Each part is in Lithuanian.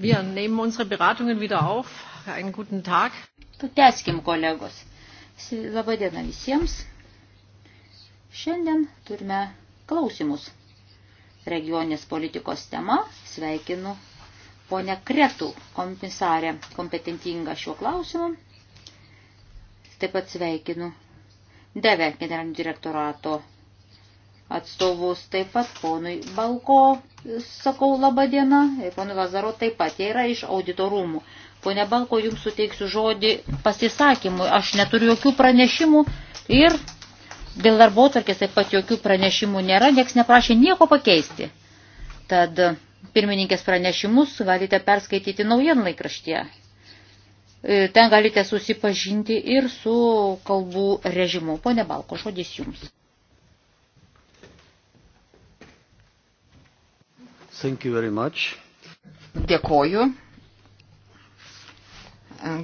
Wir nehmen unsere Beratungen wieder auf. Einen guten Tag. Tęskim, kolegos. Labai diena visiems. Šiandien turime klausimus. Regioninės politikos tema. Sveikinu ponę Kretų, komisarę kompetentingą šiuo klausimu. Taip pat sveikinu Deve generalinio direktorato atstovus, taip pat ponui Balko sakau labą dieną, ir ponui Lazaro taip pat, jie yra iš auditorumų. Pone Balko, jums suteiksiu žodį pasisakymui, aš neturiu jokių pranešimų ir dėl darbo tarkės taip pat jokių pranešimų nėra, nieks neprašė nieko pakeisti. Tad pirmininkės pranešimus galite perskaityti naujienlaikraštyje. E, ten galite susipažinti ir su kalbų režimu. Pone Balko, žodis jums. Thank you very much. Dėkoju.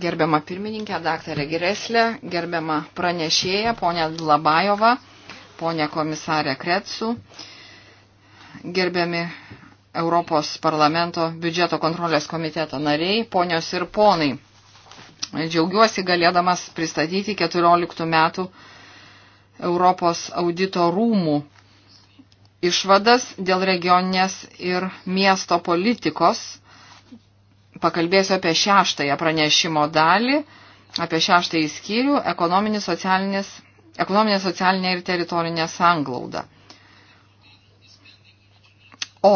Gerbiama pirmininkė, daktarė Gireslė, gerbiama pranešėja, ponė Labajova, ponė komisarė Kretsu, gerbiami Europos parlamento biudžeto kontrolės komiteto nariai, ponios ir ponai. Džiaugiuosi galėdamas pristatyti 14 metų Europos audito rūmų išvadas dėl regioninės ir miesto politikos. Pakalbėsiu apie šeštąją pranešimo dalį, apie šeštąjį skyrių - ekonominė, socialinė ir teritorinė sanglauda. O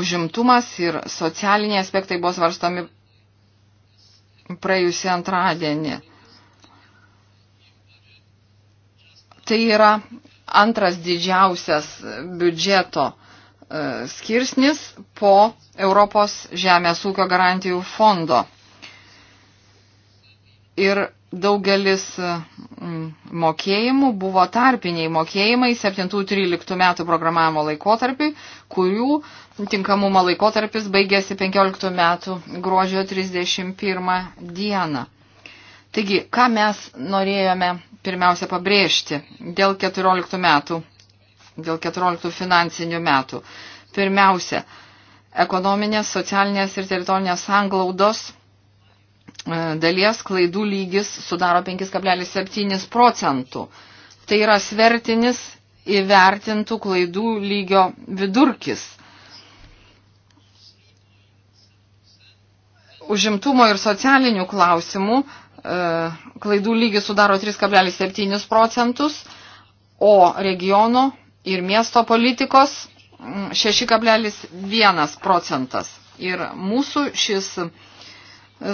užimtumas ir socialiniai aspektai buvo svarstomi praėjusį antradienį. Tai yra antras didžiausias biudžeto e, skirsnis po Europos žemės ūkio garantijų fondo. Ir daugelis e, mokėjimų buvo tarpiniai mokėjimai 7-13 metų programavimo laikotarpį, kurių tinkamumo laikotarpis baigėsi 15 metų gruodžio 31 dieną. Taigi, ką mes norėjome pirmiausia pabrėžti dėl 14 metų, dėl 14 finansinių metų. Pirmiausia, ekonominės, socialinės ir teritorinės sanglaudos e, dalies klaidų lygis sudaro 5,7 procentų. Tai yra svertinis įvertintų klaidų lygio vidurkis. Užimtumo ir socialinių klausimų E, klaidų lygis sudaro 3,7 procentus, o regiono ir miesto politikos 6,1 mm, procentas. Ir mūsų šis e,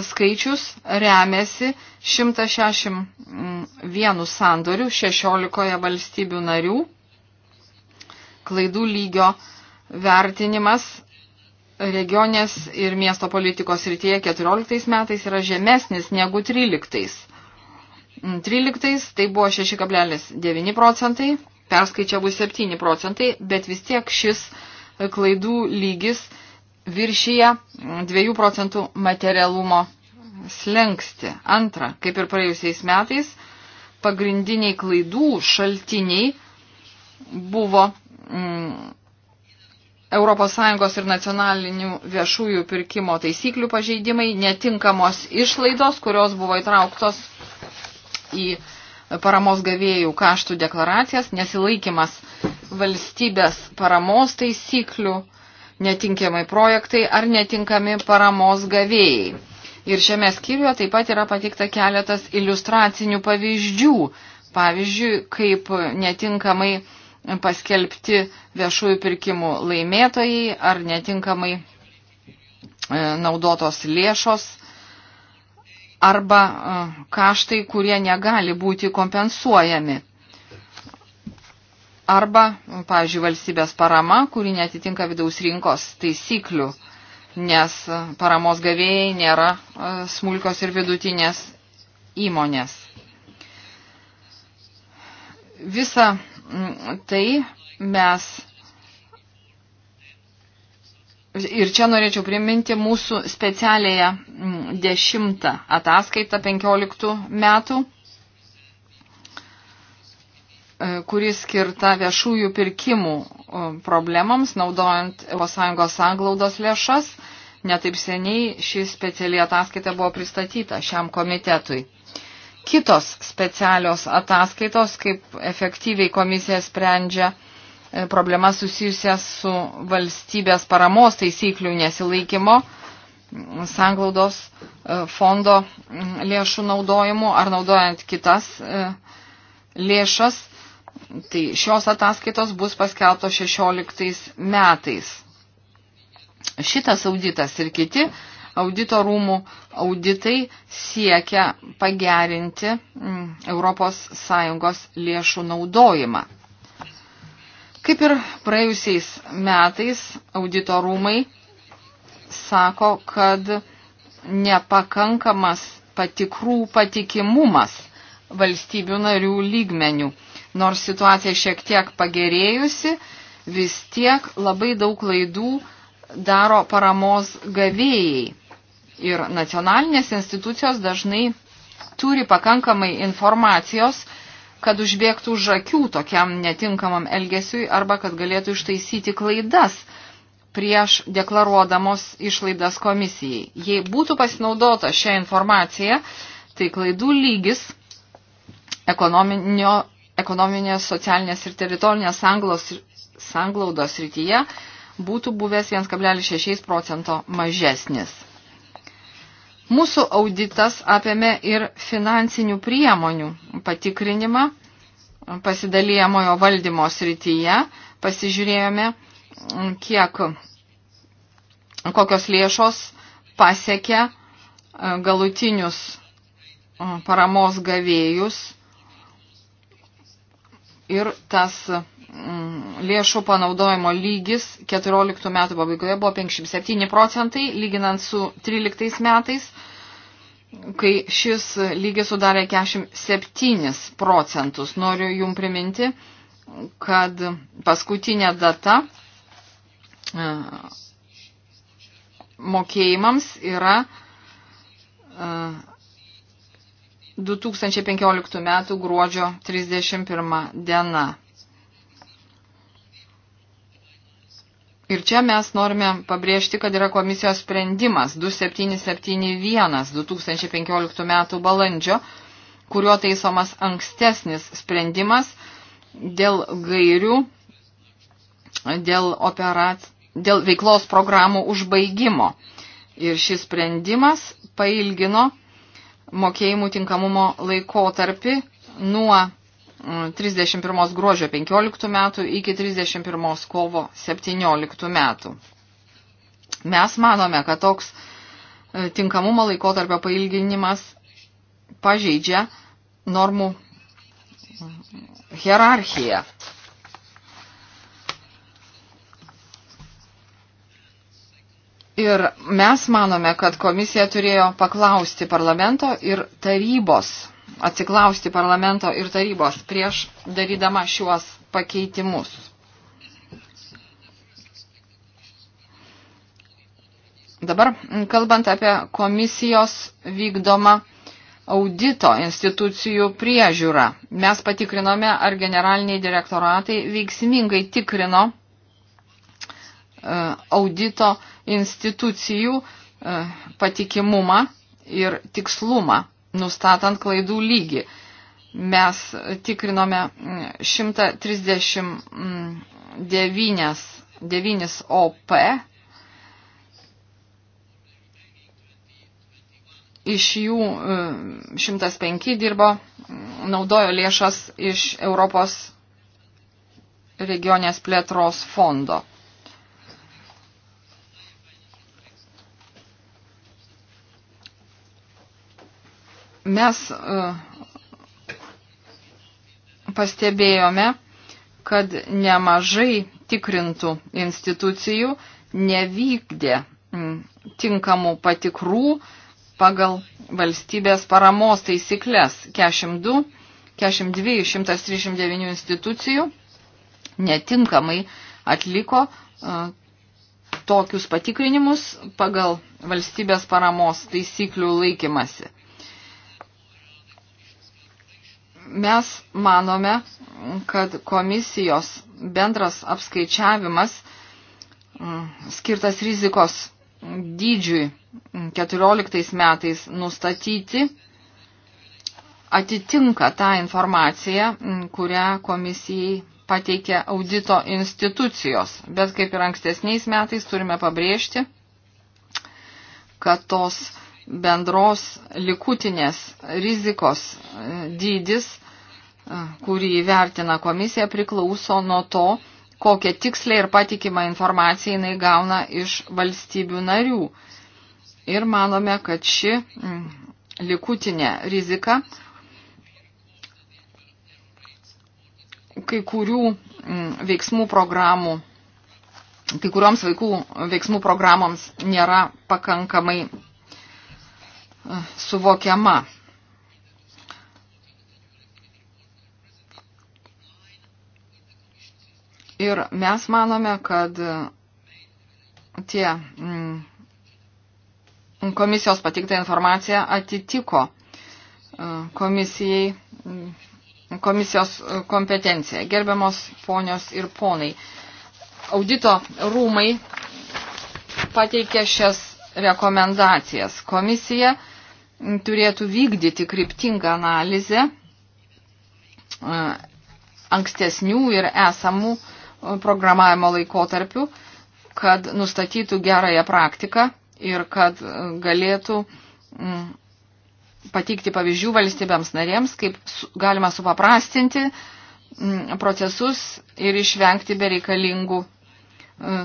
skaičius remiasi 161 sandorių 16 valstybių narių. Klaidų lygio vertinimas regionės ir miesto politikos rytyje 14 metais yra žemesnis negu 13. 13 mm, tai buvo 6,9 procentai, perskaičiavus 7 procentai, bet vis tiek šis e, klaidų lygis viršyje 2 mm, procentų materialumo slengsti. Antra, kaip ir praėjusiais metais, pagrindiniai klaidų šaltiniai buvo mm, ES ir nacionalinių viešųjų pirkimo taisyklių pažeidimai, netinkamos išlaidos, kurios buvo įtrauktos į paramos gavėjų kaštų deklaracijas, nesilaikimas valstybės paramos taisyklių, netinkami projektai ar netinkami paramos gavėjai. Ir šiame skyriuje taip pat yra patikta keletas iliustracinių pavyzdžių. Pavyzdžiui, kaip netinkamai paskelbti viešųjų pirkimų laimėtojai ar netinkamai e, naudotos lėšos arba e, kaštai, kurie negali būti kompensuojami. Arba, pavyzdžiui, valstybės parama, kuri netitinka vidaus rinkos taisyklių, nes e, paramos gavėjai nėra smulkios ir vidutinės įmonės. Visa Mm, tai mes. Ir čia norėčiau priminti mūsų specialiąją mm, dešimtą ataskaitą 15 metų, e, kuris skirta viešųjų pirkimų e, problemams, naudojant ES anglaudos lėšas. Netaip seniai ši speciali ataskaita buvo pristatyta šiam komitetui kitos specialios ataskaitos, kaip efektyviai komisija sprendžia e, problemas susijusias su valstybės paramos taisyklių nesilaikymo, sanglaudos e, fondo lėšų naudojimu ar naudojant kitas e, lėšas. Tai šios ataskaitos bus paskeltos 16 metais. Šitas auditas ir kiti Audito rūmų auditai siekia pagerinti mm, ES lėšų naudojimą. Kaip ir praėjusiais metais audito rūmai sako, kad nepakankamas patikrų patikimumas valstybių narių lygmenių. Nors situacija šiek tiek pagerėjusi, vis tiek labai daug klaidų daro paramos gavėjai ir nacionalinės institucijos dažnai turi pakankamai informacijos, kad užbėgtų už akių tokiam netinkamam elgesiui arba kad galėtų ištaisyti klaidas prieš deklaruodamos išlaidas komisijai. Jei būtų pasinaudota šią informaciją, tai klaidų lygis ekonominės, socialinės ir teritorinės sanglos, sanglaudos rytyje būtų buvęs 1,6 procento mažesnis. Mūsų auditas apėmė ir finansinių priemonių patikrinimą pasidalėjamojo valdymo srityje. Pasižiūrėjome, kiek, kokios lėšos pasiekė e, galutinius e, paramos gavėjus ir tas Mm, lėšų panaudojimo lygis 14 metų pabaigoje buvo 57 procentai, lyginant su 13 metais, kai šis lygis sudarė 47 procentus. Noriu jum priminti, kad paskutinė data e, mokėjimams yra 2015 e, m. gruodžio 31 diena. Ir čia mes norime pabrėžti, kad yra komisijos sprendimas 2771 2015 metų balandžio, kuriuo taisomas ankstesnis sprendimas dėl gairių, dėl, operac... dėl veiklos programų užbaigimo. Ir šis sprendimas pailgino mokėjimų tinkamumo laikotarpį nuo 31 gruodžio 15 metų iki 31 kovo 17 metų. Mes manome, kad toks e, tinkamumo laikotarpio pailginimas pažeidžia normų hierarchiją. Ir mes manome, kad komisija turėjo paklausti parlamento ir tarybos atsiklausti parlamento ir tarybos prieš darydama šiuos pakeitimus. Dabar, kalbant apie komisijos vykdomą audito institucijų priežiūrą, mes patikrinome, ar generaliniai direktoratai veiksmingai tikrino e, audito institucijų e, patikimumą ir tikslumą nustatant klaidų lygį. Mes tikrinome 139 9 OP. Iš jų 105 e, dirbo, naudojo lėšas iš Europos regionės plėtros fondo. Mes e, pastebėjome, kad nemažai tikrintų institucijų nevykdė tinkamų patikrų pagal valstybės paramos taisyklės 42, 42, 139 institucijų netinkamai atliko e, tokius patikrinimus pagal valstybės paramos taisyklių laikymasi. Mes manome, kad komisijos bendras apskaičiavimas mm, skirtas rizikos dydžiui 14 metais nustatyti atitinka tą informaciją, mm, kurią komisijai pateikia audito institucijos. Bet kaip ir ankstesniais metais turime pabrėžti, kad tos bendros likutinės rizikos e, dydis, e, kurį vertina komisija, priklauso nuo to, kokią tikslę ir patikimą informaciją jinai gauna iš valstybių narių. Ir manome, kad ši likutinė rizika kai kurių veiksmų programų, kai kurioms vaikų veiksmų programoms nėra pakankamai suvokiama. Ir mes manome, kad tie mm, komisijos patikta informacija atitiko e, komisijai, mm, komisijos e, kompetenciją. Gerbiamos ponios ir ponai, audito rūmai pateikė šias rekomendacijas. Komisija turėtų vykdyti kryptingą analizę e, ankstesnių ir esamų e, programavimo laikotarpių, kad nustatytų gerąją praktiką ir kad e, galėtų mm, pateikti pavyzdžių valstybėms narėms, kaip galima supaprastinti mm, procesus ir išvengti bereikalingų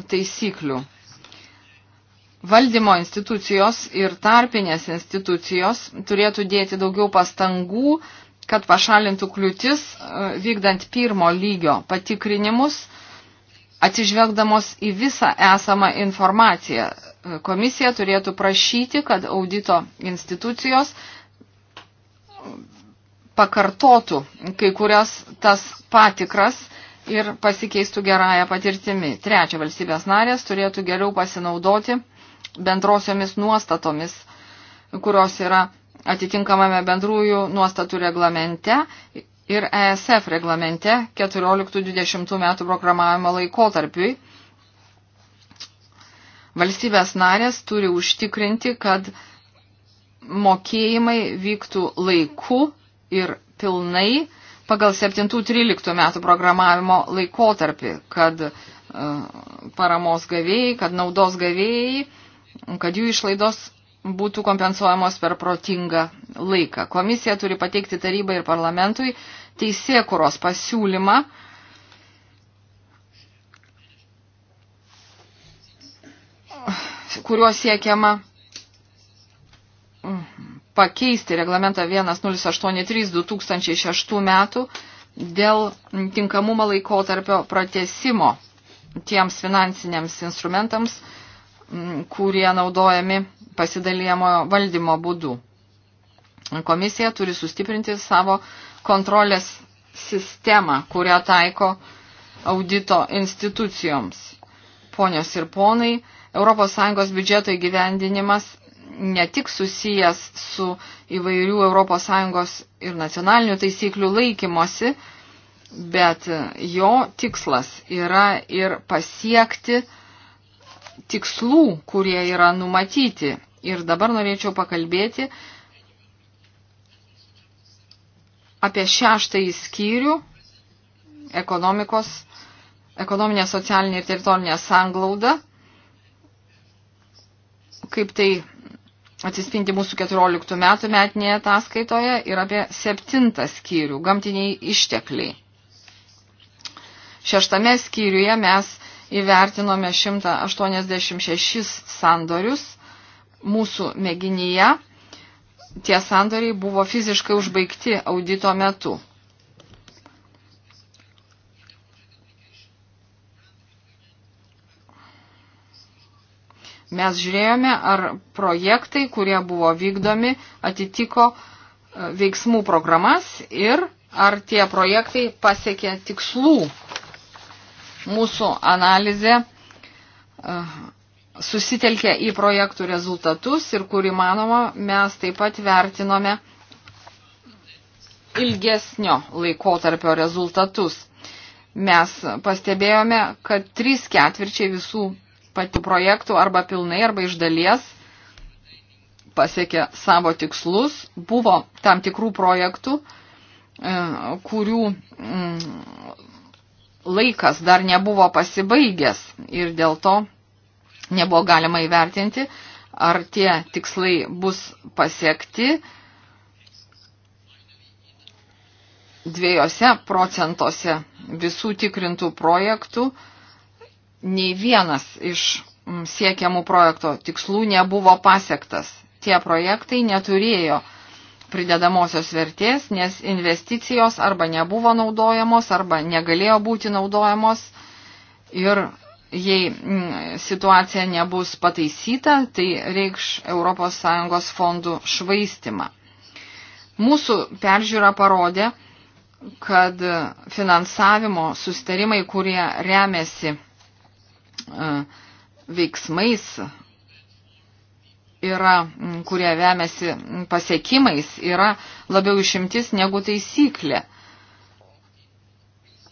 taisyklių valdymo institucijos ir tarpinės institucijos turėtų dėti daugiau pastangų, kad pašalintų kliūtis e, vykdant pirmo lygio patikrinimus, atsižvelgdamos į visą esamą informaciją. E, komisija turėtų prašyti, kad audito institucijos pakartotų kai kurias tas patikras ir pasikeistų gerąją patirtimi. Trečia, valstybės narės turėtų geriau pasinaudoti bendrosiomis nuostatomis, kurios yra atitinkamame bendrųjų nuostatų reglamente ir ESF reglamente 14-20 metų programavimo laikotarpiui. Valstybės narės turi užtikrinti, kad mokėjimai vyktų laiku ir pilnai pagal 7-13 metų programavimo laikotarpį, kad e, paramos gavėjai, kad naudos gavėjai kad jų išlaidos būtų kompensuojamos per protingą laiką. Komisija turi pateikti tarybai ir parlamentui teisėkuros pasiūlymą, kuriuo siekiama pakeisti reglamentą 1083-2006 metų dėl tinkamumo laikotarpio pratesimo tiems finansiniams instrumentams, kurie naudojami pasidalyjamojo valdymo būdu. Komisija turi sustiprinti savo kontrolės sistemą, kurią taiko audito institucijoms. Ponios ir ponai, ES biudžeto įgyvendinimas ne tik susijęs su įvairių ES ir nacionalinių taisyklių laikymosi, bet jo tikslas yra ir pasiekti, tikslų, kurie yra numatyti. Ir dabar norėčiau pakalbėti apie šeštąjį skyrių ekonomikos, ekonominė, socialinė ir teritorinė sanglauda, kaip tai atsispindi mūsų 14 metų metinėje ataskaitoje ir apie septintą skyrių, gamtiniai ištekliai. Šeštame skyriuje mes įvertinome 186 sandorius mūsų mėginyje. Tie sandoriai buvo fiziškai užbaigti audito metu. Mes žiūrėjome, ar projektai, kurie buvo vykdomi, atitiko e, veiksmų programas ir ar tie projektai pasiekė tikslų Mūsų analizė e, susitelkė į projektų rezultatus ir kur įmanoma mes taip pat vertinome ilgesnio laikotarpio rezultatus. Mes pastebėjome, kad trys ketvirčiai visų pati projektų arba pilnai arba iš dalies pasiekė savo tikslus. Buvo tam tikrų projektų, e, kurių mm, laikas dar nebuvo pasibaigęs ir dėl to nebuvo galima įvertinti, ar tie tikslai bus pasiekti dviejose procentuose visų tikrintų projektų. Nei vienas iš siekiamų projekto tikslų nebuvo pasiektas. Tie projektai neturėjo pridedamosios vertės, nes investicijos arba nebuvo naudojamos, arba negalėjo būti naudojamos. Ir jei mm, situacija nebus pataisyta, tai reikš ES fondų švaistimą. Mūsų peržiūra parodė, kad finansavimo sustarimai, kurie remiasi e, veiksmais yra, kurie remiasi pasiekimais, yra labiau išimtis negu taisyklė.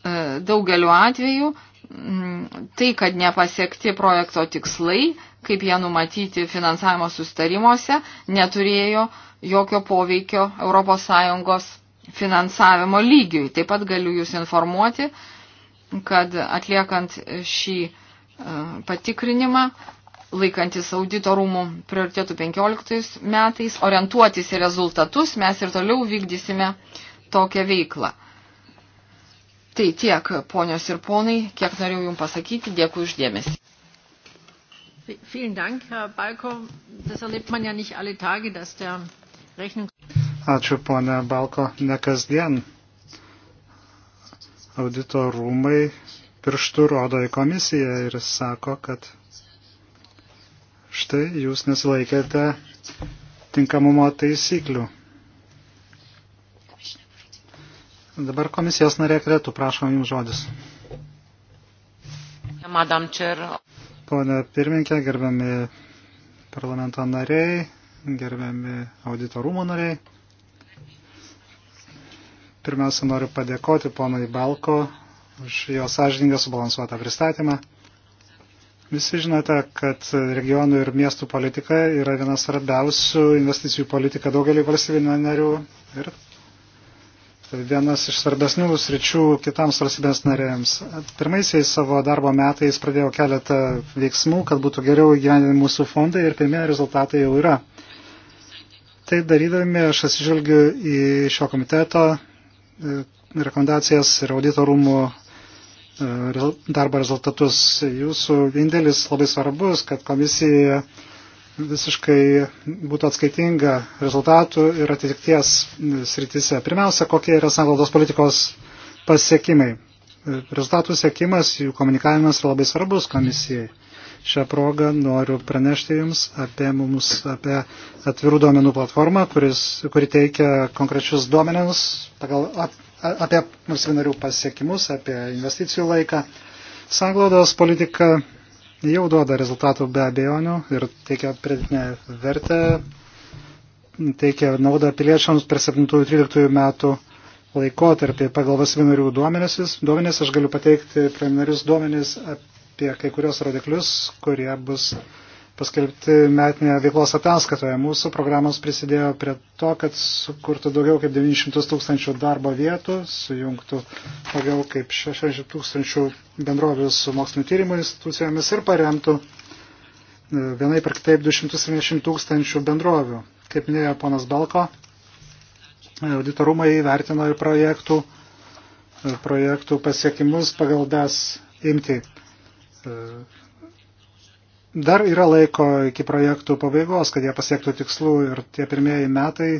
E, daugeliu atveju tai, kad nepasiekti projekto tikslai, kaip jie numatyti finansavimo sustarimuose, neturėjo jokio poveikio ES finansavimo lygiui. Taip pat galiu Jūs informuoti, kad atliekant šį e, patikrinimą laikantis audito rūmų prioritėtų 15 metais, orientuotis į rezultatus, mes ir toliau vykdysime tokią veiklą. Tai tiek, ponios ir ponai, kiek norėjau Jums pasakyti, dėkui uždėmesi. Ačiū, ponia Balko, ne kasdien audito rūmai pirštų rodo į komisiją ir sako, kad štai jūs nesilaikėte tinkamumo taisyklių. Dabar komisijos narė Kretų, prašom jums žodis. Pone pirmininkė, gerbiami parlamento nariai, gerbiami auditorumo nariai. Pirmiausia, noriu padėkoti ponui Balko už jo sąžininką subalansuotą pristatymą. Visi žinote, kad regionų ir miestų politika yra viena svarbiausių investicijų politika daugelį valstybinių narių ir vienas iš svarbesnių sričių kitams valstybės narėms. Pirmaisiais savo darbo metais pradėjau keletą veiksmų, kad būtų geriau įgyvendinti mūsų fondai ir pirmieji rezultatai jau yra. Tai darydami aš atsižvelgiu į šio komiteto e, rekomendacijas ir audito rūmų E, darbo rezultatus. Jūsų indėlis labai svarbus, kad komisija visiškai būtų atskaitinga rezultatų ir atitikties srityse. Pirmiausia, kokie yra sanglaudos politikos pasiekimai. Rezultatų siekimas, jų komunikavimas yra labai svarbus komisijai. Šią progą noriu pranešti Jums apie mums, apie atvirų duomenų platformą, kuris, kuri teikia konkrečius duomenus pagal apie valstybinarių pasiekimus, apie investicijų laiką. Sanglaudos politika jau duoda rezultatų be abejonių ir teikia pridėtinę vertę, teikia naudą piliečiams per 7-13 metų laikotarpį. Pagal valstybinarių duomenis, duomenis aš galiu pateikti preliminarius duomenis apie kai kurios rodiklius, kurie bus paskelbti metinėje veiklos ataskatoje. Mūsų programos prisidėjo prie to, kad sukurtų daugiau kaip 900 tūkstančių darbo vietų, sujungtų daugiau kaip 60 tūkstančių bendrovių su mokslinio tyrimo institucijomis ir paremtų e, vienai per kitaip 270 tūkstančių bendrovių. Kaip minėjo ponas Balko, e, auditorumai įvertino ir projektų, e, projektų pasiekimus pagal DAS imti Dar yra laiko iki projektų pabaigos, kad jie pasiektų tikslų ir tie pirmieji metai,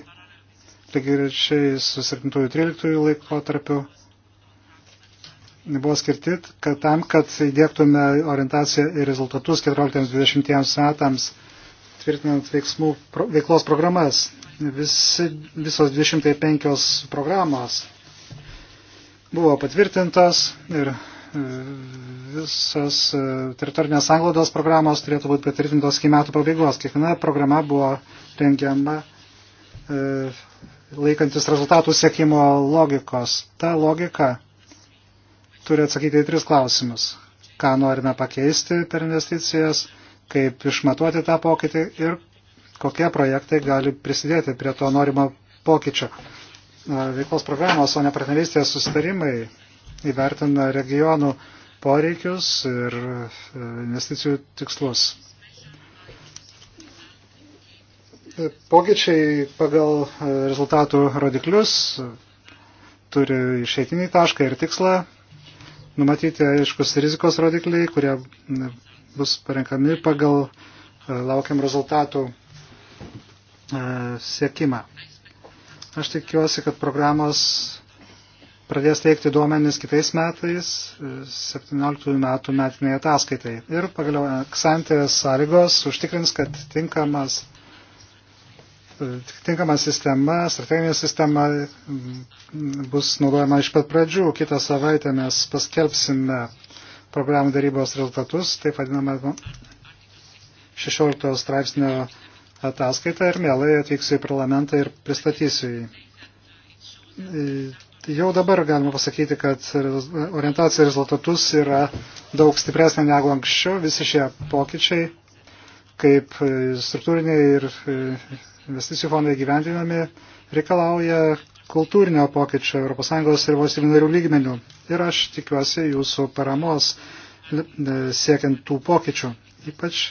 taigi rečiai su 7-13 laiko tarpiu, buvo skirti kad tam, kad įdėktume orientaciją ir rezultatus 14-20 metams, tvirtinant veiksmų, pro, veiklos programas. Visi, visos 205 programos buvo patvirtintos ir visas e, teritorinės anglodos programos turėtų būti patvirtintos iki metų pabaigos. Kiekviena programa buvo rengiama e, laikantis rezultatų sėkimo logikos. Ta logika turi atsakyti į tris klausimus. Ką norime pakeisti per investicijas, kaip išmatuoti tą pokytį ir kokie projektai gali prisidėti prie to norimo pokyčio. E, veiklos programos, o ne partnerystės susitarimai įvertina regionų poreikius ir e, investicijų tikslus. Pokyčiai pagal e, rezultatų rodiklius turi išeitinį tašką ir tikslą, numatyti aiškus rizikos rodikliai, kurie bus parenkami pagal e, laukiam rezultatų siekimą. Aš tikiuosi, kad programos pradės teikti duomenis kitais metais, 17 e, metų metiniai ataskaitai. Ir pagaliau eksantės sąlygos užtikrins, kad tinkamas, e, tinkama sistema, strateginė sistema bus naudojama iš pat pradžių. Kitą savaitę mes paskelbsime programų darybos rezultatus, taip vadinamą 16 straipsnio ataskaitą ir mielai atvyksiu į parlamentą ir pristatysiu jį e, Tai jau dabar galima pasakyti, kad orientacija rezultatus yra daug stipresnė negu anksčiau. Visi šie pokyčiai, kaip struktūriniai ir e, investicijų fondai gyvendinami, reikalauja kultūrinio pokyčio ES ir valstybių narių lygmenių. Ir aš tikiuosi jūsų paramos e, siekiant tų pokyčių, ypač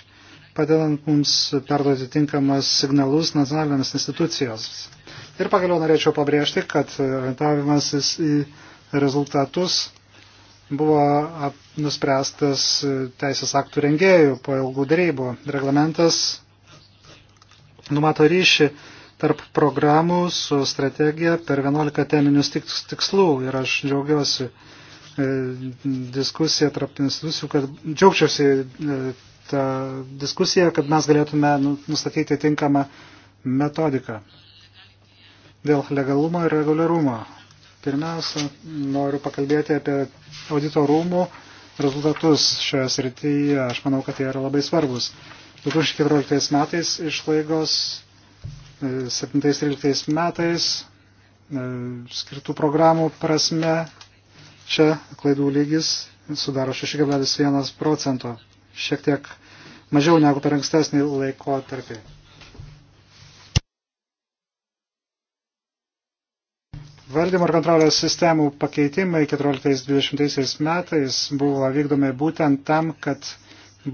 padedant mums perduoti tinkamas signalus nacionalinėms institucijoms. Ir pagaliau norėčiau pabrėžti, kad orientavimasis į rezultatus buvo nuspręstas teisės aktų rengėjų po ilgų darybų. Reglamentas numato ryšį tarp programų su strategija per 11 teminius tikslų ir aš džiaugiuosi e, diskusija tarp institucijų, kad džiaugčiausi e, tą diskusiją, kad mes galėtume nu- nustatyti tinkamą metodiką dėl legalumo ir reguliarumo. Pirmiausia, noriu pakalbėti apie audito rūmų rezultatus šioje srityje. Aš manau, kad jie yra labai svarbus. 2014 metais išlaigos, 17-13 e, metais e, skirtų programų prasme čia klaidų lygis sudaro 6,1 procento, šiek tiek mažiau negu per ankstesnį laikotarpį. Valdymo ir kontrolės sistemų pakeitimai 14-20 metais buvo vykdomi būtent tam, kad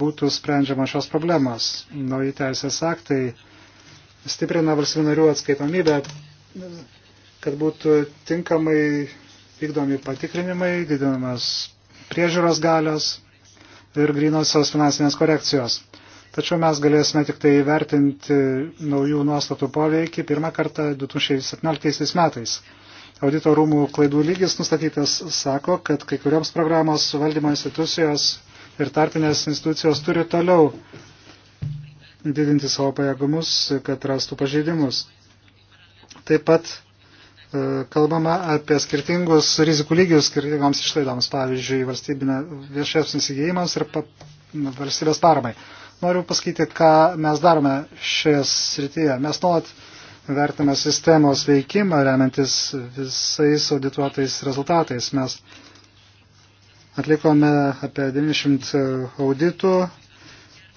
būtų sprendžiama šios problemos. Nauji teisės aktai stiprina valstybinarių atskaitomybę, kad būtų tinkamai vykdomi patikrinimai, didinamas priežiūros galios ir grinosios finansinės korekcijos. Tačiau mes galėsime tik tai vertinti naujų nuostatų poveikį pirmą kartą 2017 metais. Audito rūmų klaidų lygis nustatytas sako, kad kai kurioms programos valdymo institucijos ir tarpinės institucijos turi toliau didinti savo pajėgumus, kad rastų pažeidimus. Taip pat e, kalbama apie skirtingus rizikų lygius skirtingoms išlaidoms, pavyzdžiui, viešiems įsigijimams ir pa, valstybės paramai. Noriu pasakyti, ką mes darome šioje srityje. Mes nuolat vertame sistemos veikimą remiantis visais audituotais rezultatais. Mes atlikome apie 90 auditų,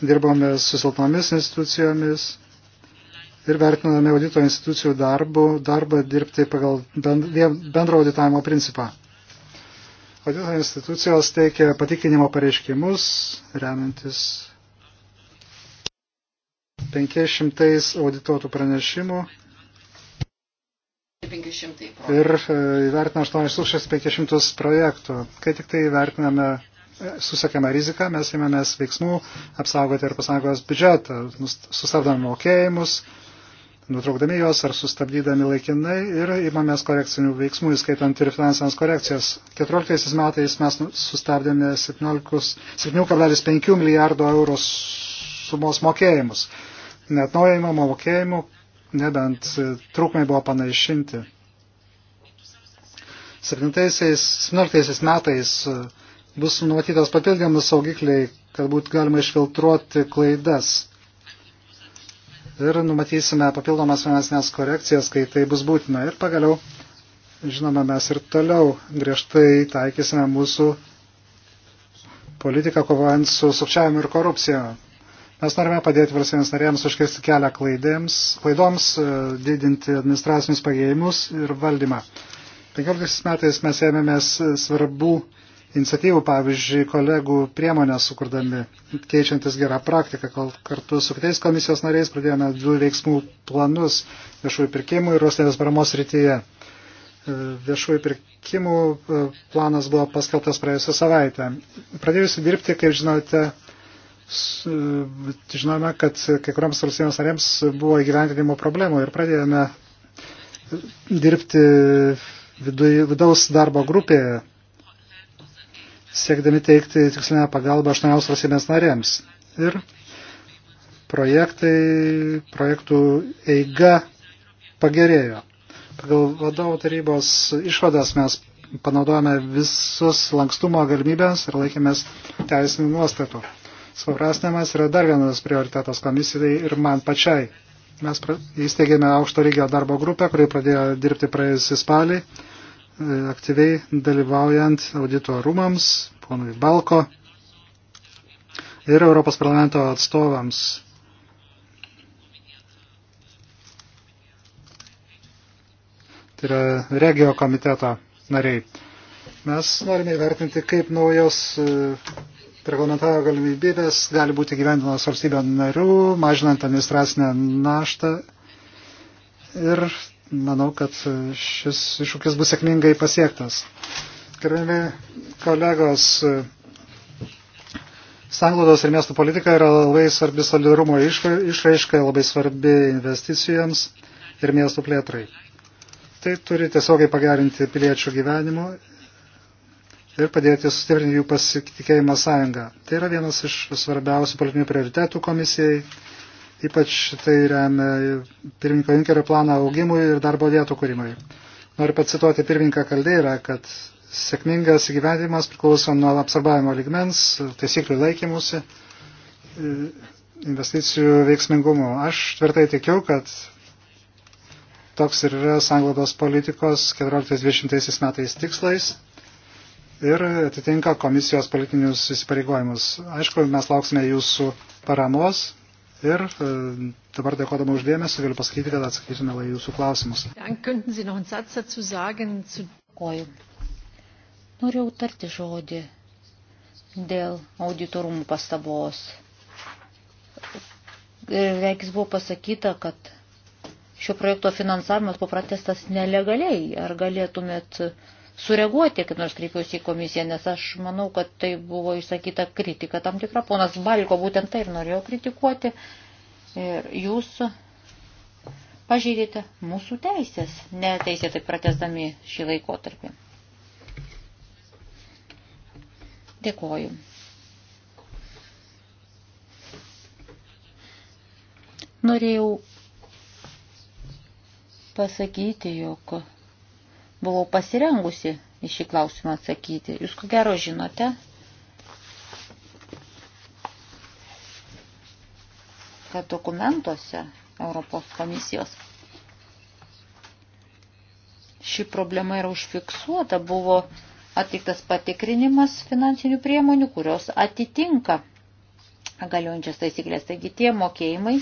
dirbome su silpnomis institucijomis ir vertiname audito institucijų darbų, darbą dirbti pagal bendro auditavimo principą. Audito institucijos teikia patikinimo pareiškimus, remiantis 500 audituotų pranešimų. 500 ir e, įvertina 8500 projektų. Kai tik tai įvertiname, e, susiekame riziką, mes įmėmės veiksmų apsaugoti ir pasangos biudžetą, sustabdami mokėjimus, nutraukdami juos ar sustabdydami laikinai ir įmamės korekcinių veiksmų, įskaitant ir finansinės korekcijas. 14 metais mes nu-, sustabdėme 17,5 milijardo eurų sumos mokėjimus. Net naujojimo mokėjimų, nebent e, trūkumai buvo panaišinti. 17 metais e, bus numatytas papildomus saugikliai, kad būtų galima išfiltruoti klaidas. Ir numatysime papildomas finansinės korekcijas, kai tai bus būtina. Ir pagaliau, žinoma, mes ir toliau griežtai taikysime mūsų politiką kovojant su sukčiavimu ir korupcija. Mes norime padėti valstybėms narėms užkirsti kelią klaidėms, klaidoms, e, didinti administracinius pagėjimus ir valdymą. 15 metais mes ėmėmės svarbių iniciatyvų, pavyzdžiui, kolegų priemonę sukurdami, keičiantis gerą praktiką, kol kartu su kitais komisijos nariais pradėjome du veiksmų planus viešųjų pirkimų ir uostės paramos rytyje. E, viešųjų pirkimų e, planas buvo paskelbtas praėjusią savaitę. Pradėjusi dirbti, kaip žinote, žinome, kad kai kuriams valstybėms narėms buvo įgyventinimo problemų ir pradėjome dirbti vidaus darbo grupėje, siekdami teikti tikslinę pagalbą aštuoniams valstybėms narėms. Ir projektai, projektų eiga pagerėjo. Pagal vadovų tarybos išvadas mes panaudojame visus lankstumo galimybės ir laikėmės teisinių nuostatų. Suprastinimas yra dar vienas prioritetas komisijai ir man pačiai. Mes įsteigėme aukšto lygio darbo grupę, kuri pradėjo dirbti praėjusį spalį, e, aktyviai dalyvaujant audito rūmams, ponui Balko ir Europos parlamento atstovams. Tai yra regio komiteto nariai. Mes norime įvertinti, kaip naujos e, reglamentavimo galimybės gali būti gyvendinos valstybė narių, mažinant administracinę naštą. Ir manau, kad šis iššūkis bus sėkmingai pasiektas. Gerbėmi kolegos, sanglaudos ir miestų politika yra labai svarbi solidarumo išraiška, labai svarbi investicijoms ir miestų plėtrai. Tai turi tiesiogiai pagerinti piliečių gyvenimo ir padėti sustiprinti jų pasitikėjimą sąjungą. Tai yra vienas iš svarbiausių politinių prioritetų komisijai, ypač tai remia pirmininko Junkerio planą augimui ir darbo vietų kūrimui. Noriu pacituoti pirmininką Kaldeirą, kad sėkmingas įgyvendimas priklauso nuo apsarbavimo ligmens, taisyklių laikymusi, investicijų veiksmingumo. Aš tvirtai tikiu, kad toks ir yra sanglaudos politikos 14-20 metais tikslais ir atitinka komisijos politinius įsipareigojimus. Aišku, mes lauksime jūsų paramos ir e, dabar dėkodama uždėmesį galiu pasakyti, kad atsakytume lai jūsų klausimus. Dėkoju. Norėjau tarti žodį dėl auditorumų pastabos. Ir e, reikis buvo pasakyta, kad šio projekto finansavimas buvo pratestas nelegaliai. Ar galėtumėt uh, sureaguoti, kaip nors kreipiausi į komisiją, nes aš manau, kad tai buvo išsakyta kritika tam tikra. Ponas Balko būtent tai ir norėjo kritikuoti. Ir jūs pažeidėte mūsų teisės, neteisėtai pratesdami šį laikotarpį. Dėkoju. Norėjau pasakyti, jog buvau pasirengusi į šį klausimą atsakyti. Jūs ko gero žinote, kad dokumentuose Europos komisijos ši problema yra užfiksuota, buvo atliktas patikrinimas finansinių priemonių, kurios atitinka galiojančias taisyklės. Taigi tie mokėjimai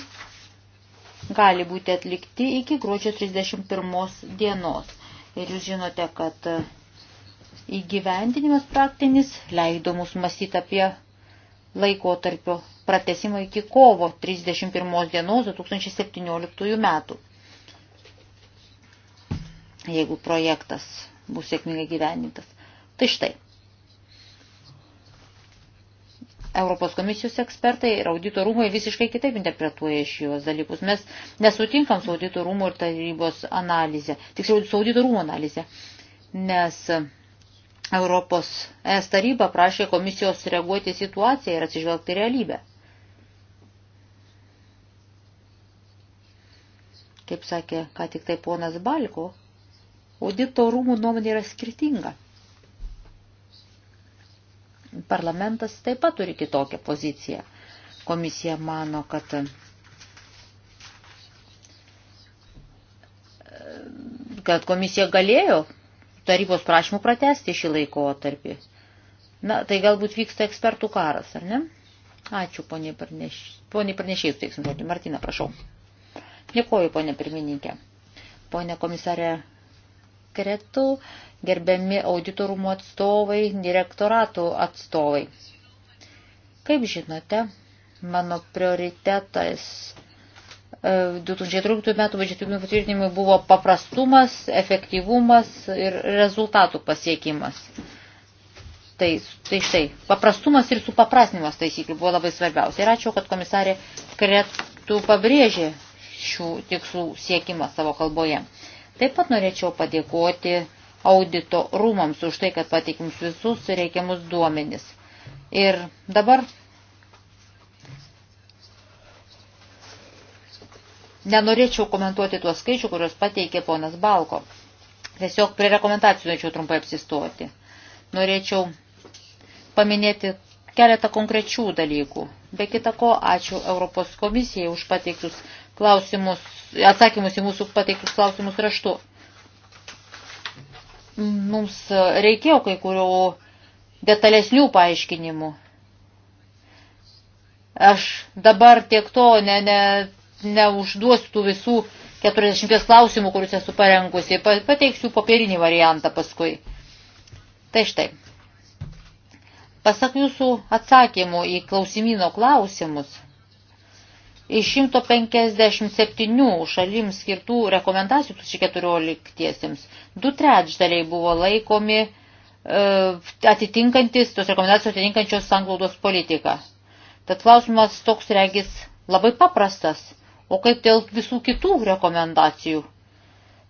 gali būti atlikti iki gruodžio 31 dienos ir jūs žinote, kad e, įgyvendinimas praktinis leido mus mąstyti apie laikotarpio pratesimą iki kovo 31 dienos 2017 metų. Jeigu projektas bus sėkmingai gyvenintas. Tai štai. Europos komisijos ekspertai ir audito rūmai visiškai kitaip interpretuoja šios dalykus. Mes nesutinkam su audito rūmų ir tarybos analizė, tiksliau su audito rūmų analizė, nes Europos ES taryba prašė komisijos reaguoti situaciją ir atsižvelgti realybę. Kaip sakė, ką tik tai ponas Balko, audito rūmų nuomonė yra skirtinga. Parlamentas taip pat turi kitokią poziciją. Komisija mano, kad e, kad komisija galėjo tarybos prašymų pratesti šį laikotarpį. Na, tai galbūt vyksta ekspertų karas, ar ne? Ačiū, poniai pranešėjus, teiksim žodį. Martina, prašau. Dėkuoju, ponė pirmininkė. Ponė komisarė dekretų, gerbiami auditorumo atstovai, direktoratų atstovai. Kaip žinote, mano prioritetas 2013 e, metų biudžetinių patvirtinimui buvo paprastumas, efektyvumas ir rezultatų pasiekimas. Tai, tai štai, paprastumas ir supaprasnimas taisyklių buvo labai svarbiausia. Ir ačiū, kad komisarė Kretų pabrėžė šių tikslų siekimą savo kalboje. Taip pat norėčiau padėkoti audito rūmams už tai, kad pateikimus visus reikiamus duomenis. Ir dabar nenorėčiau komentuoti tuos skaičių, kuriuos pateikė ponas Balko. Tiesiog prie rekomendacijų norėčiau trumpai apsistoti. Norėčiau paminėti keletą konkrečių dalykų. Be kita ko, ačiū Europos komisijai už pateiktus klausimus, atsakymus į mūsų pateiktus klausimus raštu. Mums reikėjo kai kurių detalesnių paaiškinimų. Aš dabar tiek to ne, ne, neužduosiu tų visų 40 klausimų, kuriuos esu parengusi. Pateiksiu popierinį variantą paskui. Tai štai. Pasak jūsų atsakymų į klausimino klausimus – Iš 157 šalims skirtų rekomendacijų 2014-iesiems, du trečdaliai buvo laikomi e, atitinkantis, tos rekomendacijos atitinkančios sanglaudos politiką. Tad klausimas toks regis labai paprastas. O kaip dėl visų kitų rekomendacijų?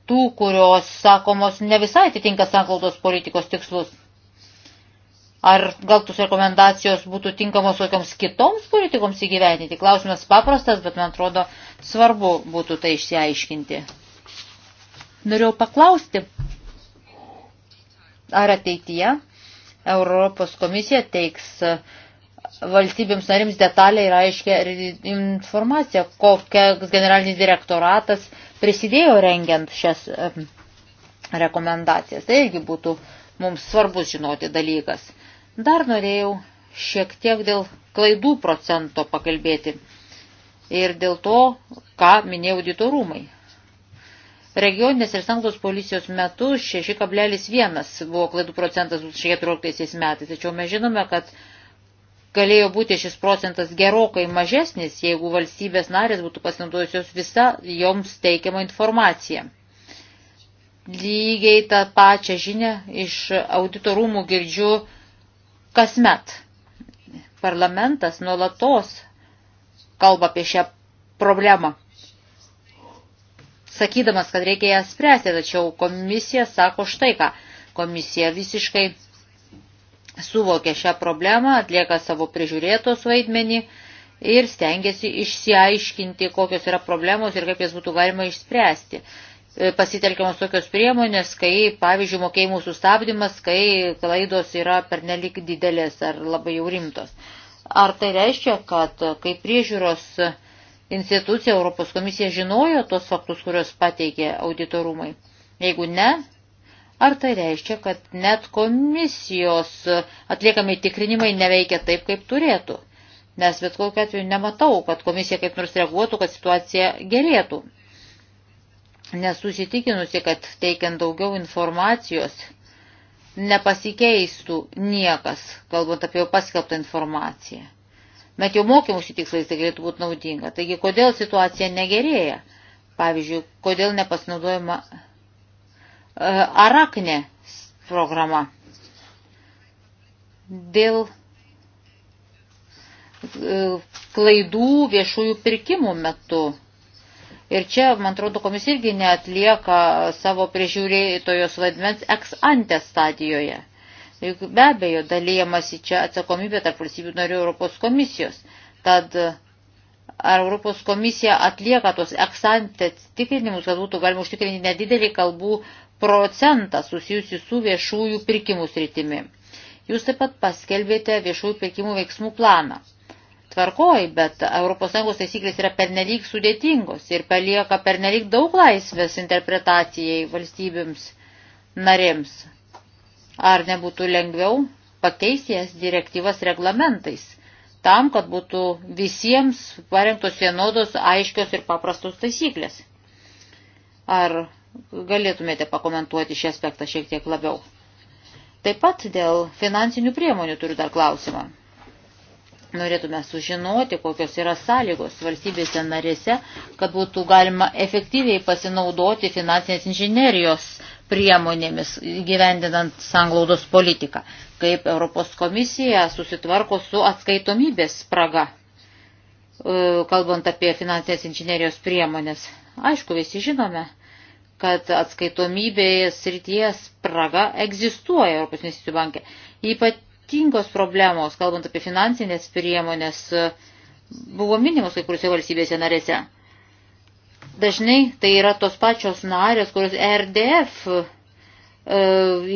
Tų, kurios, sakomos, ne visai atitinka sanglaudos politikos tikslus. Ar gal tos rekomendacijos būtų tinkamos kokioms kitoms politikoms įgyveninti? Klausimas paprastas, bet man atrodo svarbu būtų tai išsiaiškinti. Norėjau paklausti, ar ateityje Europos komisija teiks valstybėms narims detalę ir aiškia informaciją, kokias generalinis direktoratas prisidėjo rengiant šias rekomendacijas. Tai irgi būtų mums svarbus žinoti dalykas. Dar norėjau šiek tiek dėl klaidų procento pakalbėti ir dėl to, ką minėjo auditorumai. Regioninės ir sankcijos policijos metu 6,1 buvo klaidų procentas 2014 metais, tačiau mes žinome, kad galėjo būti šis procentas gerokai mažesnis, jeigu valstybės narės būtų pasinaudojusios visą joms teikiamą informaciją. Lygiai tą pačią žinę iš auditorumų girdžiu Kasmet parlamentas nuolatos kalba apie šią problemą, sakydamas, kad reikia ją spręsti, tačiau komisija sako štai ką. Komisija visiškai suvokia šią problemą, atlieka savo prižiūrėtos vaidmenį ir stengiasi išsiaiškinti, kokios yra problemos ir kaip jas būtų galima išspręsti. E, pasitelkiamos tokios priemonės, kai, pavyzdžiui, mokėjimų sustabdymas, kai klaidos yra pernelik didelės ar labai jau rimtos. Ar tai reiškia, kad e, kai priežiūros institucija Europos komisija žinojo tos faktus, kurios pateikė auditorumai? Jeigu ne, ar tai reiškia, kad net komisijos atliekami tikrinimai neveikia taip, kaip turėtų? Nes bet kokiu atveju nematau, kad komisija kaip nors reaguotų, kad situacija gerėtų nesusitikinusi, kad teikiant daugiau informacijos nepasikeistų niekas, kalbant apie jau paskelbtą informaciją. Bet jau mokymusi tikslais tai galėtų būti naudinga. Taigi, kodėl situacija negerėja? Pavyzdžiui, kodėl nepasinaudojama e, Arakne programa? Dėl e, klaidų viešųjų pirkimų metu Ir čia, man atrodo, komisija irgi neatlieka savo priežiūrėtojos vaidmens ex ante stadijoje. Juk be abejo dalyjamasi čia atsakomybė tarp valstybių narių Europos komisijos. Tad ar Europos komisija atlieka tos ex ante tikrinimus, kad būtų galima užtikrinti nedidelį kalbų procentą susijusi su viešųjų pirkimų sritimi. Jūs taip pat paskelbėte viešųjų pirkimų veiksmų planą tvarkoj, bet ES taisyklės yra pernelyg sudėtingos ir palieka pernelyg daug laisvės interpretacijai valstybėms narėms. Ar nebūtų lengviau pakeisti jas direktyvas reglamentais, tam, kad būtų visiems parengtos vienodos aiškios ir paprastos taisyklės? Ar galėtumėte pakomentuoti šį aspektą šiek tiek labiau? Taip pat dėl finansinių priemonių turiu dar klausimą. Norėtume sužinoti, kokios yra sąlygos valstybėse narėse, kad būtų galima efektyviai pasinaudoti finansinės inžinerijos priemonėmis gyvendinant sanglaudos politiką, kaip Europos komisija susitvarko su atskaitomybės spraga, e, kalbant apie finansinės inžinerijos priemonės. Aišku, visi žinome, kad atskaitomybės srities spraga egzistuoja Europos investicijų bankė. Ypač ypatingos problemos, kalbant apie finansinės priemonės, buvo minimos kai kuriuose valstybėse narėse. Dažnai tai yra tos pačios narės, kurios RDF e,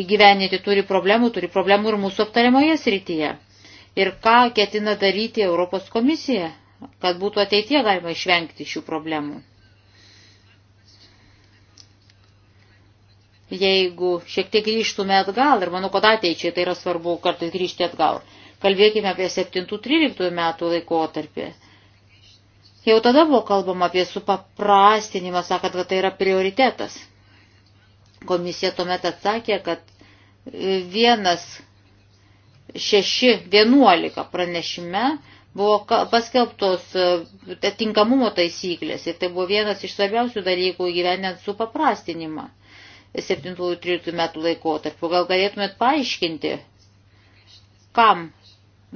įgyveninti turi problemų, turi problemų ir mūsų aptariamoje srityje. Ir ką ketina daryti Europos komisija, kad būtų ateitie galima išvengti šių problemų. jeigu šiek tiek grįžtume atgal, ir manau, kad ateičiai tai yra svarbu kartais grįžti atgal. Kalbėkime apie 7-13 metų laikotarpį. Jau tada buvo kalbama apie supaprastinimą, sakant, kad tai yra prioritetas. Komisija tuomet atsakė, kad vienas 6.11 pranešime buvo paskelbtos e, tinkamumo taisyklės ir tai buvo vienas iš svarbiausių dalykų gyvenant supaprastinimą. 7-13 metų laikotarpiu. Gal galėtumėt paaiškinti, kam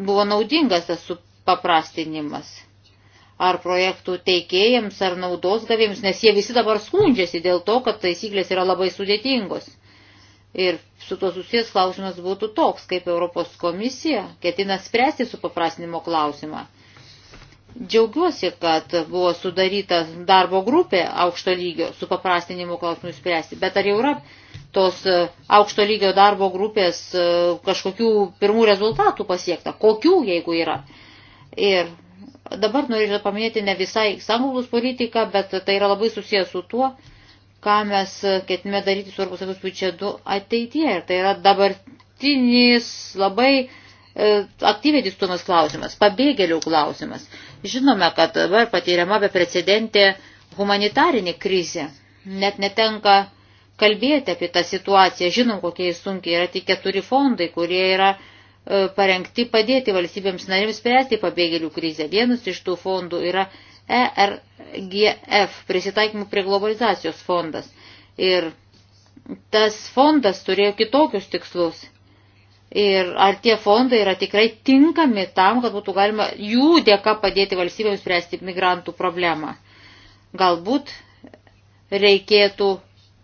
buvo naudingas tas supaprastinimas? Ar projektų teikėjams, ar naudos gavėjams, nes jie visi dabar skundžiasi dėl to, kad taisyklės yra labai sudėtingos. Ir su to susijęs klausimas būtų toks, kaip Europos komisija ketina spręsti supaprastinimo klausimą Džiaugiuosi, kad buvo sudaryta darbo grupė aukšto lygio su paprastinimu klausimu spręsti, bet ar jau yra tos e, aukšto lygio darbo grupės e, kažkokių pirmų rezultatų pasiekta, kokių jeigu yra. Ir dabar norėčiau paminėti ne visai sanglus politiką, bet tai yra labai susijęs su tuo, ką mes ketime daryti su Europos Sąjungos biudžetu ateityje. Ir tai yra dabartinis labai uh, E, aktyviai diskutuomas klausimas, pabėgėlių klausimas. Žinome, kad dabar patiriama beprecedentė humanitarinė krizė. Net netenka kalbėti apie tą situaciją. Žinom, kokie sunkiai yra tik keturi fondai, kurie yra e, parengti padėti valstybėms narėms spręsti pabėgėlių krizę. Vienas iš tų fondų yra ERGF, prisitaikymų prie globalizacijos fondas. Ir tas fondas turėjo kitokius tikslus ir ar tie fondai yra tikrai tinkami tam, kad būtų galima jų dėka padėti valstybėms spręsti migrantų problemą. Galbūt reikėtų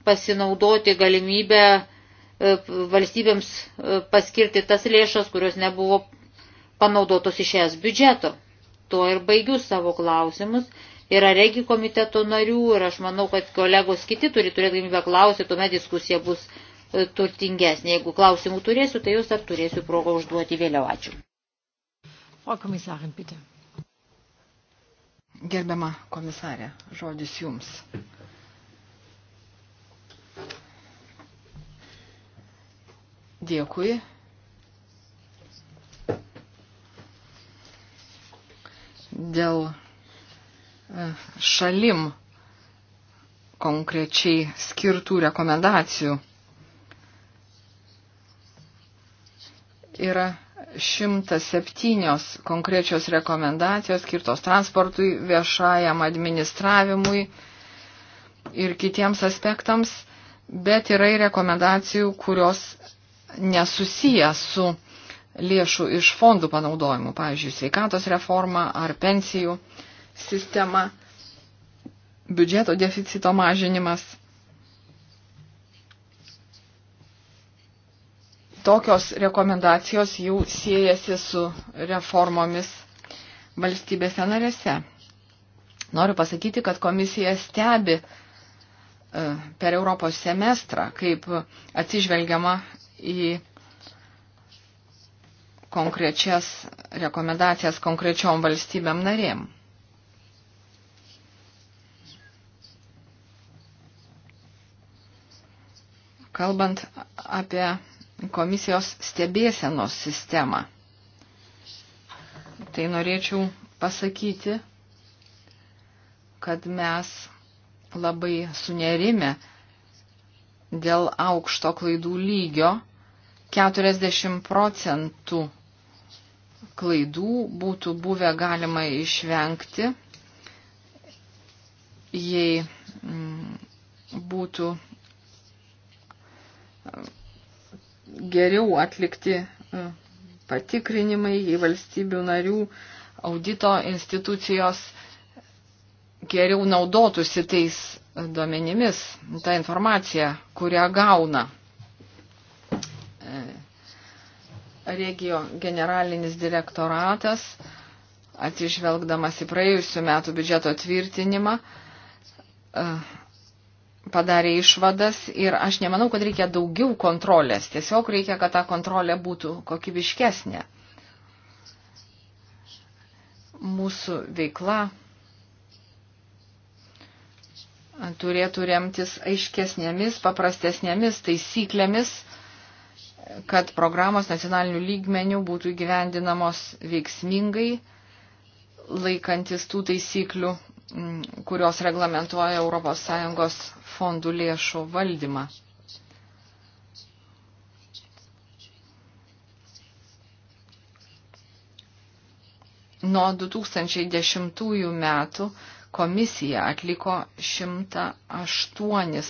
pasinaudoti galimybę e, valstybėms e, paskirti tas lėšas, kurios nebuvo panaudotos iš es biudžeto. Tuo ir baigiu savo klausimus. Yra regi komiteto narių ir aš manau, kad kolegos kiti turi turėti galimybę klausyti, tuomet diskusija bus turtingesnė. Jeigu klausimų turėsiu, tai jūs dar turėsiu progą užduoti vėliau. Ačiū. Frau Kommissarin, bitte. Gerbiama komisarė, žodis jums. Dėkui. Dėl e, šalim konkrečiai skirtų rekomendacijų yra 107 konkrečios rekomendacijos skirtos transportui, viešajam administravimui ir kitiems aspektams, bet yra ir rekomendacijų, kurios nesusiję su lėšų iš fondų panaudojimu, pavyzdžiui, sveikatos reforma ar pensijų sistema, biudžeto deficito mažinimas. Tokios rekomendacijos jau siejasi su reformomis valstybėse narėse. Noriu pasakyti, kad komisija stebi e, per Europos semestrą, kaip atsižvelgiama į konkrečias rekomendacijas konkrečiom valstybėm narėm. Kalbant apie komisijos stebėsenos sistemą. Tai norėčiau pasakyti, kad mes labai sunerime dėl aukšto klaidų lygio. 40 procentų klaidų būtų buvę galima išvengti, jei mm, būtų geriau atlikti e, patikrinimai į valstybių narių audito institucijos geriau naudotųsi tais duomenimis, tą informaciją, kurią gauna. E, regio generalinis direktoratas, atsižvelgdamas į praėjusių metų biudžeto tvirtinimą, e, padarė išvadas ir aš nemanau, kad reikia daugiau kontrolės. Tiesiog reikia, kad ta kontrolė būtų kokybiškesnė. Mūsų veikla turėtų remtis aiškesnėmis, paprastesnėmis taisyklėmis, kad programos nacionalinių lygmenių būtų įgyvendinamos veiksmingai, laikantis tų taisyklių Mm, kurios reglamentuoja ES fondų lėšų valdymą. Nuo 2010 metų komisija atliko 108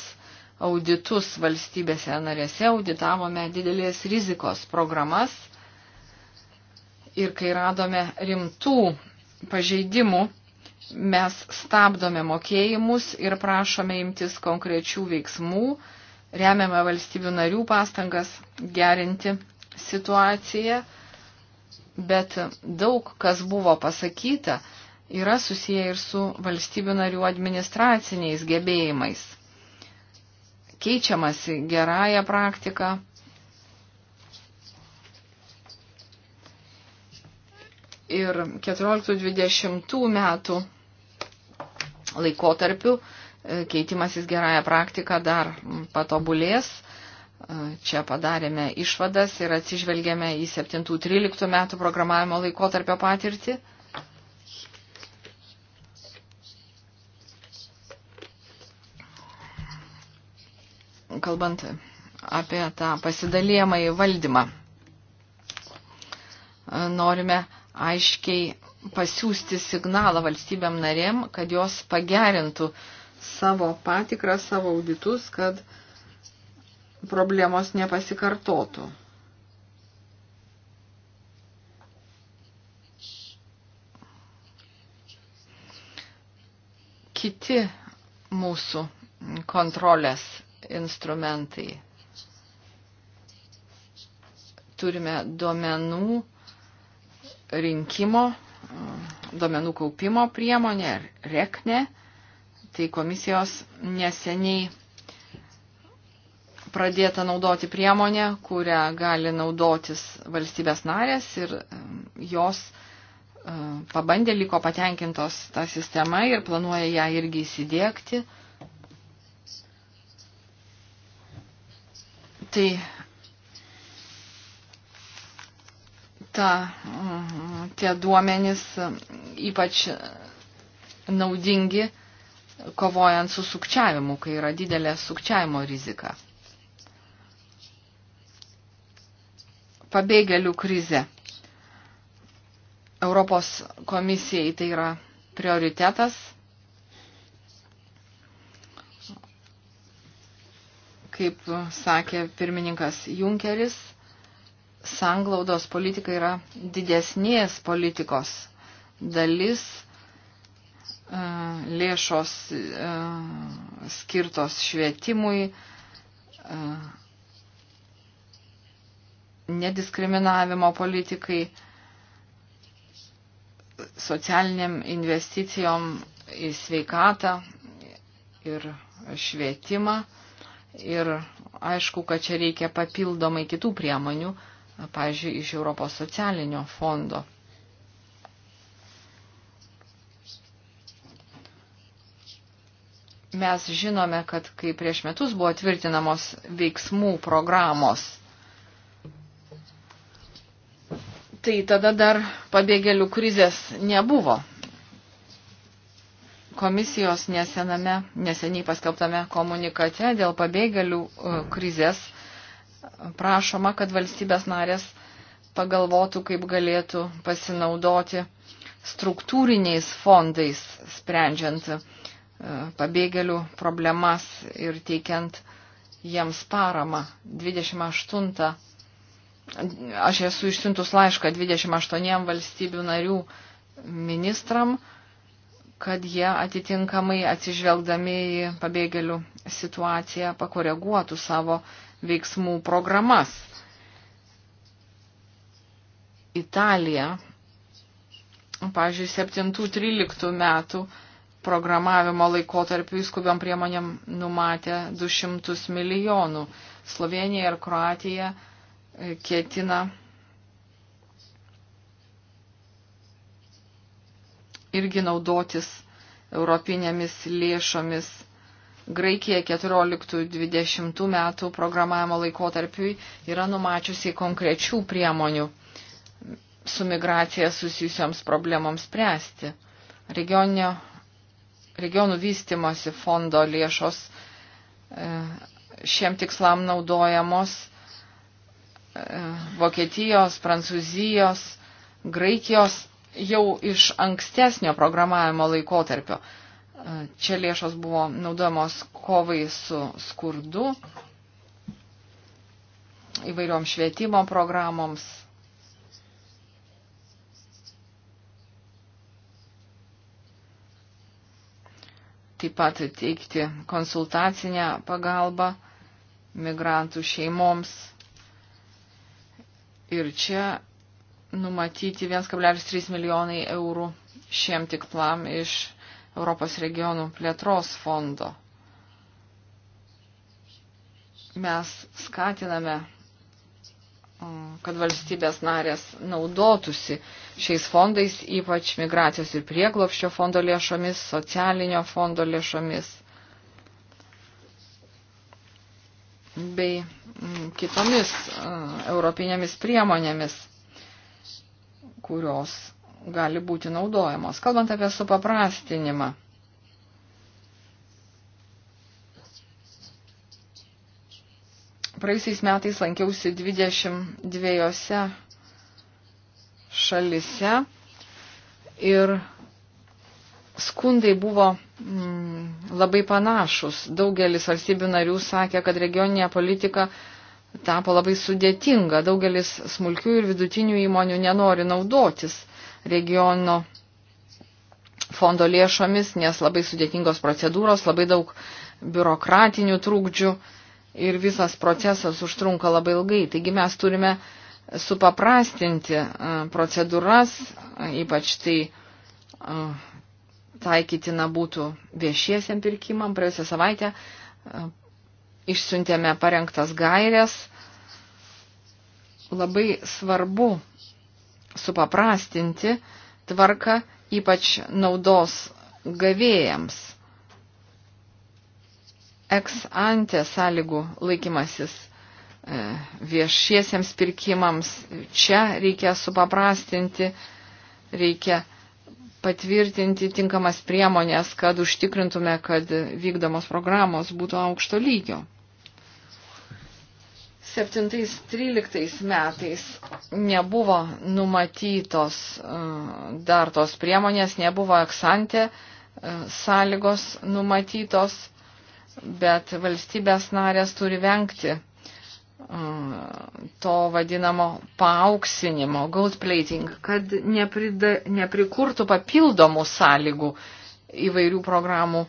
auditus valstybėse narėse, auditavome didelės rizikos programas ir kai radome rimtų pažeidimų, mes stabdome mokėjimus ir prašome imtis konkrečių veiksmų, remiame valstybių narių pastangas gerinti situaciją, bet daug kas buvo pasakyta yra susiję ir su valstybių narių administraciniais gebėjimais. Keičiamasi gerąją praktiką, ir 14-20 metų laikotarpiu e, keitimasis gerąją praktiką dar patobulės. E, čia padarėme išvadas ir atsižvelgėme į 7-13 metų programavimo laikotarpio patirtį. Kalbant apie tą pasidalėjimą į valdymą, norime aiškiai pasiūsti signalą valstybėm narėm, kad jos pagerintų savo patikrą, savo auditus, kad problemos nepasikartotų. Kiti mūsų kontrolės instrumentai. Turime duomenų rinkimo mm, duomenų kaupimo priemonė, rekne, tai komisijos neseniai pradėta naudoti priemonė, kurią gali naudotis valstybės narės ir mm, jos mm, pabandė, liko patenkintos tą sistemą ir planuoja ją irgi įsidėkti. Tai ta tie duomenys ypač naudingi kovojant su sukčiavimu, kai yra didelė sukčiavimo rizika. Pabėgėlių krize. Europos komisijai tai yra prioritetas. Kaip sakė pirmininkas Junkeris, sanglaudos politika yra didesnės politikos dalis, e, lėšos e, skirtos švietimui, e, nediskriminavimo politikai, socialiniam investicijom į sveikatą ir švietimą. Ir aišku, kad čia reikia papildomai kitų priemonių, pavyzdžiui, iš Europos socialinio fondo. Mes žinome, kad kai prieš metus buvo tvirtinamos veiksmų programos, tai tada dar pabėgėlių krizės nebuvo. Komisijos nesename, neseniai paskelbtame komunikate dėl pabėgėlių e, krizės prašoma, kad valstybės narės pagalvotų, kaip galėtų pasinaudoti struktūriniais fondais, sprendžiant e, pabėgėlių problemas ir teikiant jiems paramą. 28. Aš esu išsiuntus laišką 28 valstybių narių ministram, kad jie atitinkamai atsižvelgdami į pabėgėlių situaciją pakoreguotų savo veiksmų programas. Italija, pavyzdžiui, 7-13 metų programavimo laikotarpiu įskubiam priemonėm numatė 200 milijonų. Slovenija ir Kroatija e, ketina irgi naudotis europinėmis lėšomis Graikija 14-20 metų programavimo laikotarpiui yra numačiusi konkrečių priemonių su migracija susijusioms problemoms spręsti. Regioninio, regionų vystimosi fondo lėšos e, šiem tikslam naudojamos e, Vokietijos, Prancūzijos, Graikijos jau iš ankstesnio programavimo laikotarpio. Čia lėšos buvo naudojamos kovai su skurdu, įvairiom švietimo programoms. Taip pat teikti konsultacinę pagalbą migrantų šeimoms. Ir čia numatyti 1,3 milijonai eurų šiem tikslam iš Europos regionų plėtros fondo. Mes skatiname, mm, kad valstybės narės naudotųsi šiais fondais, ypač migracijos ir prieglopščio fondo lėšomis, socialinio fondo lėšomis bei mm, kitomis mm, europinėmis priemonėmis, kurios gali būti naudojamos. Kalbant apie supaprastinimą. Praėjusiais metais lankiausi 22 šalise ir skundai buvo mm, labai panašus. Daugelis valstybių narių sakė, kad regioninė politika tapo labai sudėtinga. Daugelis smulkių ir vidutinių įmonių nenori naudotis regiono fondo lėšomis, nes labai sudėtingos procedūros, labai daug biurokratinių trūkdžių ir visas procesas užtrunka labai ilgai. Taigi mes turime supaprastinti procedūras, ypač tai taikytina būtų viešiesiam pirkimam. Praėjusią savaitę išsiuntėme parengtas gairias. Labai svarbu supaprastinti tvarką, ypač naudos gavėjams. Eks ante sąlygų laikymasis e, viešiesiems pirkimams čia reikia supaprastinti, reikia patvirtinti tinkamas priemonės, kad užtikrintume, kad vykdomos programos būtų aukšto lygio. 7-13 metais nebuvo numatytos e, dar tos priemonės, nebuvo eksantė e, sąlygos numatytos, bet valstybės narės turi vengti e, to vadinamo paauksinimo, gold plating, kad neprida, neprikurtų papildomų sąlygų įvairių programų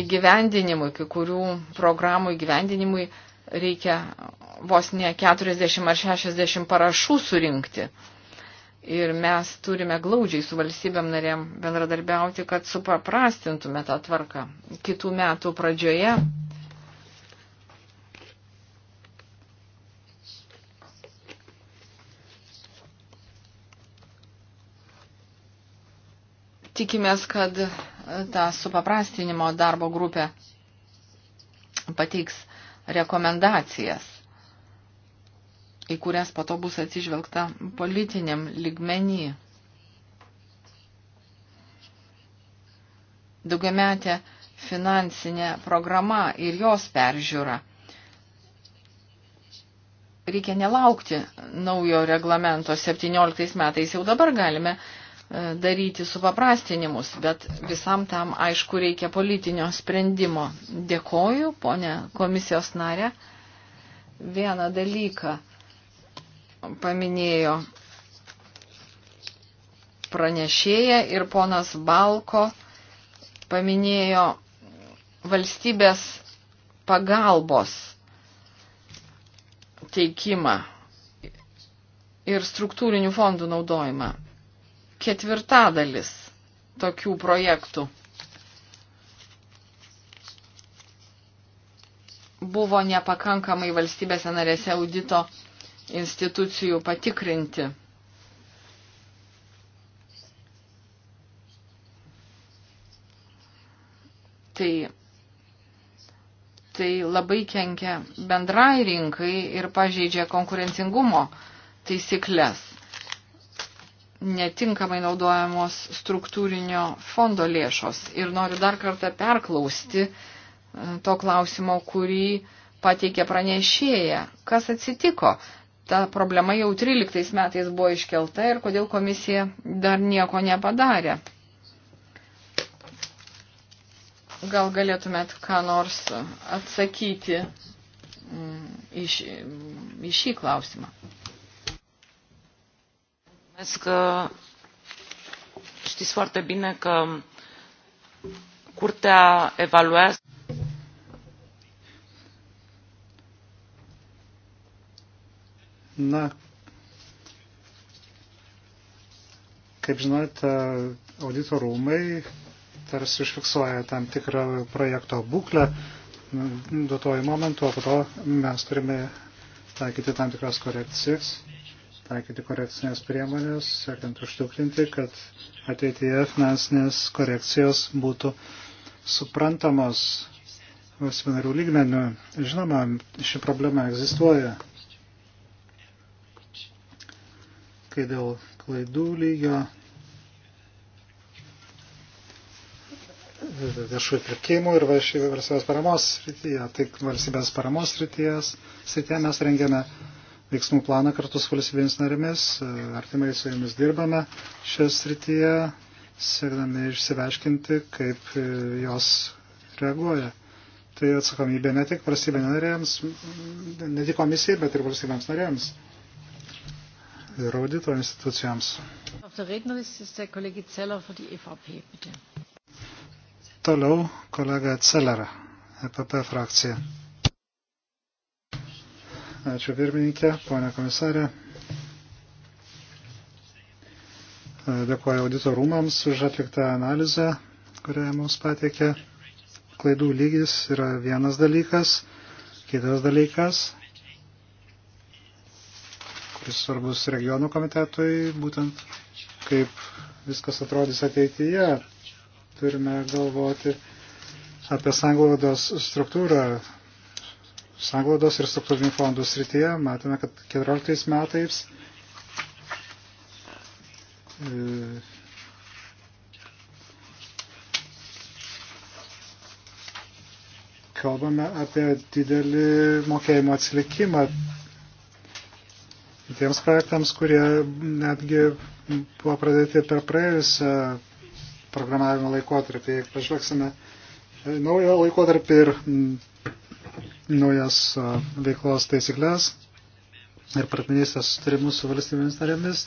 įgyvendinimui, kai kurių programų įgyvendinimui reikia vos ne 40 ar 60 parašų surinkti. Ir mes turime glaudžiai su valstybėm narėm bendradarbiauti, kad supaprastintume tą tvarką. Kitų metų pradžioje tikimės, kad tą supaprastinimo darbo grupę pateiks rekomendacijas, į kurias po to bus atsižvelgta politiniam ligmenį. Daugiametė finansinė programa ir jos peržiūra. Reikia nelaukti naujo reglamento 17 metais, jau dabar galime E, daryti supaprastinimus, bet visam tam aišku reikia politinio sprendimo. Dėkoju, ponė komisijos narė. Vieną dalyką paminėjo pranešėja ir ponas Balko paminėjo valstybės pagalbos teikimą ir struktūrinių fondų naudojimą ketvirtadalis tokių projektų buvo nepakankamai valstybėse narėse audito institucijų patikrinti. Tai, tai labai kenkia bendrai rinkai ir pažeidžia konkurencingumo taisyklės netinkamai naudojamos struktūrinio fondo lėšos. Ir noriu dar kartą perklausti e, to klausimo, kurį pateikė pranešėja. Kas atsitiko? Ta problema jau 13 metais buvo iškelta ir kodėl komisija dar nieko nepadarė. Gal galėtumėt ką nors atsakyti mm, į šį klausimą? că știți foarte bine că curtea evaluează Na, kaip žinote, audito rūmai tarsi užfiksuoja tam tikrą projekto būklę duotojų momentų, o po to mes turime taikyti tam tikras korekcijas taikyti korekcinės priemonės, siekiant užtikrinti, kad ateityje finansinės korekcijos būtų suprantamos valstybinarių lygmenių. Žinoma, ši problema egzistuoja. Kai dėl klaidų lygio viešųjų pirkimų ir valstybės paramos srityje, tik valstybės paramos srityje mes rengiame veiksmų planą kartu su valstybėmis narėmis, e, artimai su jomis dirbame šioje srityje, siekdami išsiveškinti, kaip e, jos reaguoja. Tai atsakomybė ne tik valstybėms narėms, ne tik komisijai, bet ir valstybėms narėms ir audito institucijoms. E Toliau kolega Celera, EPP frakcija. Ačiū pirmininkė, ponia komisarė. Dėkuoju audito rūmams už atliktą analizę, kurią mums pateikė. Klaidų lygis yra vienas dalykas, kitas dalykas, kuris svarbus regionų komitetui, būtent kaip viskas atrodys ateityje. Turime galvoti apie sanglaudos struktūrą, sanglaudos ir struktūrinių fondų srityje. Matome, kad 14 metais e, kalbame apie didelį mokėjimo atsilikimą tiems projektams, kurie netgi buvo pradėti per praėjusią programavimo laikotarpį. Pažvelgsime naują laikotarpį ir naujas veiklos taisyklės ir partnerystės sustarimus su valstybėmis narėmis.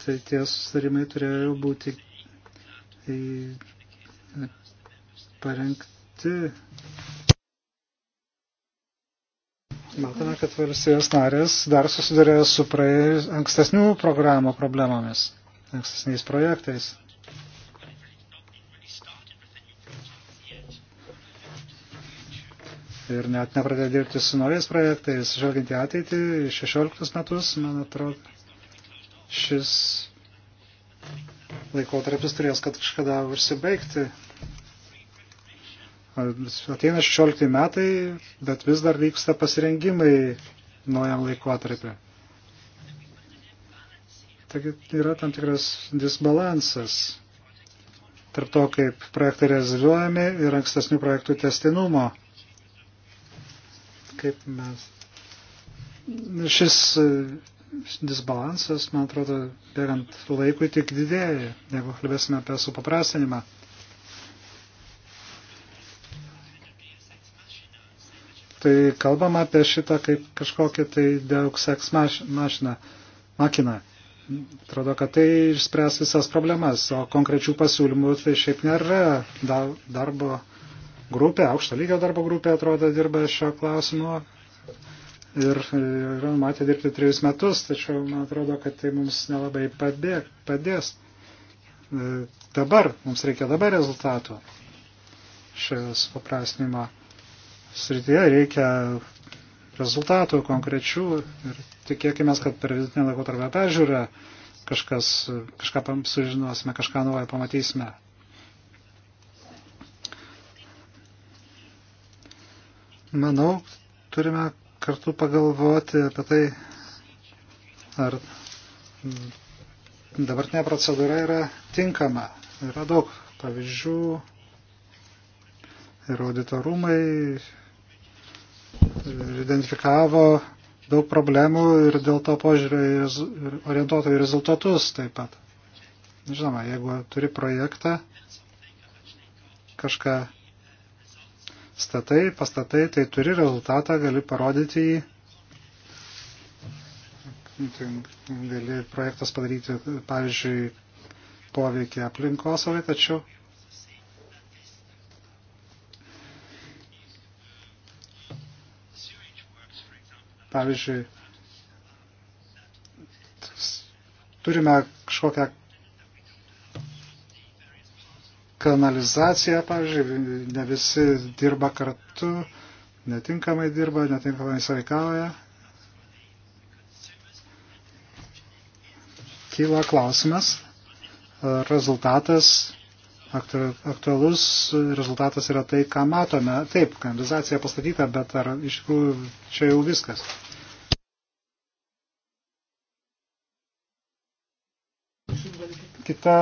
Tai tie sustarimai turėjo būti parengti. Matome, kad valstybės narės dar susidarė su praėjus ankstesnių programų problemomis, ankstesniais projektais. ir net nepradėjo dirbti su naujais projektais, žvelgiant į ateitį, 16 metus, man atrodo, šis laikotarpis turės kad kažkada užsibaigti. Ateina 16 metai, bet vis dar vyksta pasirengimai naujam laikotarpiu. Taigi yra tam tikras disbalansas tarp to, kaip projektai realizuojami ir ankstesnių projektų testinumo kaip mes. Šis disbalansas, e, man atrodo, bėgant laikui tik didėja, jeigu kalbėsime apie supaprastinimą. Tai kalbam apie šitą kaip kažkokią tai deukseks mašiną, makiną. Atrodo, kad tai išspręs visas problemas, o konkrečių pasiūlymų tai šiaip nėra darbo grupė, aukšto lygio darbo grupė, atrodo, dirba šio klausimu ir yra numatę dirbti trejus metus, tačiau man atrodo, kad tai mums nelabai padė, padės. E, dabar, mums reikia dabar rezultatų šioje supaprastinimo srityje, reikia rezultatų konkrečių ir tikėkime, kad per vidutinę laikotarpę peržiūrę kažkas, kažką sužinosime, kažką naujo pamatysime. Manau, turime kartu pagalvoti apie tai, ar dabartinė procedūra yra tinkama. Yra daug pavyzdžių ir auditorumai identifikavo daug problemų ir dėl to požiūrio orientuoto į rezultatus taip pat. Žinoma, jeigu turi projektą, kažką statai, pastatai, tai turi rezultatą, gali parodyti jį, tai gali projektas padaryti, pavyzdžiui, poveikį aplinkosovai, tačiau pavyzdžiui, turime kažkokią kanalizacija, pavyzdžiui, ne visi dirba kartu, netinkamai dirba, netinkamai saikauja. Kyla klausimas, rezultatas, aktualus rezultatas yra tai, ką matome. Taip, kanalizacija pastatyta, bet ar iš tikrųjų čia jau viskas. Kita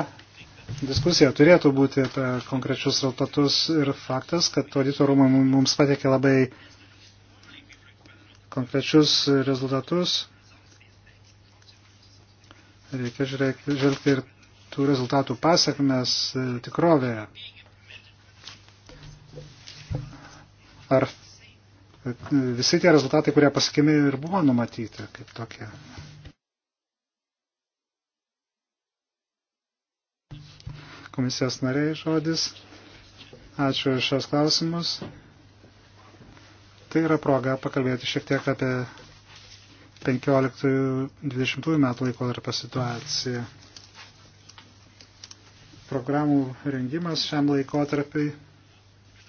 diskusija turėtų būti apie konkrečius rezultatus ir faktas, kad audito rūmai mums patikė labai konkrečius rezultatus. Reikia žvelgti ir tų rezultatų pasiekmes e, tikrovėje. Ar e, visi tie rezultatai, kurie pasakimi ir buvo numatyti kaip tokie? komisijos nariai žodis. Ačiū už šios klausimus. Tai yra proga pakalbėti šiek tiek apie 15-20 metų laikotarpio situaciją. Programų rengimas šiam laikotarpiai,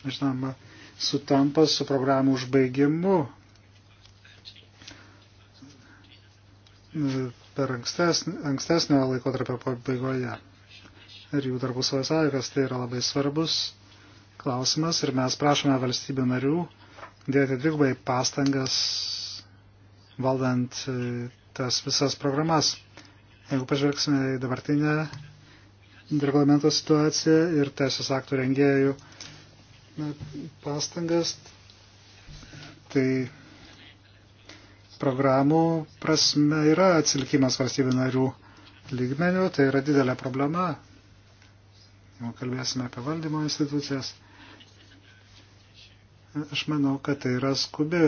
žinoma, sutampa su programų užbaigimu per ankstesnio, ankstesnio laikotarpio pabaigoje ir jų tarpusavio sąlygas. Tai yra labai svarbus klausimas ir mes prašome valstybių narių dėti dvigubai pastangas valdant e, tas visas programas. Jeigu pažvelgsime į dabartinę reglamento situaciją ir teisės aktų rengėjų pastangas, tai programų prasme yra atsilikimas valstybių narių lygmenių, tai yra didelė problema jau kalbėsime apie valdymo institucijas. Aš manau, kad tai yra skubi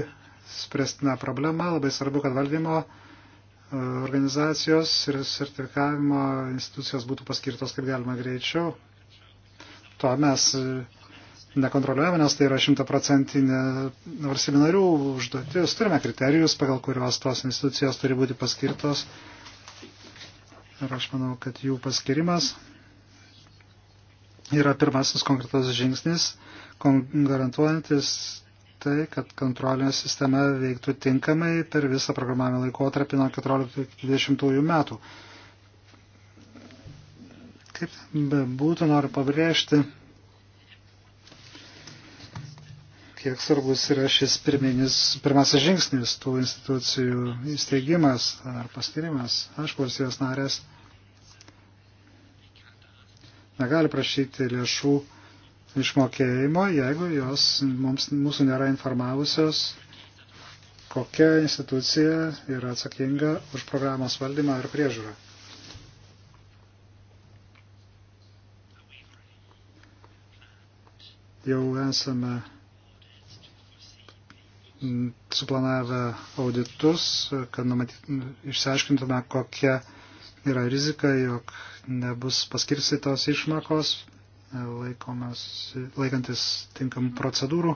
spręstina problema. Labai svarbu, kad valdymo e, organizacijos ir sertifikavimo institucijos būtų paskirtos kaip galima greičiau. To mes e, nekontroliuojame, nes tai yra šimtaprocentinė valstybių narių užduotis. Turime kriterijus, pagal kuriuos tos institucijos turi būti paskirtos. Ir aš manau, kad jų paskirimas yra pirmasis konkretus žingsnis, garantuojantis tai, kad kontrolinė sistema veiktų tinkamai per visą programavimo laikotarpį nuo 14-20 metų. Kaip bebūtų, noriu pabrėžti, kiek svarbus yra šis pirminis, pirmasis žingsnis tų institucijų įsteigimas ar paskirimas. Aišku, valstybės narės negali prašyti lėšų išmokėjimo, jeigu jos mums, mūsų nėra informavusios, kokia institucija yra atsakinga už programos valdymą ar priežiūrą. Jau esame suplanavę auditus, kad numatyt, išsiaiškintume, kokia yra rizika, jog nebus paskirstytos išmokos, laikantis tinkamų procedūrų.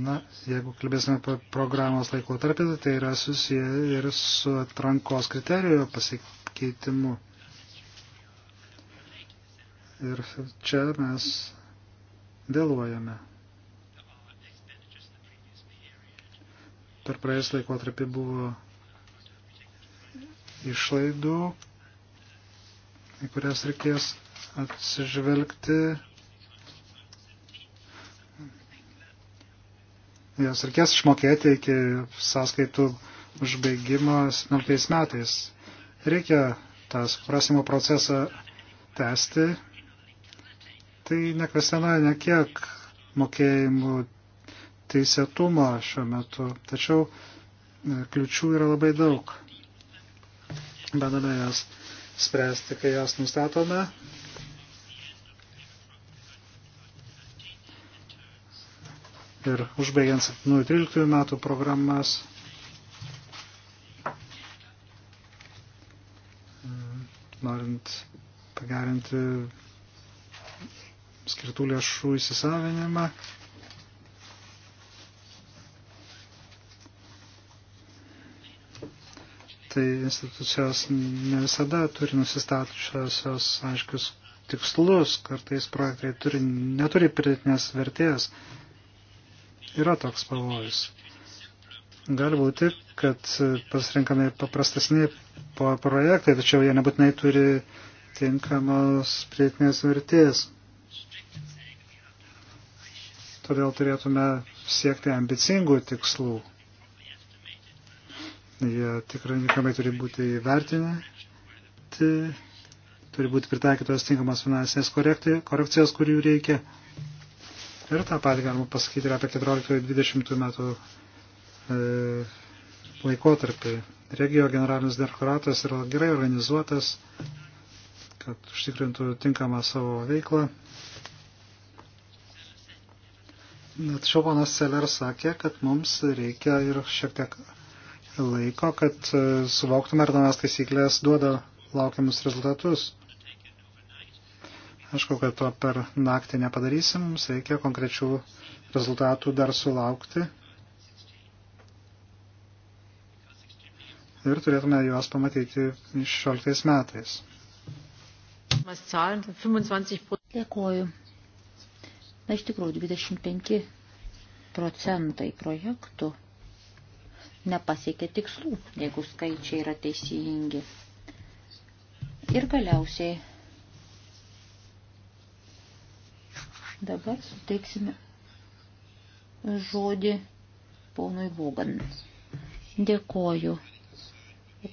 Na, jeigu kalbėsime apie programos laikotarpį, tai yra susiję ir su atrankos kriterijų pasikeitimu. Ir čia mes vėluojame. Per praėjus laikotarpį buvo išlaidų, į kurias reikės atsižvelgti. Jas reikės išmokėti iki sąskaitų užbaigimo 17 metais. Reikia tą suprasimo procesą tęsti. Tai nekvestionuoja nekiek mokėjimų teisėtumą šiuo metu, tačiau e, kliučių yra labai daug bandome jas spręsti, kai jas nustatome. Ir užbaigiant 17-13 metų programas. norint pagerinti skirtų lėšų įsisavinimą, tai institucijos ne visada turi nusistačiusios aiškius tikslus, kartais projektai turi, neturi pridėtinės vertės. Yra toks pavojus. Gali būti, kad pasirinkami paprastesni projektai, tačiau jie nebūtinai turi tinkamos pridėtinės vertės. Todėl turėtume siekti ambicingų tikslų Jie tikrai tinkamai turi būti įvertinti, turi būti pritaikytos tinkamas finansinės korekcijas, kurių reikia. Ir tą patį galima pasakyti ir apie 14-20 metų e, laikotarpį. Regio generalinis direktoratas yra gerai organizuotas, kad užtikrintų tinkamą savo veiklą. Tačiau ponas Seller sakė, kad mums reikia ir šiek tiek laiko, kad e, suvoktume, ar tas taisyklės duoda laukiamus rezultatus. Aišku, kad to per naktį nepadarysim, mums reikia konkrečių rezultatų dar sulaukti. Ir turėtume juos pamatyti 16 metais. Dėkuoju. Na, iš tikrųjų, 25 procentai projektų nepasiekė tikslų, jeigu skaičiai yra teisingi. Ir galiausiai dabar suteiksime žodį ponui Vogan. Dėkoju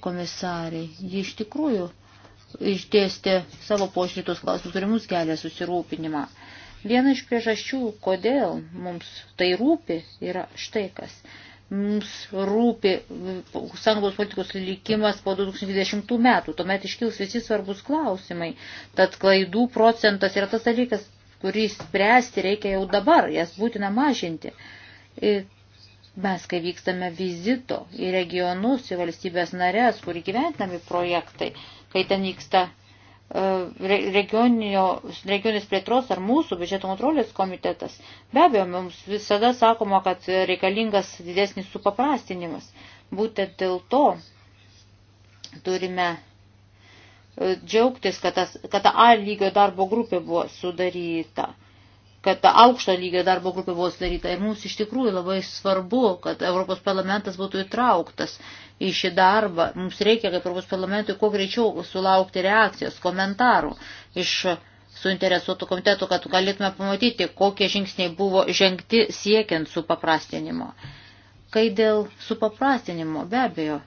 komisariai. Ji iš tikrųjų išdėstė savo požiūrėtus klausimus ir mus kelia susirūpinimą. Viena iš priežasčių, kodėl mums tai rūpi, yra štai kas mums rūpi sąjungos politikos likimas po 2020 metų. Tuomet iškils visi svarbus klausimai. Tad klaidų procentas yra tas dalykas, kurį spręsti reikia jau dabar, jas būtina mažinti. Ir mes, kai vykstame vizito į regionus, į valstybės narės, kur gyventami projektai, kai ten vyksta regioninės plėtros ar mūsų biudžeto kontrolės komitetas. Be abejo, mums visada sakoma, kad reikalingas didesnis supaprastinimas. Būtent dėl to turime e, džiaugtis, kad, tas, kad ta A lygio darbo grupė buvo sudaryta, kad ta aukšto lygio darbo grupė buvo sudaryta. Ir mums iš tikrųjų labai svarbu, kad Europos parlamentas būtų įtrauktas į šį darbą. Mums reikia, kaip Europos parlamentui, kuo greičiau sulaukti reakcijos, komentarų iš suinteresuotų komitetų, kad galėtume pamatyti, kokie žingsniai buvo žengti siekiant supaprastinimo. Kai dėl supaprastinimo, be abejo,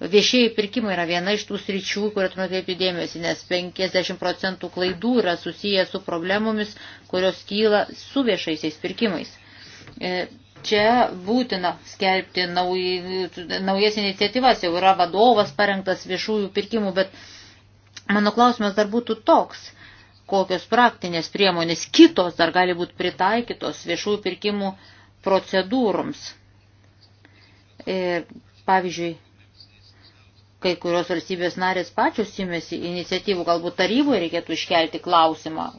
viešieji pirkimai yra viena iš tų sričių, kurią turime kreipti dėmesį, nes 50 procentų klaidų yra susiję su problemomis, kurios kyla su viešaisiais pirkimais. E, Čia būtina skelbti nauj, naujas iniciatyvas, jau yra vadovas parengtas viešųjų pirkimų, bet mano klausimas dar būtų toks, kokios praktinės priemonės kitos dar gali būti pritaikytos viešųjų pirkimų procedūroms. Ir, pavyzdžiui, kai kurios valstybės narės pačios įmėsi iniciatyvų, galbūt taryboje reikėtų iškelti klausimą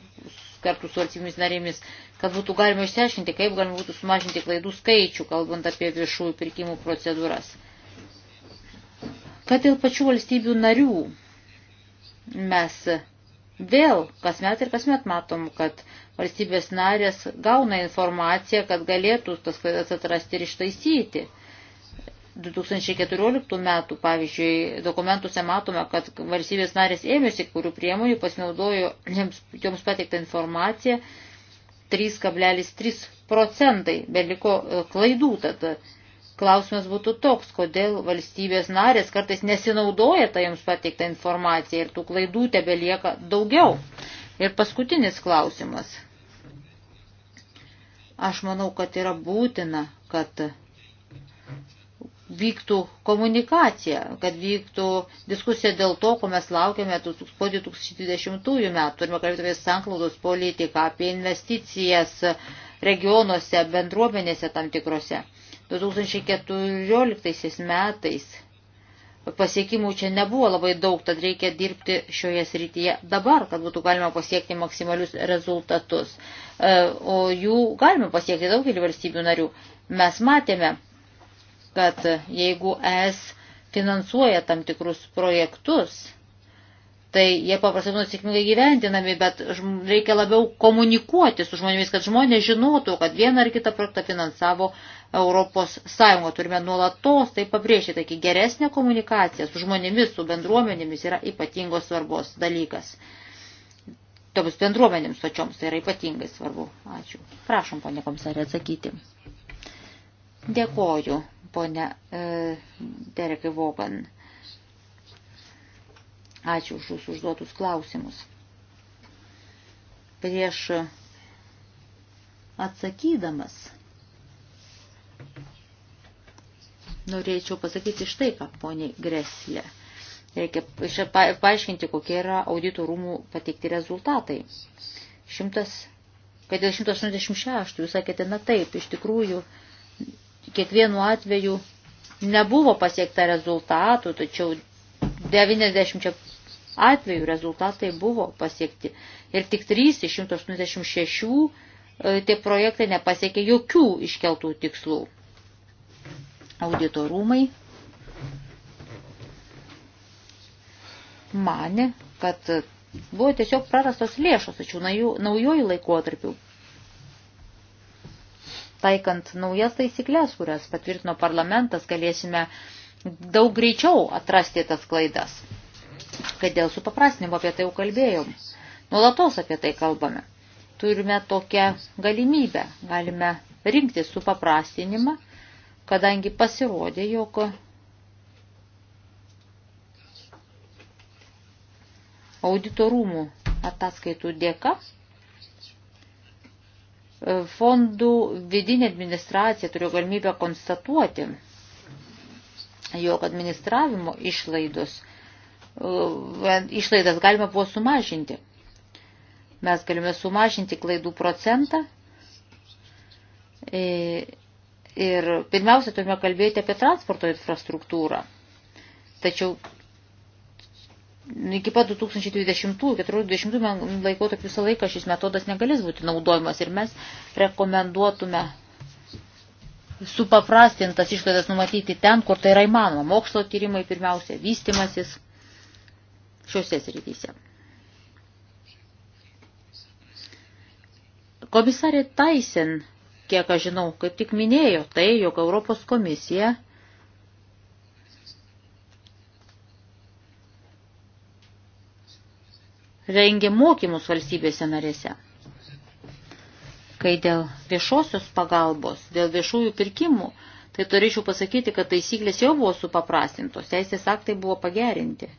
kartu su valstybėmis narėmis, kad būtų galima išsiaiškinti, kaip galima būtų sumažinti klaidų skaičių, kalbant apie viešųjų pirkimų procedūras. Kad dėl pačių valstybių narių mes vėl kasmet ir kasmet matom, kad valstybės narės gauna informaciją, kad galėtų tas klaidas atrasti ir ištaisyti. 2014 metų, pavyzdžiui, dokumentuose matome, kad valstybės narės ėmėsi kurių priemonių, pasinaudojo joms pateiktą informaciją 3,3 procentai, beliko e, klaidų. Tad e, klausimas būtų toks, kodėl valstybės narės kartais nesinaudoja tą jums pateiktą informaciją ir tų klaidų tebelieka daugiau. Ir paskutinis klausimas. Aš manau, kad yra būtina, kad vyktų komunikacija, kad vyktų diskusija dėl to, ko mes laukiame po 2020 metų. Turime kalbėti apie sanklaudos politiką, apie investicijas regionuose, bendruomenėse tam tikrose. 2014 metais pasiekimų čia nebuvo labai daug, tad reikia dirbti šioje srityje dabar, kad būtų galima pasiekti maksimalius rezultatus. E, o jų galime pasiekti daugelį valstybių narių. Mes matėme, kad jeigu ES finansuoja tam tikrus projektus, tai jie paprastai būna sėkmingai gyventinami, bet reikia labiau komunikuoti su žmonėmis, kad žmonės žinotų, kad vieną ar kitą projektą finansavo Europos Sąjunga. Turime nuolatos tai pabrėžti, taigi geresnė komunikacija su žmonėmis, su bendruomenėmis yra ypatingos svarbos dalykas. Toms bendruomenėms pačioms tai yra ypatingai svarbu. Ačiū. Prašom, ponė komisarė, atsakyti. Dėkoju ponia e, Derekai Vogan. Ačiū už jūsų užduotus klausimus. Prieš atsakydamas norėčiau pasakyti štai ką, poniai Greslė. Reikia paaiškinti, kokie yra audito rūmų pateikti rezultatai. Šimtas, kad dėl 186 jūs sakėte, na taip, iš tikrųjų kiekvienu atveju nebuvo pasiekta rezultatų, tačiau 90 atvejų rezultatai buvo pasiekti. Ir tik 3 iš 186 e, tie projektai nepasiekė jokių iškeltų tikslų. Auditorumai mane, kad buvo tiesiog prarastos lėšos, tačiau naujoji laikotarpių taikant naujas taisyklės, kurias patvirtino parlamentas, galėsime daug greičiau atrasti tas klaidas. Kad dėl supaprastinimo apie tai jau kalbėjom. Nulatos apie tai kalbame. Turime tokią galimybę. Galime rinkti supaprastinimą, kadangi pasirodė, jog auditorumų ataskaitų dėka fondų vidinė administracija turėjo galimybę konstatuoti, jog administravimo išlaidos, e, išlaidas galima buvo sumažinti. Mes galime sumažinti klaidų procentą e, ir pirmiausia turime kalbėti apie transporto infrastruktūrą. Tačiau iki pat 2020-2014 laikotarpį visą laiką šis metodas negalės būti naudojamas ir mes rekomenduotume supaprastintas išlaidas numatyti ten, kur tai yra įmanoma. Mokslo tyrimai pirmiausia, vystimasis šiuose srityse. Komisarė Taisen, kiek aš žinau, kaip tik minėjo tai, jog Europos komisija – rengia mokymus valstybėse narėse. Kai dėl viešosios pagalbos, dėl viešųjų pirkimų, tai turėčiau pasakyti, kad taisyklės jau buvo supaprastintos, teisės aktai buvo pagerinti.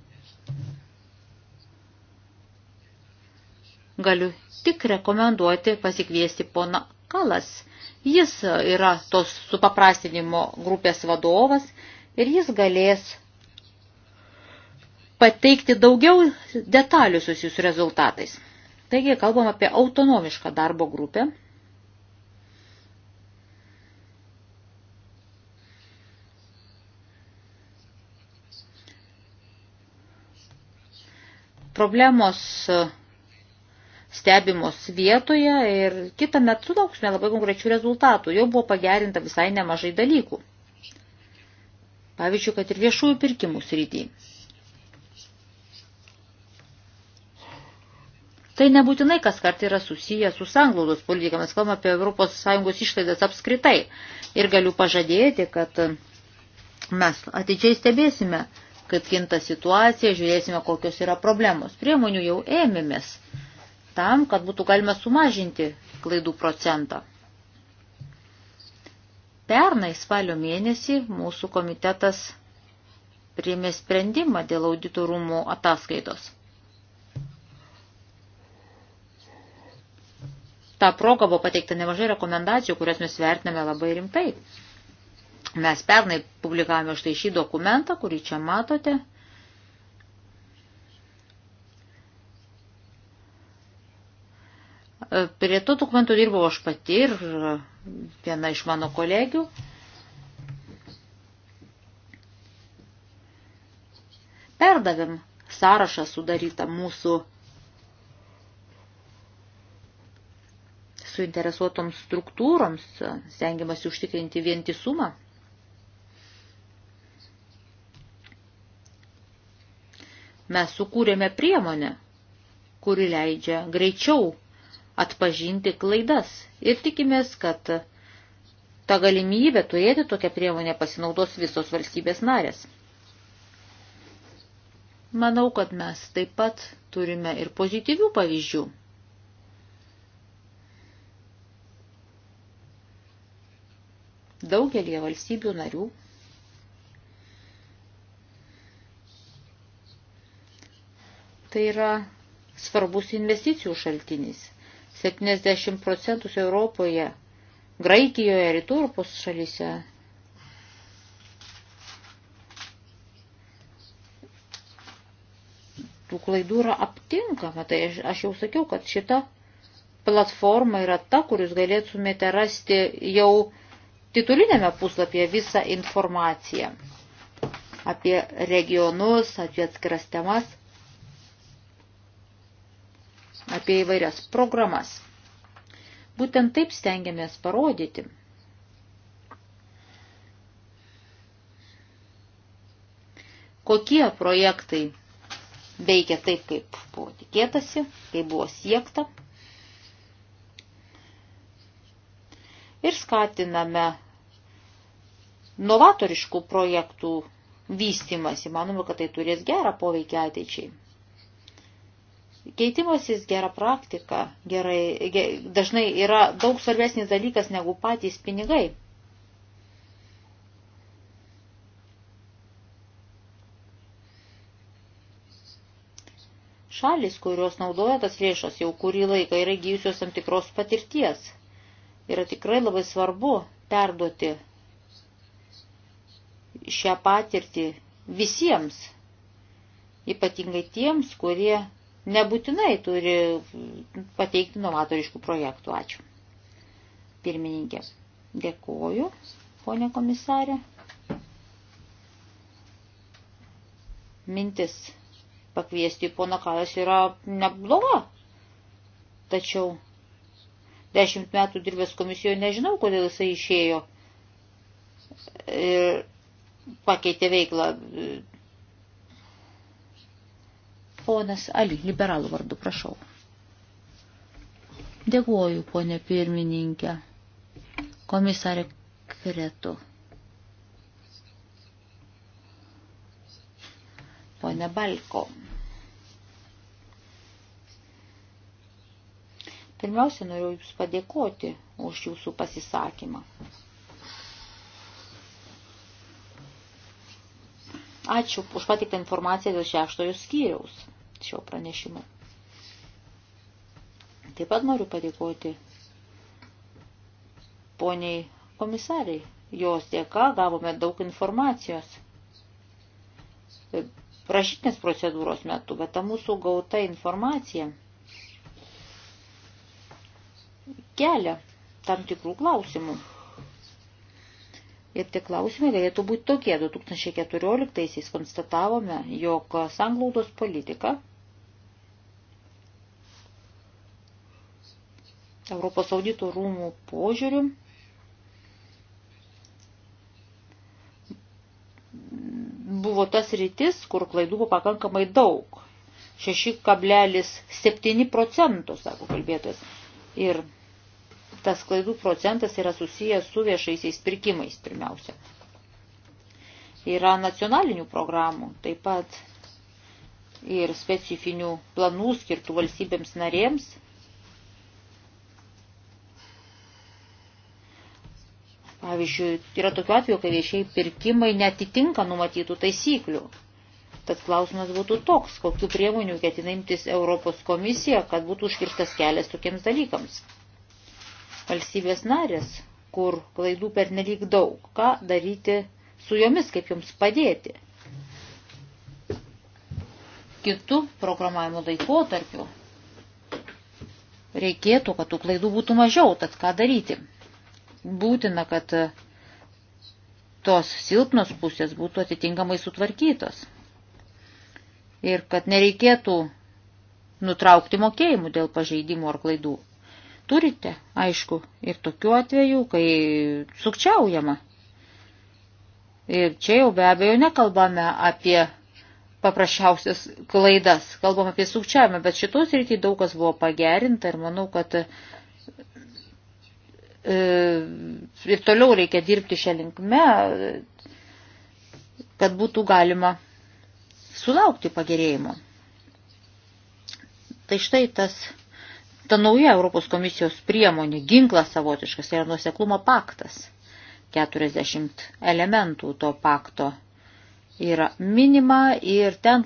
Galiu tik rekomenduoti pasikviesti pona Kalas. Jis yra tos supaprastinimo grupės vadovas ir jis galės pateikti daugiau detalių susijusių rezultatais. Taigi, kalbam apie autonomišką darbo grupę. Problemos stebimos vietoje ir kitą metą sulauksime labai konkrečių rezultatų. Jau buvo pagerinta visai nemažai dalykų. Pavyzdžiui, kad ir viešųjų pirkimų srityje. Tai nebūtinai kas kart yra susiję su sanglaudos politika, mes kalbame apie ES išlaidas apskritai. Ir galiu pažadėti, kad mes atidžiai stebėsime, kaip kinta situacija, žiūrėsime, kokios yra problemos. Priemonių jau ėmėmės tam, kad būtų galima sumažinti klaidų procentą. Pernai spalio mėnesį mūsų komitetas priėmė sprendimą dėl auditorumų ataskaitos. tą progą buvo pateikta nemažai rekomendacijų, kurias mes vertiname labai rimtai. Mes pernai publikavome štai šį dokumentą, kurį čia matote. Prie to dokumento dirbau aš pati ir viena iš mano kolegių. Perdavėm sąrašą sudarytą mūsų suinteresuotoms struktūroms, stengiamasi užtikrinti vientisumą. Mes sukūrėme priemonę, kuri leidžia greičiau atpažinti klaidas ir tikimės, kad tą galimybę turėti tokią priemonę pasinaudos visos valstybės narės. Manau, kad mes taip pat turime ir pozityvių pavyzdžių. daugelie valstybių narių tai yra svarbus investicijų šaltinis. 70 procentus Europoje, Graikijoje, Rytų Europos šalyse tų klaidų yra aptinkama. Tai aš, aš jau sakiau, kad šita platforma yra ta, kur jūs galėtumėte rasti jau titulinėme puslapyje visą informaciją apie regionus, apie atskiras temas, apie įvairias programas. Būtent taip stengiamės parodyti. Kokie projektai veikia taip, kaip buvo tikėtasi, kaip buvo siekta. ir skatiname novatoriškų projektų vystimas. Įmanome, kad tai turės gerą poveikį ateičiai. Keitimasis gera praktika gerai, ge, dažnai yra daug svarbesnis dalykas negu patys pinigai. Šalis, kurios naudoja tas lėšas, jau kurį laiką yra gyjusios tam tikros patirties – yra tikrai labai svarbu perduoti šią patirtį visiems, ypatingai tiems, kurie nebūtinai turi pateikti novatoriškų projektų. Ačiū. Pirmininkė, dėkoju, ponė komisarė. Mintis pakviesti pono Kalas yra nebloga, tačiau dešimt metų dirbęs komisijoje, nežinau, kodėl jisai išėjo ir pakeitė veiklą. Ponas Ali, liberalų vardu, prašau. Dėkuoju, ponė pirmininkė, komisarė Kretu. Pone Balko. Pirmiausia, noriu Jums padėkoti už Jūsų pasisakymą. Ačiū už patiktą informaciją dėl šeštojo skyriaus šio pranešimo. Taip pat noriu padėkoti poniai komisariai. Jos dėka gavome daug informacijos rašytinės procedūros metu, bet ta mūsų gauta informacija kelia tam tikrų klausimų. Ir tie klausimai galėtų būti tokie. 2014-aisiais konstatavome, jog sanglaudos politika Europos audito rūmų požiūrių buvo tas rytis, kur klaidų buvo pakankamai daug. 6,7 procentų, sako kalbėtojas. Ir tas klaidų procentas yra susijęs su viešaisiais pirkimais pirmiausia. Yra nacionalinių programų, taip pat ir specifinių planų skirtų valstybėms narėms. Pavyzdžiui, yra tokiu atveju, kai viešiai pirkimai netitinka numatytų taisyklių. Tad klausimas būtų toks, kokiu priemonių ketina imtis Europos komisija, kad būtų užkirstas kelias tokiems dalykams valstybės narės, kur klaidų per nelik daug. Ką daryti su jomis, kaip joms padėti? Kitų programavimo laikotarpių reikėtų, kad tų klaidų būtų mažiau, tad ką daryti? Būtina, kad tos silpnos pusės būtų atitinkamai sutvarkytos. Ir kad nereikėtų nutraukti mokėjimų dėl pažeidimų ar klaidų turite, aišku, ir tokiu atveju, kai sukčiaujama. Ir čia jau be abejo nekalbame apie paprasčiausias klaidas, kalbam apie sukčiavimą, bet šitos rytį daug kas buvo pagerinta ir manau, kad e, ir toliau reikia dirbti šią linkme, kad būtų galima sulaukti pagerėjimo. Tai štai tas ta nauja Europos komisijos priemonė, ginklas savotiškas, tai yra nuoseklumo paktas. 40 elementų to pakto yra minima ir ten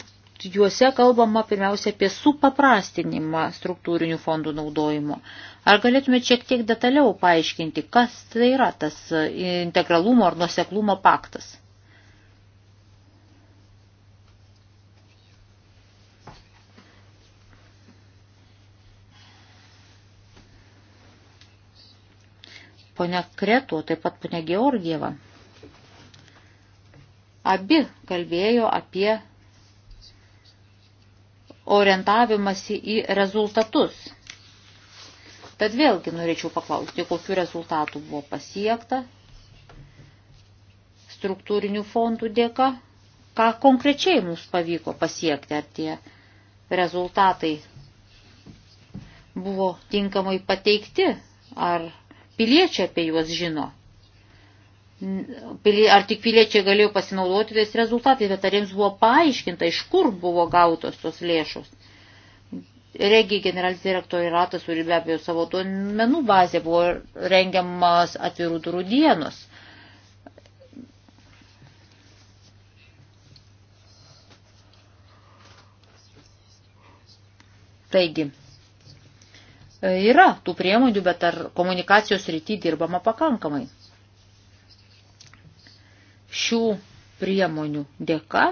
juose kalbama pirmiausia apie supaprastinimą struktūrinių fondų naudojimo. Ar galėtumėte šiek tiek detaliau paaiškinti, kas tai yra tas integralumo ar nuoseklumo paktas? ponia Kretu, taip pat ponia Georgieva. Abi kalbėjo apie orientavimąsi į rezultatus. Tad vėlgi norėčiau paklausti, kokiu rezultatu buvo pasiekta struktūrinių fondų dėka, ką konkrečiai mums pavyko pasiekti, ar tie rezultatai buvo tinkamai pateikti, ar piliečiai apie juos žino. Ar tik piliečiai galėjo pasinaudoti tais rezultatais, bet ar jiems buvo paaiškinta, iš kur buvo gautos tos lėšos. Regijai generalinis direktoriatas, kuri be abejo savo duomenų bazė buvo rengiamas atvirų durų dienos. Taigi, E, yra tų priemonių, bet ar komunikacijos rytį dirbama pakankamai. Šių priemonių dėka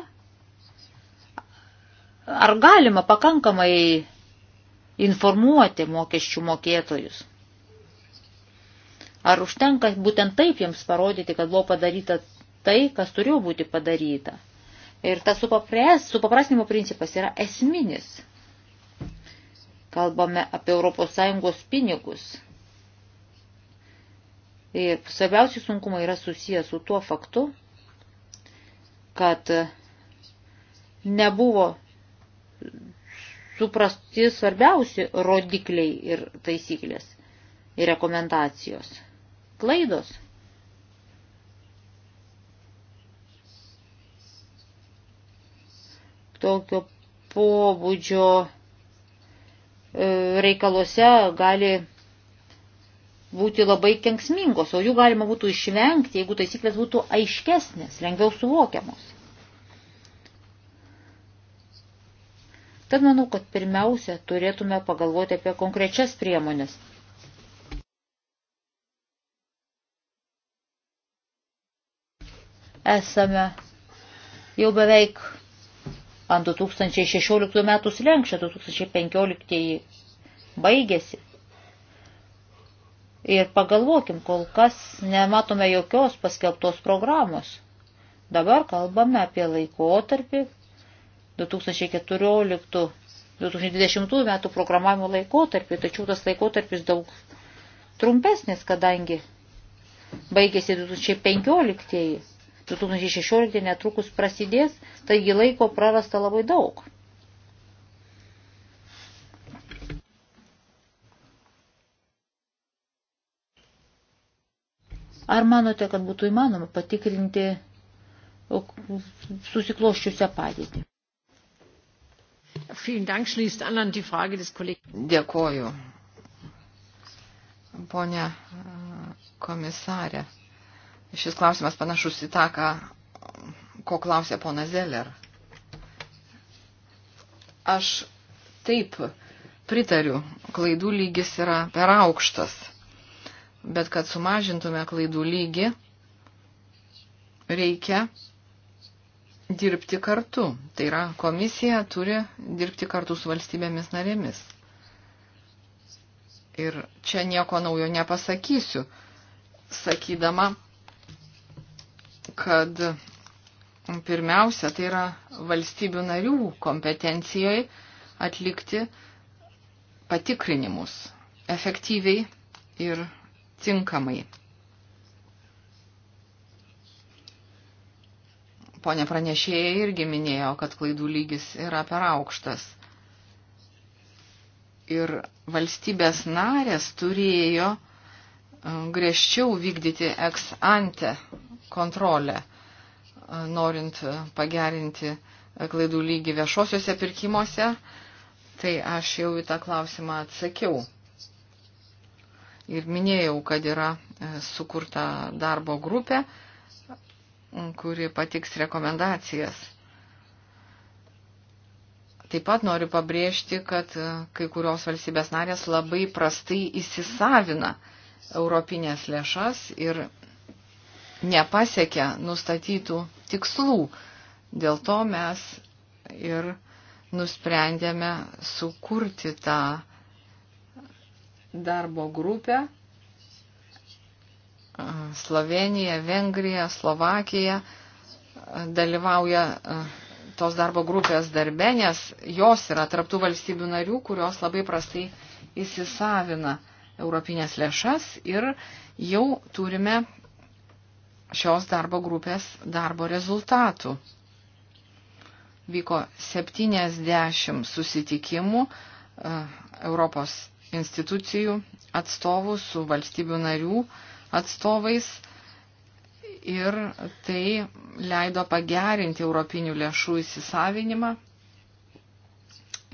ar galima pakankamai informuoti mokesčių mokėtojus? Ar užtenka būtent taip jiems parodyti, kad buvo padaryta tai, kas turėjo būti padaryta? Ir tas supaprastinimo principas yra esminis – Kalbame apie ES pinigus. Ir svarbiausi sunkumai yra susijęs su tuo faktu, kad nebuvo suprasti svarbiausi rodikliai ir taisyklės ir rekomendacijos. Klaidos. Tokio pobūdžio E, reikaluose gali būti labai kenksmingos, o jų galima būtų išvengti, jeigu taisyklės būtų aiškesnės, lengviau suvokiamos. Tad manau, kad pirmiausia turėtume pagalvoti apie konkrečias priemonės. Esame jau beveik ant 2016 metų slenkščio, 2015 baigėsi. Ir pagalvokim, kol kas nematome jokios paskelbtos programos. Dabar kalbame apie laikotarpį 2014-2020 metų programavimo laikotarpį, tačiau tas laikotarpis daug trumpesnis, kadangi baigėsi 2015. 2016 netrukus prasidės, taigi laiko prarasta labai daug. Ar manote, kad būtų įmanoma patikrinti susikloščiusią padėtį? Dėkoju. Pone äh, komisarė, Šis klausimas panašus į tą, ką, ko klausė pona Zeller. Aš taip pritariu, klaidų lygis yra per aukštas, bet kad sumažintume klaidų lygį, reikia dirbti kartu. Tai yra, komisija turi dirbti kartu su valstybėmis narėmis. Ir čia nieko naujo nepasakysiu, sakydama, kad pirmiausia, tai yra valstybių narių kompetencijoje atlikti patikrinimus efektyviai ir tinkamai. Pone pranešėja irgi minėjo, kad klaidų lygis yra per aukštas. Ir valstybės narės turėjo um, griežčiau vykdyti ex ante kontrolę, e, norint pagerinti klaidų lygį viešosiuose pirkimuose. Tai aš jau į tą klausimą atsakiau. Ir minėjau, kad yra e, sukurta darbo grupė, kuri patiks rekomendacijas. Taip pat noriu pabrėžti, kad e, kai kurios valstybės narės labai prastai įsisavina europinės lėšas ir nepasiekia nustatytų tikslų. Dėl to mes ir nusprendėme sukurti tą darbo grupę. Slovenija, Vengrija, Slovakija dalyvauja tos darbo grupės darbe, nes jos yra tarptų valstybių narių, kurios labai prastai įsisavina europinės lėšas ir jau turime šios darbo grupės darbo rezultatų. Vyko 70 susitikimų e, Europos institucijų atstovų su valstybių narių atstovais ir tai leido pagerinti europinių lėšų įsisavinimą.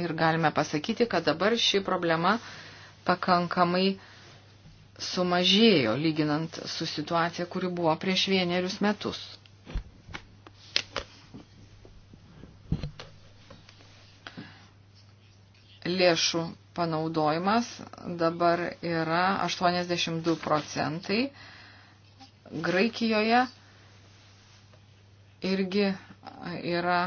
Ir galime pasakyti, kad dabar ši problema pakankamai sumažėjo lyginant su situacija, kuri buvo prieš vienerius metus. Lėšų panaudojimas dabar yra 82 procentai. Graikijoje irgi yra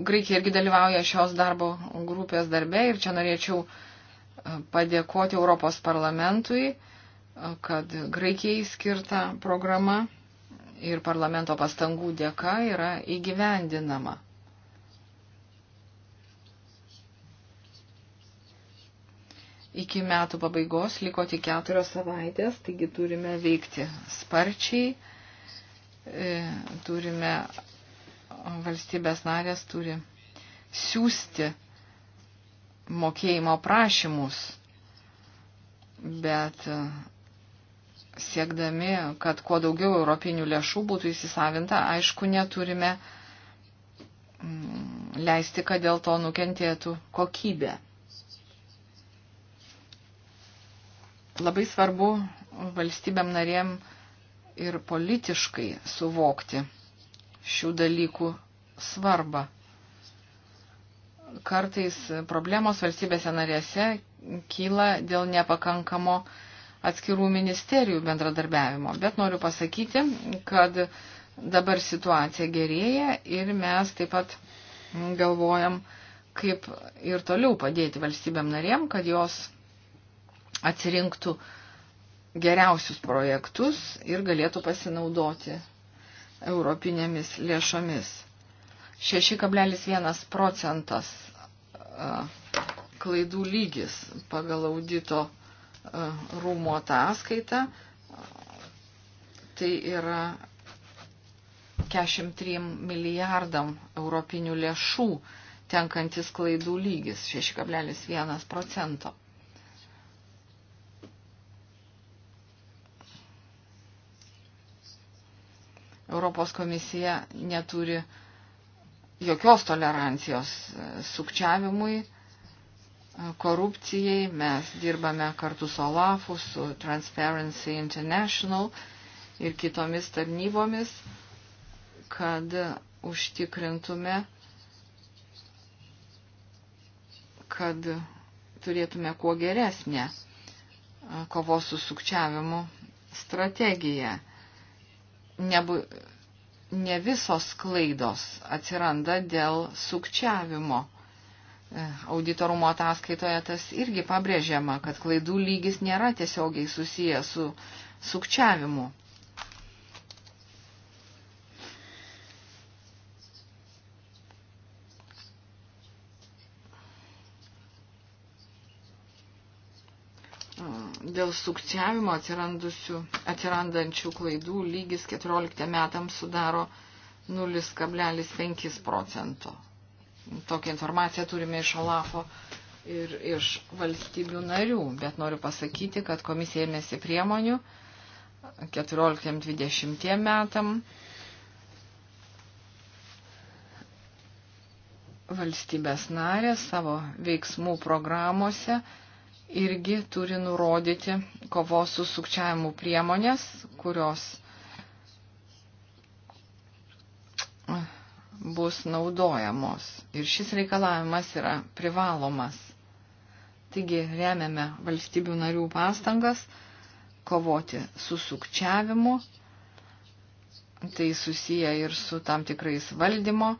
Graikija irgi dalyvauja šios darbo grupės darbe ir čia norėčiau e, padėkoti Europos parlamentui, e, kad Graikijai skirta programa ir parlamento pastangų dėka yra įgyvendinama. Iki metų pabaigos liko tik keturios savaitės, taigi turime veikti sparčiai, e, turime valstybės narės turi siūsti mokėjimo prašymus, bet e, siekdami, kad kuo daugiau europinių lėšų būtų įsisavinta, aišku, neturime mm, leisti, kad dėl to nukentėtų kokybė. Labai svarbu valstybėm narėm ir politiškai suvokti šių dalykų svarbą. Kartais problemos valstybėse narėse kyla dėl nepakankamo atskirų ministerijų bendradarbiavimo. Bet noriu pasakyti, kad dabar situacija gerėja ir mes taip pat galvojam, kaip ir toliau padėti valstybėm narėm, kad jos atsirinktų geriausius projektus ir galėtų pasinaudoti europinėmis lėšomis. 6,1 procentas klaidų lygis pagal audito rūmo ataskaitą. Tai yra 43 milijardam europinių lėšų tenkantis klaidų lygis 6,1 procento. Europos komisija neturi jokios tolerancijos e, sukčiavimui, e, korupcijai. Mes dirbame kartu su OLAFu, su Transparency International ir kitomis tarnybomis, kad užtikrintume, kad turėtume kuo geresnę e, kovos su sukčiavimu strategiją nebu, ne visos klaidos atsiranda dėl sukčiavimo. E, auditorumo ataskaitoje tas irgi pabrėžiama, kad klaidų lygis nėra tiesiogiai susijęs su sukčiavimu. dėl sukčiavimo atsirandančių klaidų lygis 14 metams sudaro 0,5 procento. Tokią informaciją turime iš Olafo ir iš valstybių narių, bet noriu pasakyti, kad komisija ėmėsi priemonių 14-20 metam. Valstybės narės savo veiksmų programuose irgi turi nurodyti kovos su sukčiavimu priemonės, kurios bus naudojamos. Ir šis reikalavimas yra privalomas. Taigi remiame valstybių narių pastangas kovoti su sukčiavimu. Tai susiję ir su tam tikrais valdymo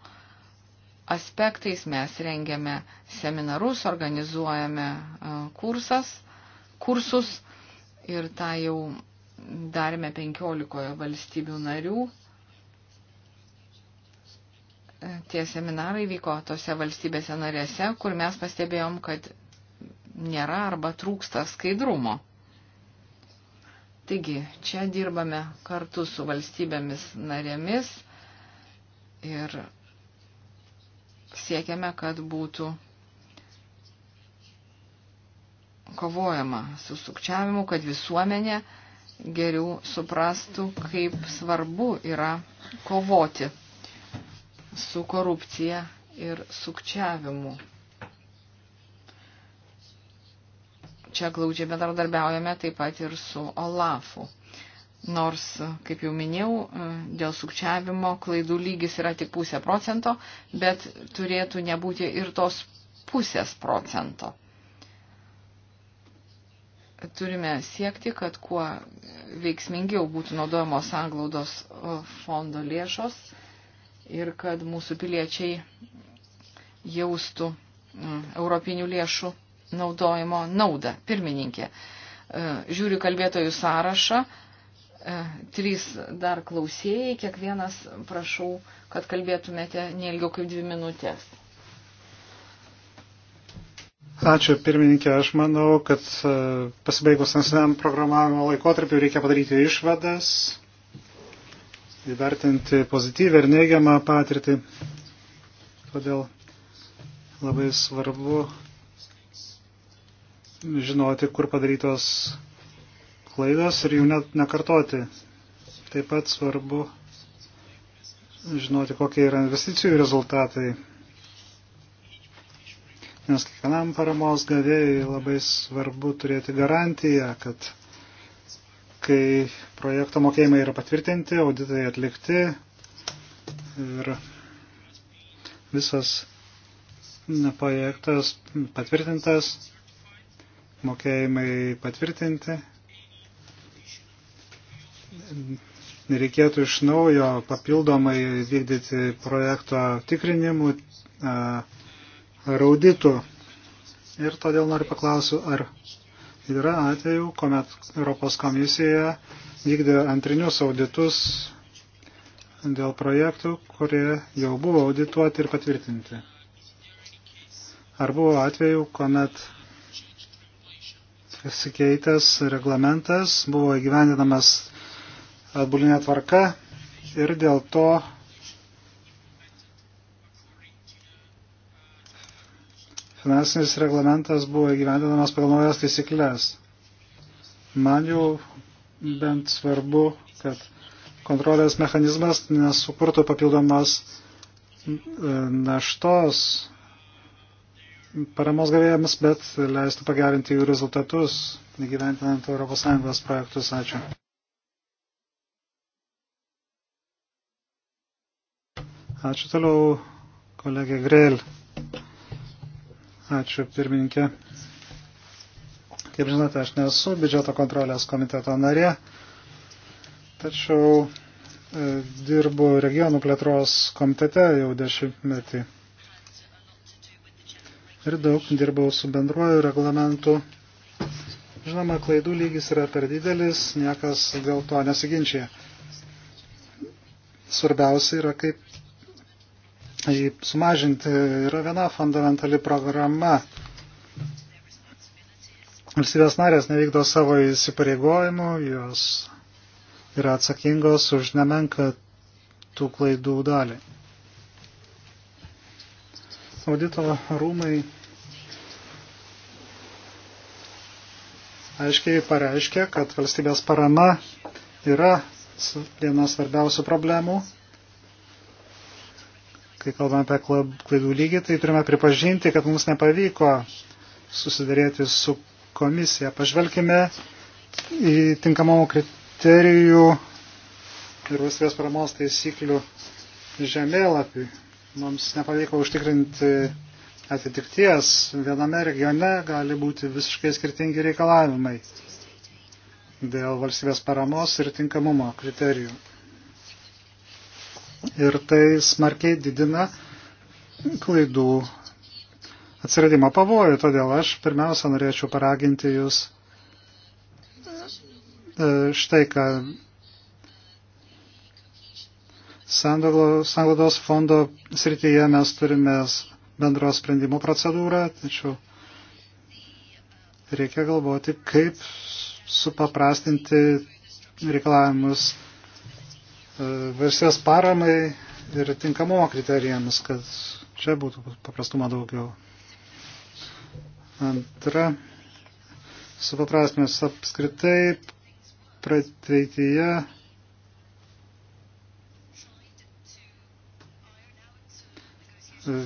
aspektais mes rengiame seminarus, organizuojame e, kursas, kursus ir tą jau darėme 15 valstybių narių. E, tie seminarai vyko tose valstybėse narėse, kur mes pastebėjom, kad nėra arba trūksta skaidrumo. Taigi, čia dirbame kartu su valstybėmis narėmis ir siekiame, kad būtų kovojama su sukčiavimu, kad visuomenė geriau suprastų, kaip svarbu yra kovoti su korupcija ir sukčiavimu. Čia glaudžiai bendradarbiaujame taip pat ir su Olafu nors, kaip jau minėjau, dėl sukčiavimo klaidų lygis yra tik pusė procento, bet turėtų nebūti ir tos pusės procento. Turime siekti, kad kuo veiksmingiau būtų naudojamos anglaudos fondo lėšos ir kad mūsų piliečiai jaustų mm, europinių lėšų naudojimo naudą. Pirmininkė, e, žiūriu kalbėtojų sąrašą, E, trys dar klausėjai, kiekvienas prašau, kad kalbėtumėte neilgiau kaip dvi minutės. Ačiū pirmininkė, aš manau, kad e, pasibaigus ankstiniam programavimo laikotarpiu reikia padaryti išvadas, įvertinti pozityvę ir neigiamą patirtį. Todėl labai svarbu žinoti, kur padarytos klaidas ir jų net nekartoti. Taip pat svarbu žinoti, kokie yra investicijų rezultatai. Nes kiekvienam paramos gavėjai labai svarbu turėti garantiją, kad kai projekto mokėjimai yra patvirtinti, auditai atlikti ir visas projektas patvirtintas, mokėjimai patvirtinti nereikėtų iš naujo papildomai vykdyti projekto tikrinimų ar auditų. Ir todėl noriu paklausiu, ar yra atvejų, kuomet Europos komisija vykdė antrinius auditus dėl projektų, kurie jau buvo audituoti ir patvirtinti. Ar buvo atvejų, kuomet pasikeitęs reglamentas buvo įgyvendinamas atbulinė tvarka ir dėl to finansinis reglamentas buvo įgyvendinamas pagal naujas taisyklės. Man jau bent svarbu, kad kontrolės mechanizmas nesukurtų papildomas e, naštos paramos gavėjams, bet leistų pagerinti jų rezultatus, įgyventinant ES projektus. Ačiū. Ačiū toliau, kolegė Grėl. Ačiū, pirmininkė. Kaip žinote, aš nesu biudžeto kontrolės komiteto narė, tačiau e, dirbu regionų plėtros komitete jau dešimtmetį. Ir daug dirbau su bendruoju reglamentu. Žinoma, klaidų lygis yra per didelis, niekas dėl to nesiginčia. Svarbiausia yra, kaip jį tai sumažinti yra viena fundamentali programa. Valstybės narės nevykdo savo įsipareigojimų, jos yra atsakingos už nemenką tų klaidų dalį. Audito rūmai aiškiai pareiškia, kad valstybės parama yra viena svarbiausių problemų kai kalbame apie klaidų lygį, tai turime pripažinti, kad mums nepavyko susidarėti su komisija. Pažvelkime į tinkamų kriterijų ir Rusijos paramos taisyklių žemėlapį. Mums nepavyko užtikrinti atitikties. Viename regione gali būti visiškai skirtingi reikalavimai dėl valstybės paramos ir tinkamumo kriterijų ir tai smarkiai didina klaidų atsiradimo pavojų. Todėl aš pirmiausia norėčiau paraginti jūs e, štai ką Sanglaudos fondo srityje mes turime bendros sprendimų procedūrą, tačiau reikia galvoti, kaip supaprastinti reikalavimus versijas paramai ir tinkamumo kriterijams, kad čia būtų paprastumo daugiau. Antra, supaprastinės apskritai praeityje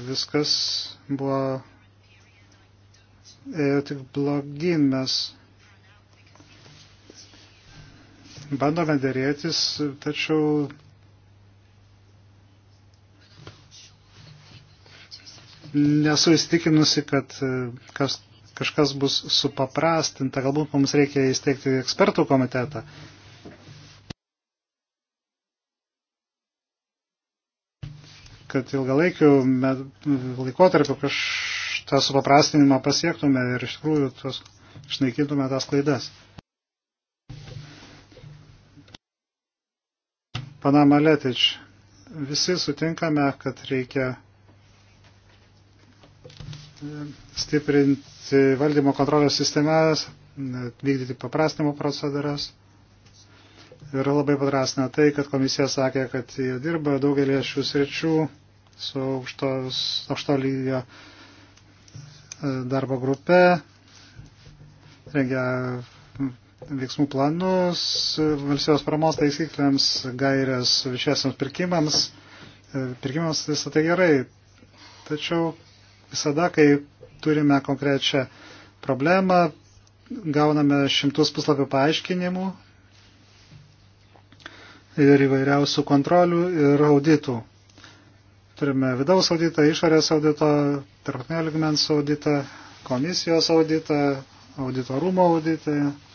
viskas buvo ėjo tik blogin, mes bandome dėrėtis, tačiau nesu įstikinusi, kad e, kas, kažkas bus supaprastinta. Galbūt mums reikia įsteigti ekspertų komitetą. kad ilgalaikiu laikotarpiu kažką supaprastinimą pasiektume ir iš tikrųjų tos, išnaikintume tas klaidas. Pana Maletič, visi sutinkame, kad reikia e, stiprinti valdymo kontrolės sistemas, vykdyti paprastinimo procedūras. Ir labai padrasina tai, kad komisija sakė, kad jie dirba daugelį šių sričių su aukštos, aukšto lygio e, darbo grupe, rengia veiksmų planus, valstybės paramos taisyklėms, gairias viešiesiams pirkimams. Pirkimams visą tai gerai. Tačiau visada, kai turime konkrečią problemą, gauname šimtus puslapių paaiškinimų ir įvairiausių kontrolių ir auditų. Turime vidaus auditą, išorės audito, tarptautinio ligmens auditą, komisijos auditą, auditorumo auditą, auditą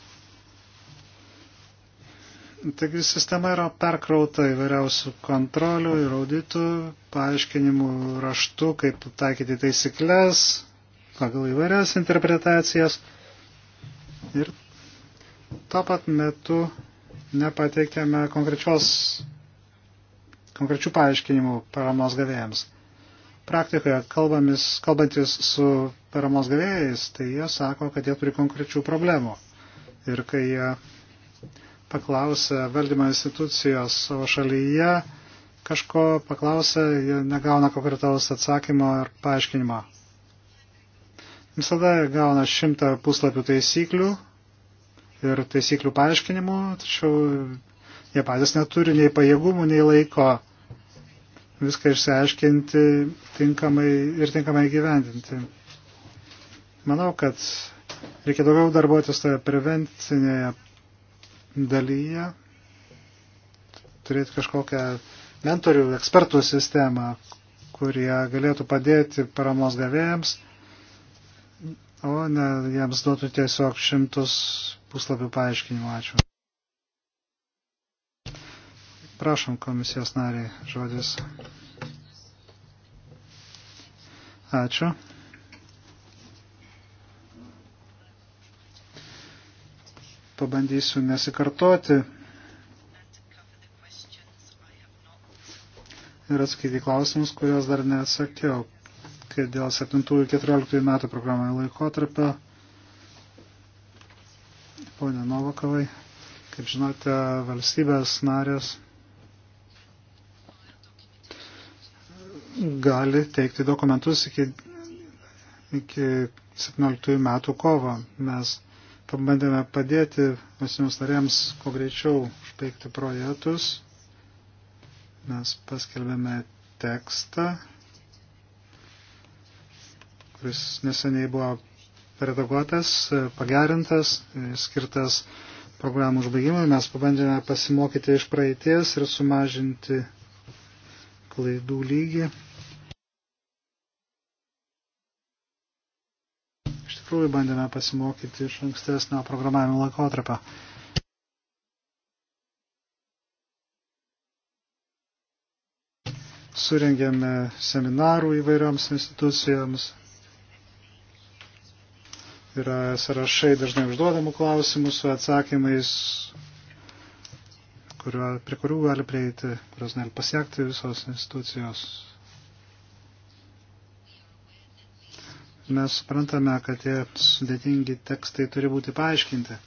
Taigi sistema yra perkrauta įvairiausių kontrolių ir auditų, paaiškinimų raštų, kaip taikyti taisyklės, pagal įvairias interpretacijas. Ir tuo pat metu nepateikėme konkrečių paaiškinimų paramos gavėjams. Praktikoje kalbamis, kalbantis su paramos gavėjais, tai jie sako, kad jie turi konkrečių problemų. Ir kai jie paklausia valdymo institucijos savo šalyje kažko, paklausia, jie negauna konkretaus atsakymo ir paaiškinimo. Visada gauna šimtą puslapių taisyklių ir taisyklių paaiškinimų, tačiau jie patys neturi nei pajėgumų, nei laiko viską išsiaiškinti tinkamai ir tinkamai gyvendinti. Manau, kad reikia daugiau darbuotis toje prevencinėje dalyje turėti kažkokią mentorių, ekspertų sistemą, kurie galėtų padėti paramos gavėjams, o ne jiems duotų tiesiog šimtus puslapių paaiškinimų. Ačiū. Prašom komisijos nariai žodis. Ačiū. pabandysiu nesikartoti ir atskaityti klausimus, kuriuos dar neatsakiau, kai dėl 7-14 metų programoje laikotarpio. Pone Novakovai, kaip žinote, valstybės narės gali teikti dokumentus iki, iki 17 metų kovo. Mes pabandėme padėti visiems nariams kuo greičiau užbaigti projektus. Mes paskelbėme tekstą, kuris neseniai buvo redaguotas, pagerintas, skirtas programų užbaigimui. Mes pabandėme pasimokyti iš praeities ir sumažinti klaidų lygį. tikrųjų bandėme pasimokyti iš ankstesnio programavimo laikotarpio. Surengėme seminarų įvairioms institucijoms. Yra sąrašai dažnai užduodamų klausimų su atsakymais, kurio, prie kurių gali prieiti, kurios gali pasiekti visos institucijos mes suprantame, kad tie sudėtingi tekstai turi būti paaiškinti.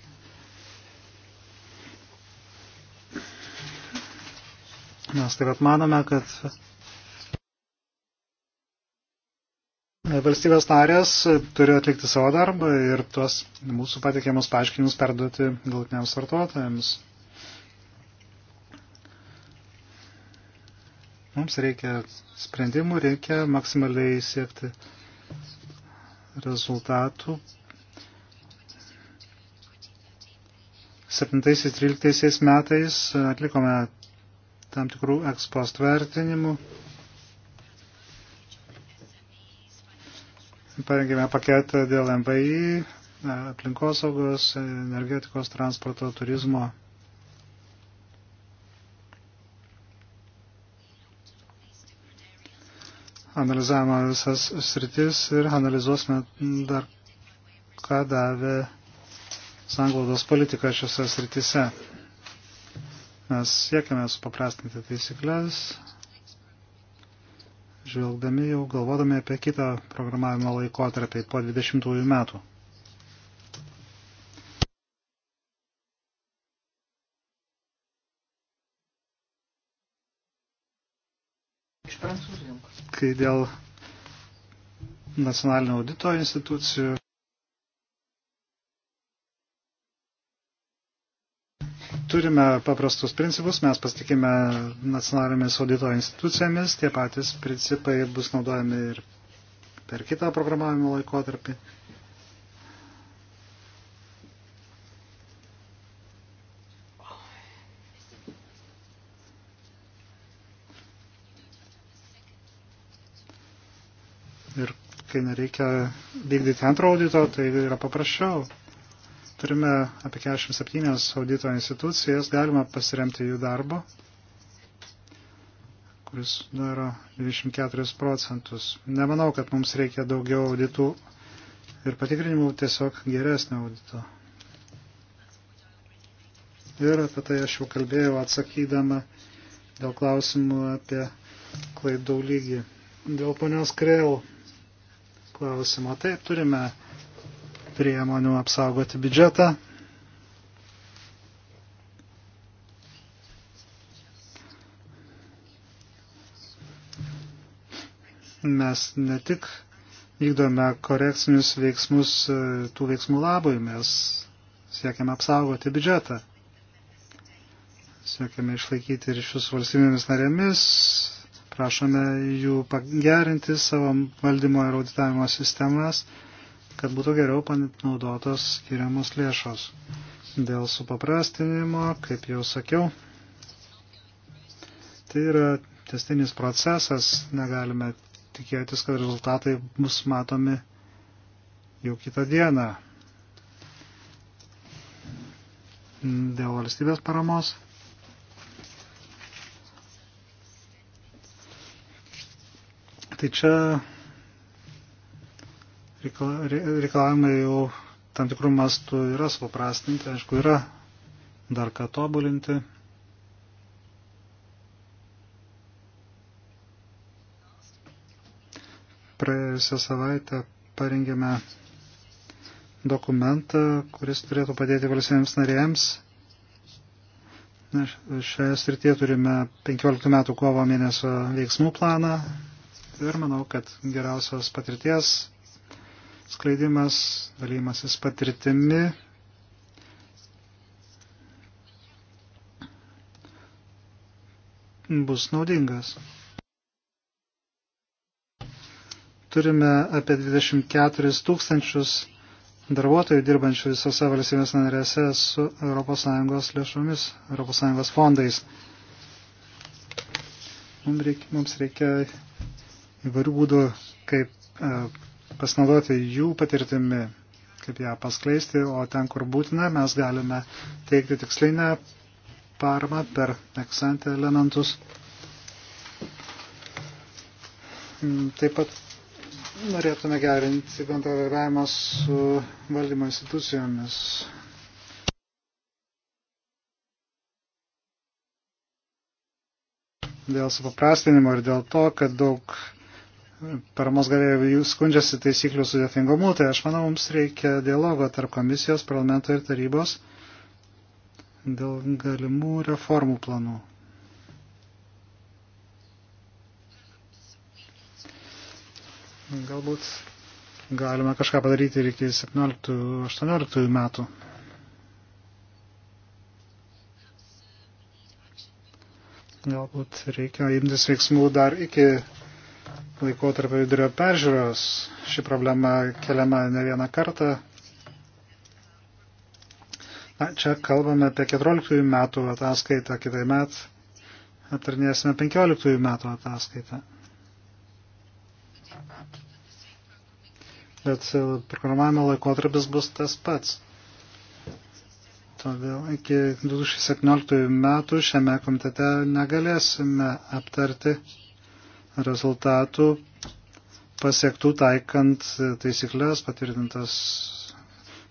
Mes taip pat manome, kad valstybės narės turi atlikti savo darbą ir tuos mūsų patikiamus paaiškinimus perduoti galutiniams vartotojams. Mums reikia sprendimų, reikia maksimaliai siekti rezultatų 7-13 metais atlikome tam tikrų ekspost vertinimų. Parengėme paketą dėl MVI, aplinkosaugos, energetikos, transporto, turizmo analizavome visas sritis ir analizuosime dar, ką davė sanglaudos politika šiose sritise. Mes siekiame supaprastinti taisyklės, žvelgdami jau galvodami apie kitą programavimo laikotarpį po 20 metų. kai dėl nacionalinio audito institucijų turime paprastus principus, mes pasitikime nacionalinėmis audito institucijomis, tie patys principai bus naudojami ir per kitą programavimo laikotarpį. Ir kai nereikia vykdyti antro audito, tai yra paprasčiau. Turime apie 47 audito institucijas, galima pasiremti jų darbo, kuris daro 24 procentus. Nemanau, kad mums reikia daugiau auditų ir patikrinimų, tiesiog geresnio audito. Ir apie tai aš jau kalbėjau atsakydama dėl klausimų apie klaidų lygį. Dėl ponios Kreil klausimo. Taip, turime priemonių apsaugoti biudžetą. Mes ne tik vykdome korekcinius veiksmus e, tų veiksmų labui, mes siekiame apsaugoti biudžetą. Siekiame išlaikyti ryšius valstybėmis narėmis, prašome jų pagerinti savo valdymo ir auditavimo sistemas, kad būtų geriau panaudotos skiriamos lėšos. Dėl supaprastinimo, kaip jau sakiau, tai yra testinis procesas, negalime tikėtis, kad rezultatai bus matomi jau kitą dieną. Dėl valstybės paramos Tai čia reikalavimai jau tam tikrų mastų yra suprastinti, aišku, yra dar ką tobulinti. Praėjusią savaitę parengėme dokumentą, kuris turėtų padėti valstybėms narėms. Šioje srityje turime 15 metų kovo mėnesio veiksmų planą ir manau, kad geriausios patirties skleidimas, dalymasis patirtimi bus naudingas. Turime apie 24 tūkstančius darbuotojų dirbančių visose valstybės narėse su ES lėšomis, ES fondais. Mums reikia, mums reikia įvairių būdų, kaip e, pasinaudoti jų patirtimi, kaip ją paskleisti, o ten, kur būtina, mes galime teikti tikslinę paramą per eksantę elementus. Mm, taip pat norėtume gerinti bendradarbiavimą su valdymo institucijomis. Dėl supaprastinimo ir dėl to, kad daug paramos gavėjai skundžiasi taisyklių sudėtingumu, tai aš manau, mums reikia dialogo tarp komisijos, parlamento ir tarybos dėl galimų reformų planų. Galbūt galima kažką padaryti ir iki 17-18 metų. Galbūt reikia imtis veiksmų dar iki laikotarpio vidurio peržiūros. Ši problema keliama ne vieną kartą. Na, čia kalbame apie 14 metų ataskaitą, kitai met aptarnėsime 15 metų ataskaitą. Bet programavimo laikotarpis bus tas pats. Todėl iki 2017 metų šiame komitete negalėsime aptarti rezultatų pasiektų taikant taisyklės patvirtintas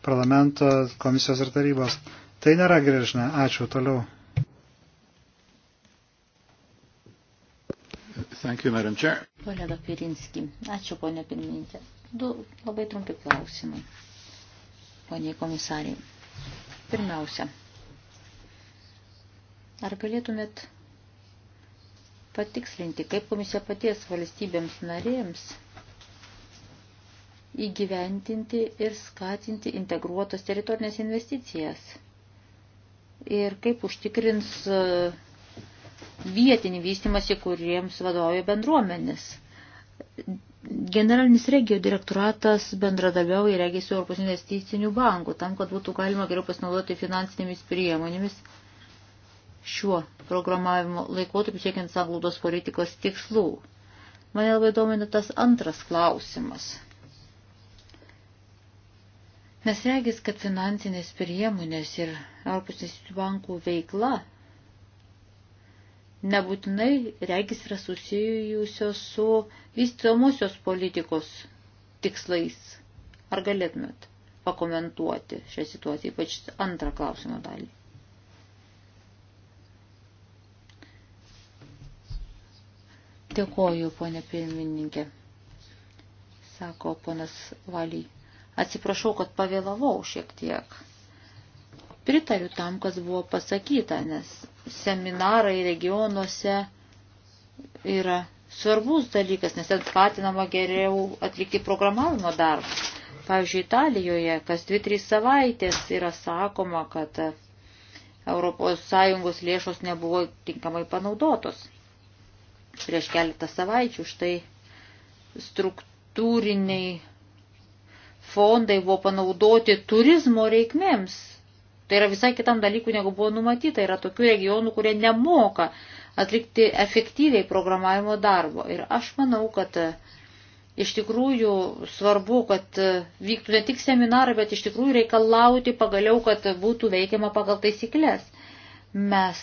parlamento, komisijos ir tarybos. Tai nėra grėžinė. Ačiū. Toliau. Thank you, Madam Chair. Kolega Pirinski. Ačiū, ponė pirmininkė. Du labai trumpi klausimai. Poniai komisariai. Pirmiausia, ar galėtumėt patikslinti, kaip komisija paties valstybėms narėms įgyventinti ir skatinti integruotas teritorinės investicijas ir kaip užtikrins e, vietinį vystimąsi, kuriems vadovauja bendruomenis. Generalinis regio direktoratas bendradarbiauja regis Europos investicinių bankų tam, kad būtų galima geriau pasinaudoti finansinėmis priemonėmis šiuo programavimo laikotarpiu siekiant sanglaudos politikos tikslų. Mane labai domina tas antras klausimas. Nes regis, kad finansinės priemonės ir Europos institucijų bankų veikla nebūtinai regis yra susijusios su vystomosios politikos tikslais. Ar galėtumėt pakomentuoti šią situaciją, ypač antrą klausimo dalį? Dėkoju, ponė pirmininkė, sako ponas Valy. Atsiprašau, kad pavėlavau šiek tiek. Pritariu tam, kas buvo pasakyta, nes seminarai regionuose yra svarbus dalykas, nes ten skatinama geriau atlikti programavimo darbą. Pavyzdžiui, Italijoje kas 2-3 savaitės yra sakoma, kad ES lėšos nebuvo tinkamai panaudotos prieš keletą savaičių. Štai struktūriniai fondai buvo panaudoti turizmo reikmėms. Tai yra visai kitam dalykui, negu buvo numatyta. Yra tokių regionų, kurie nemoka atlikti efektyviai programavimo darbo. Ir aš manau, kad e, iš tikrųjų svarbu, kad e, vyktų ne tik seminarai, bet iš tikrųjų reikalauti pagaliau, kad būtų veikiama pagal taisyklės. Mes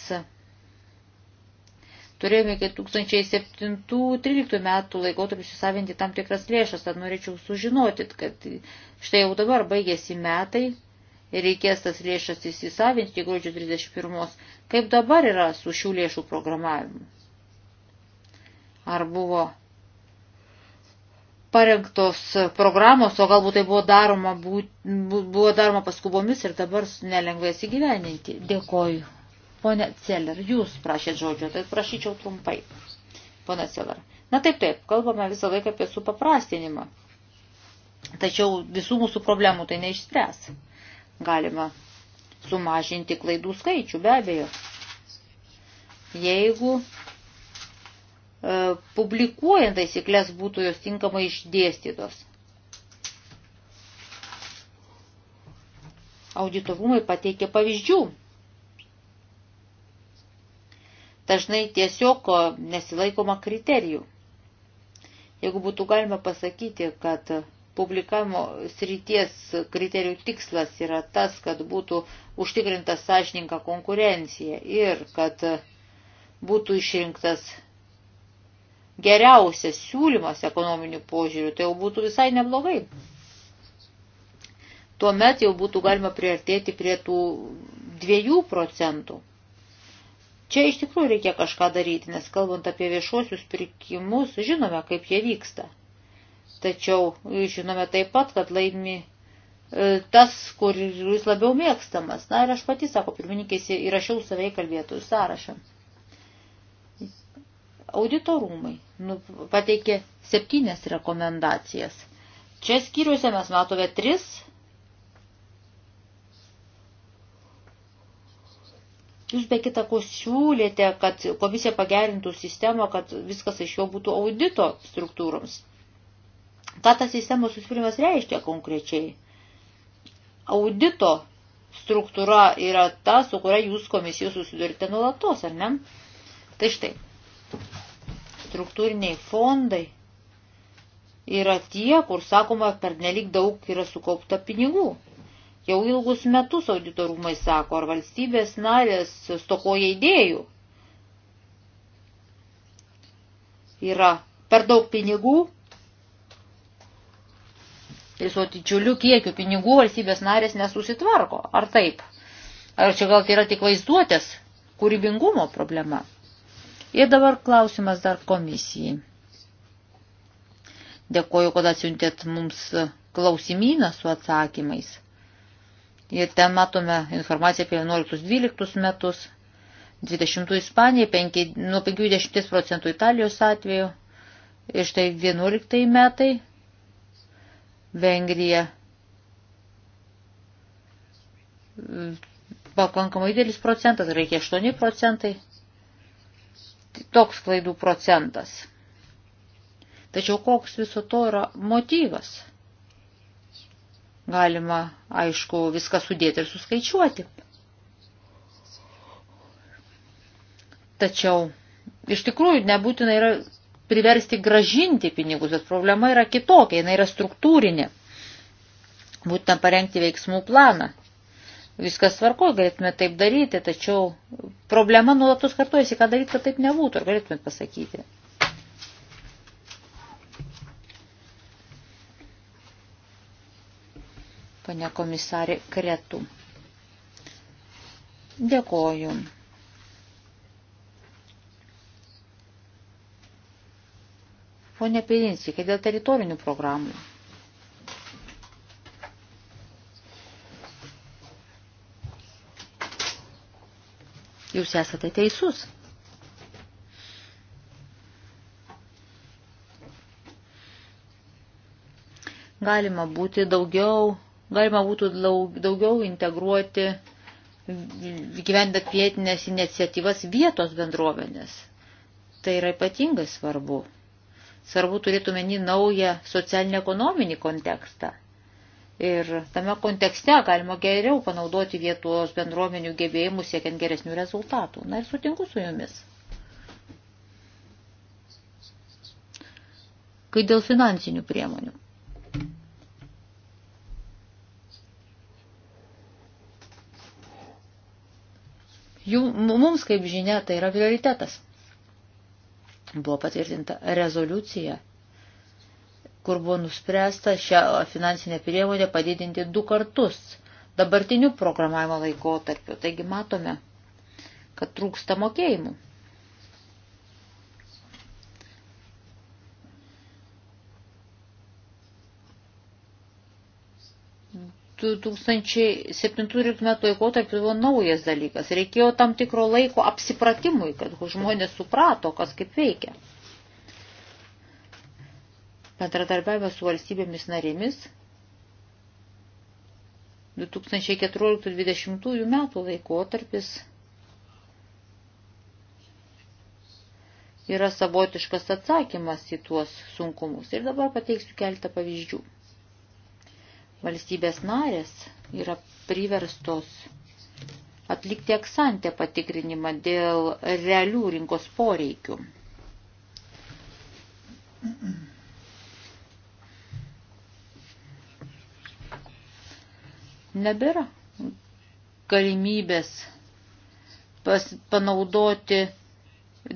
Turėjome iki 2007-2013 metų laikotarpį įsisavinti tam tikras lėšas, tad norėčiau sužinoti, kad štai jau dabar baigėsi metai ir reikės tas lėšas įsisavinti iki gruodžio 31. Kaip dabar yra su šių lėšų programavimu? Ar buvo parengtos programos, o galbūt tai buvo daroma, buvo daroma paskubomis ir dabar nelengvai įsigyveninti. Dėkoju. Pone Celler, jūs prašėt žodžio, tai prašyčiau trumpai. Pone Celler. Na taip, taip, kalbame visą laiką apie supaprastinimą. Tačiau visų mūsų problemų tai neišspręs. Galima sumažinti klaidų skaičių, be abejo. Jeigu e, publikuojant taisyklės būtų jos tinkamai išdėstytos. Auditorumai pateikė pavyzdžių dažnai tiesiog nesilaikoma kriterijų. Jeigu būtų galima pasakyti, kad publikavimo srities kriterijų tikslas yra tas, kad būtų užtikrinta sąžininka konkurencija ir kad būtų išrinktas geriausias siūlymas ekonominių požiūrių, tai jau būtų visai neblogai. Tuomet jau būtų galima priartėti prie tų dviejų procentų Čia iš tikrųjų reikia kažką daryti, nes kalbant apie viešuosius pirkimus, žinome, kaip jie vyksta. Tačiau žinome taip pat, kad laimi e, tas, kuris labiau mėgstamas. Na ir aš pati, sako pirmininkės, įrašiau savai kalbėtojų sąrašą. Auditorumai nu, pateikė septynias rekomendacijas. Čia skyriuose mes matome tris Jūs be kita ko siūlėte, kad komisija pagerintų sistemą, kad viskas iš jo būtų audito struktūroms. Ką tas sistemos susiūlymas reiškia konkrečiai? Audito struktūra yra ta, su kuria jūs komisijos susidurite nulatos, ar ne? Tai štai, struktūriniai fondai yra tie, kur sakoma, per nelik daug yra sukaupta pinigų. Jau ilgus metus auditorumai sako, ar valstybės narės stokoja idėjų. Yra per daug pinigų ir su didžiuliu kiekiu pinigų valstybės narės nesusitvarko. Ar taip? Ar čia gal tai yra tik vaizduotės kūrybingumo problema? Ir dabar klausimas dar komisijai. Dėkoju, kad atsiuntėt mums klausimyną su atsakymais. Ir ten matome informaciją apie 11-12 metus, 20 Ispanija, 5, nuo 50 procentų Italijos atveju. Ir štai 11 metai Vengrija pakankamai didelis procentas, reikia 8 procentai. Toks klaidų procentas. Tačiau koks viso to yra motyvas? Galima, aišku, viską sudėti ir suskaičiuoti. Tačiau iš tikrųjų nebūtina yra priversti gražinti pinigus, bet problema yra kitokia, jinai yra struktūrinė. Būtina parengti veiksmų planą. Viskas svarko, galėtume taip daryti, tačiau problema nuolatos kartuojasi, ką daryti, kad taip nebūtų, ar galėtumėt pasakyti. pane komisarė Kretų. Dėkoju. Pone Pirinskė, dėl teritorinių programų. Jūs esate teisus. Galima būti daugiau galima būtų daugiau integruoti gyvendant vietinės iniciatyvas vietos bendruomenės. Tai yra ypatingai svarbu. Svarbu turėtume į naują socialinį-ekonominį kontekstą. Ir tame kontekste galima geriau panaudoti vietos bendruomenių gebėjimus siekiant geresnių rezultatų. Na ir sutinku su jumis. Kai dėl finansinių priemonių. Jų, mums, kaip žinia, tai yra prioritetas. Buvo patvirtinta rezoliucija, kur buvo nuspręsta šią finansinę priemonę padidinti du kartus dabartiniu programavimo laikotarpiu. Taigi matome, kad trūksta mokėjimų. 2017 metų laikotarpį buvo naujas dalykas. Reikėjo tam tikro laiko apsipratimui, kad žmonės suprato, kas kaip veikia. Bendradarbiavimas su valstybėmis narėmis 2014-2020 metų laikotarpis yra savotiškas atsakymas į tuos sunkumus. Ir dabar pateiksiu keletą pavyzdžių. Valstybės narės yra priverstos atlikti eksantę patikrinimą dėl realių rinkos poreikių. Nebėra galimybės pas, panaudoti,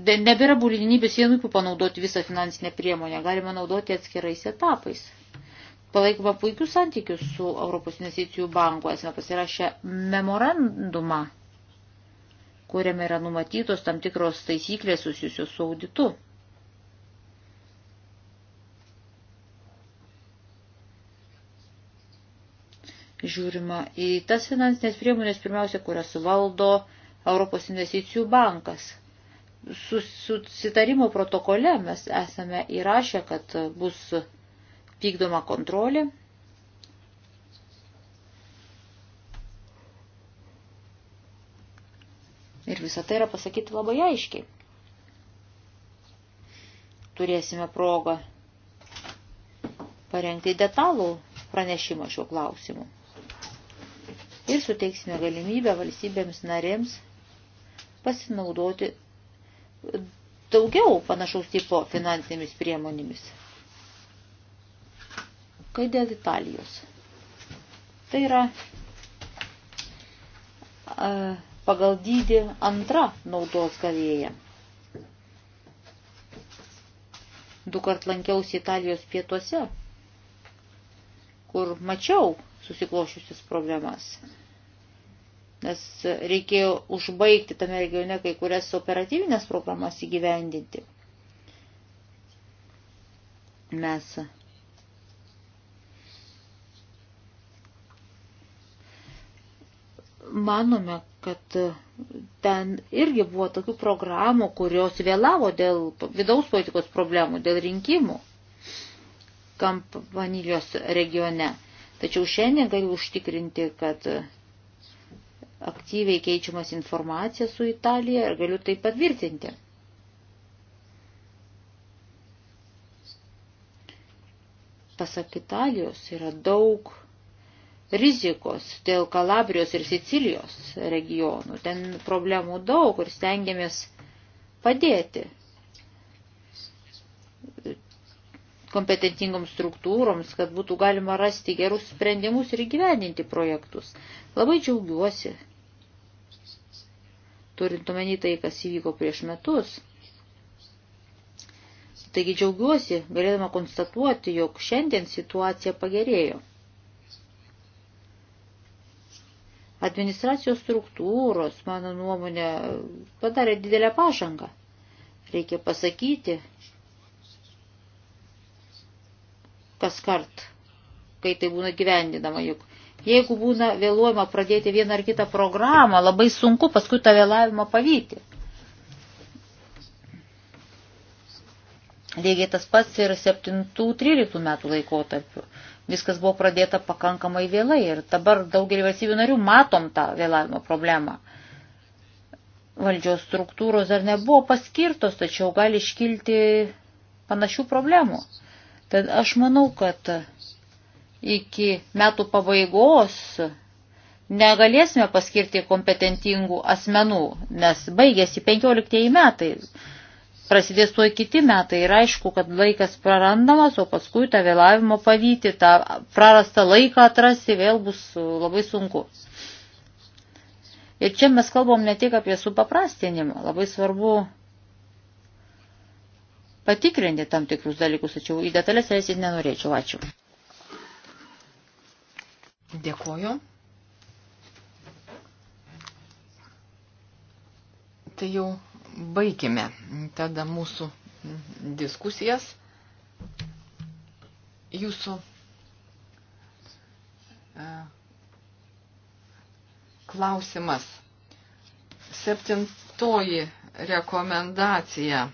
de, nebėra būtinybės vienupių panaudoti visą finansinę priemonę, galima naudoti atskirais etapais palaikome puikius santykius su Europos investicijų banku, esame pasirašę memorandumą, kuriame yra numatytos tam tikros taisyklės susijusios su auditu. Žiūrima į tas finansinės priemonės, pirmiausia, kurias valdo Europos investicijų bankas. Susitarimo protokole mes esame įrašę, kad bus vykdoma kontrolė. Ir visą tai yra pasakyti labai aiškiai. Turėsime progą parengti detalų pranešimą šiuo klausimu. Ir suteiksime galimybę valstybėms narėms pasinaudoti daugiau panašaus tipo finansinėmis priemonėmis kai dėl Italijos. Tai yra pagal dydį antra naudos gavėja. Du kart lankiausi Italijos pietuose, kur mačiau susiklošiusius problemas. Nes reikėjo užbaigti tame regione kai kurias operatyvinės programas įgyvendinti. Mes manome, kad ten irgi buvo tokių programų, kurios vėlavo dėl vidaus politikos problemų, dėl rinkimų kampanilijos regione. Tačiau šiandien galiu užtikrinti, kad aktyviai keičiamas informacija su Italija ir galiu tai patvirtinti. Pasak Italijos yra daug rizikos dėl Kalabrijos ir Sicilijos regionų. Ten problemų daug ir stengiamės padėti kompetentingoms struktūroms, kad būtų galima rasti gerus sprendimus ir gyveninti projektus. Labai džiaugiuosi, turint omeny tai, kas įvyko prieš metus. Taigi džiaugiuosi, galėdama konstatuoti, jog šiandien situacija pagerėjo. Administracijos struktūros, mano nuomonė, padarė didelę pažangą. Reikia pasakyti, kas kart, kai tai būna gyvendinama, juk jeigu būna vėluojama pradėti vieną ar kitą programą, labai sunku paskui tą vėlavimą pavyti. Lygiai tas pats ir 7-13 metų laikotarpiu viskas buvo pradėta pakankamai vėlai ir dabar daugelį valstybių narių matom tą vėlavimo problemą. Valdžios struktūros dar nebuvo paskirtos, tačiau gali iškilti panašių problemų. Tad aš manau, kad iki metų pabaigos negalėsime paskirti kompetentingų asmenų, nes baigėsi 15 metai prasidės tuo kiti metai ir aišku, kad laikas prarandamas, o paskui tą vėlavimo pavyti, tą prarastą laiką atrasti vėl bus labai sunku. Ir čia mes kalbam ne tik apie supaprastinimą, labai svarbu patikrinti tam tikrus dalykus, tačiau į detalės leisit nenorėčiau. Ačiū. Dėkuoju. Tai jau baigime tada mūsų diskusijas. Jūsų e, klausimas. Septintoji rekomendacija.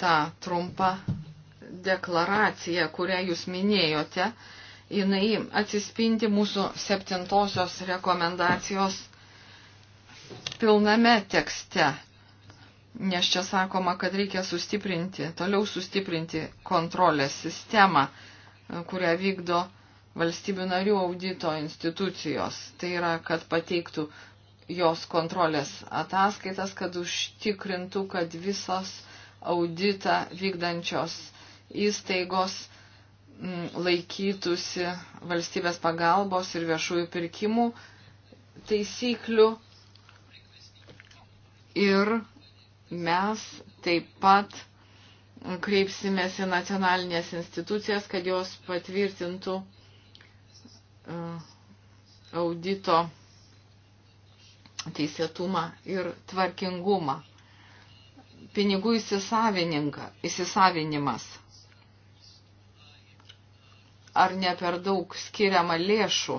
Ta trumpa deklaracija, kurią jūs minėjote, jinai atsispindi mūsų septintosios rekomendacijos pilname tekste, nes čia sakoma, kad reikia sustiprinti, toliau sustiprinti kontrolės sistemą, kurią vykdo valstybių narių audito institucijos. Tai yra, kad pateiktų jos kontrolės ataskaitas, kad užtikrintų, kad visos auditą vykdančios įstaigos mm, laikytųsi valstybės pagalbos ir viešųjų pirkimų taisyklių ir mes taip pat kreipsimės į nacionalinės institucijas, kad jos patvirtintų e, audito teisėtumą ir tvarkingumą. Pinigų įsisavinimas. Ar ne per daug skiriama lėšų,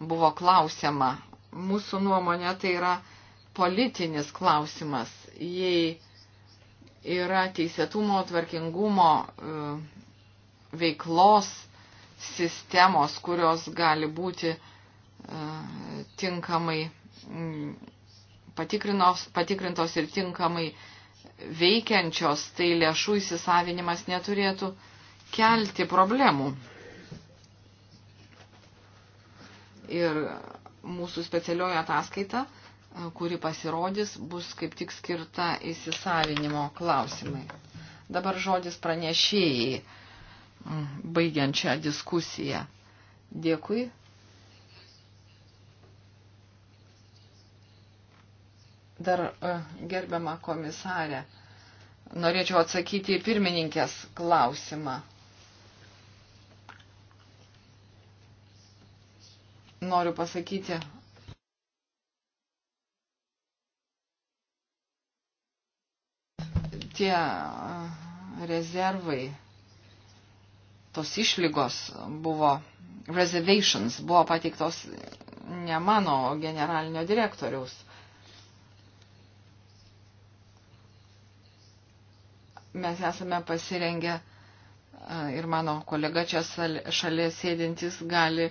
buvo klausiama. Mūsų nuomonė tai yra politinis klausimas. Jei yra teisėtumo, tvarkingumo e, veiklos sistemos, kurios gali būti e, tinkamai mm, patikrintos ir tinkamai veikiančios, tai lėšų įsisavinimas neturėtų kelti problemų. Ir mūsų specialioji ataskaita kuri pasirodys, bus kaip tik skirta įsisavinimo klausimai. Dabar žodis pranešėjai, mm, baigiančią diskusiją. Dėkui. Dar e, gerbiama komisarė, norėčiau atsakyti į pirmininkės klausimą. Noriu pasakyti tie rezervai, tos išlygos buvo, reservations buvo pateiktos ne mano generalinio direktoriaus. Mes esame pasirengę ir mano kolega čia šalia sėdintis gali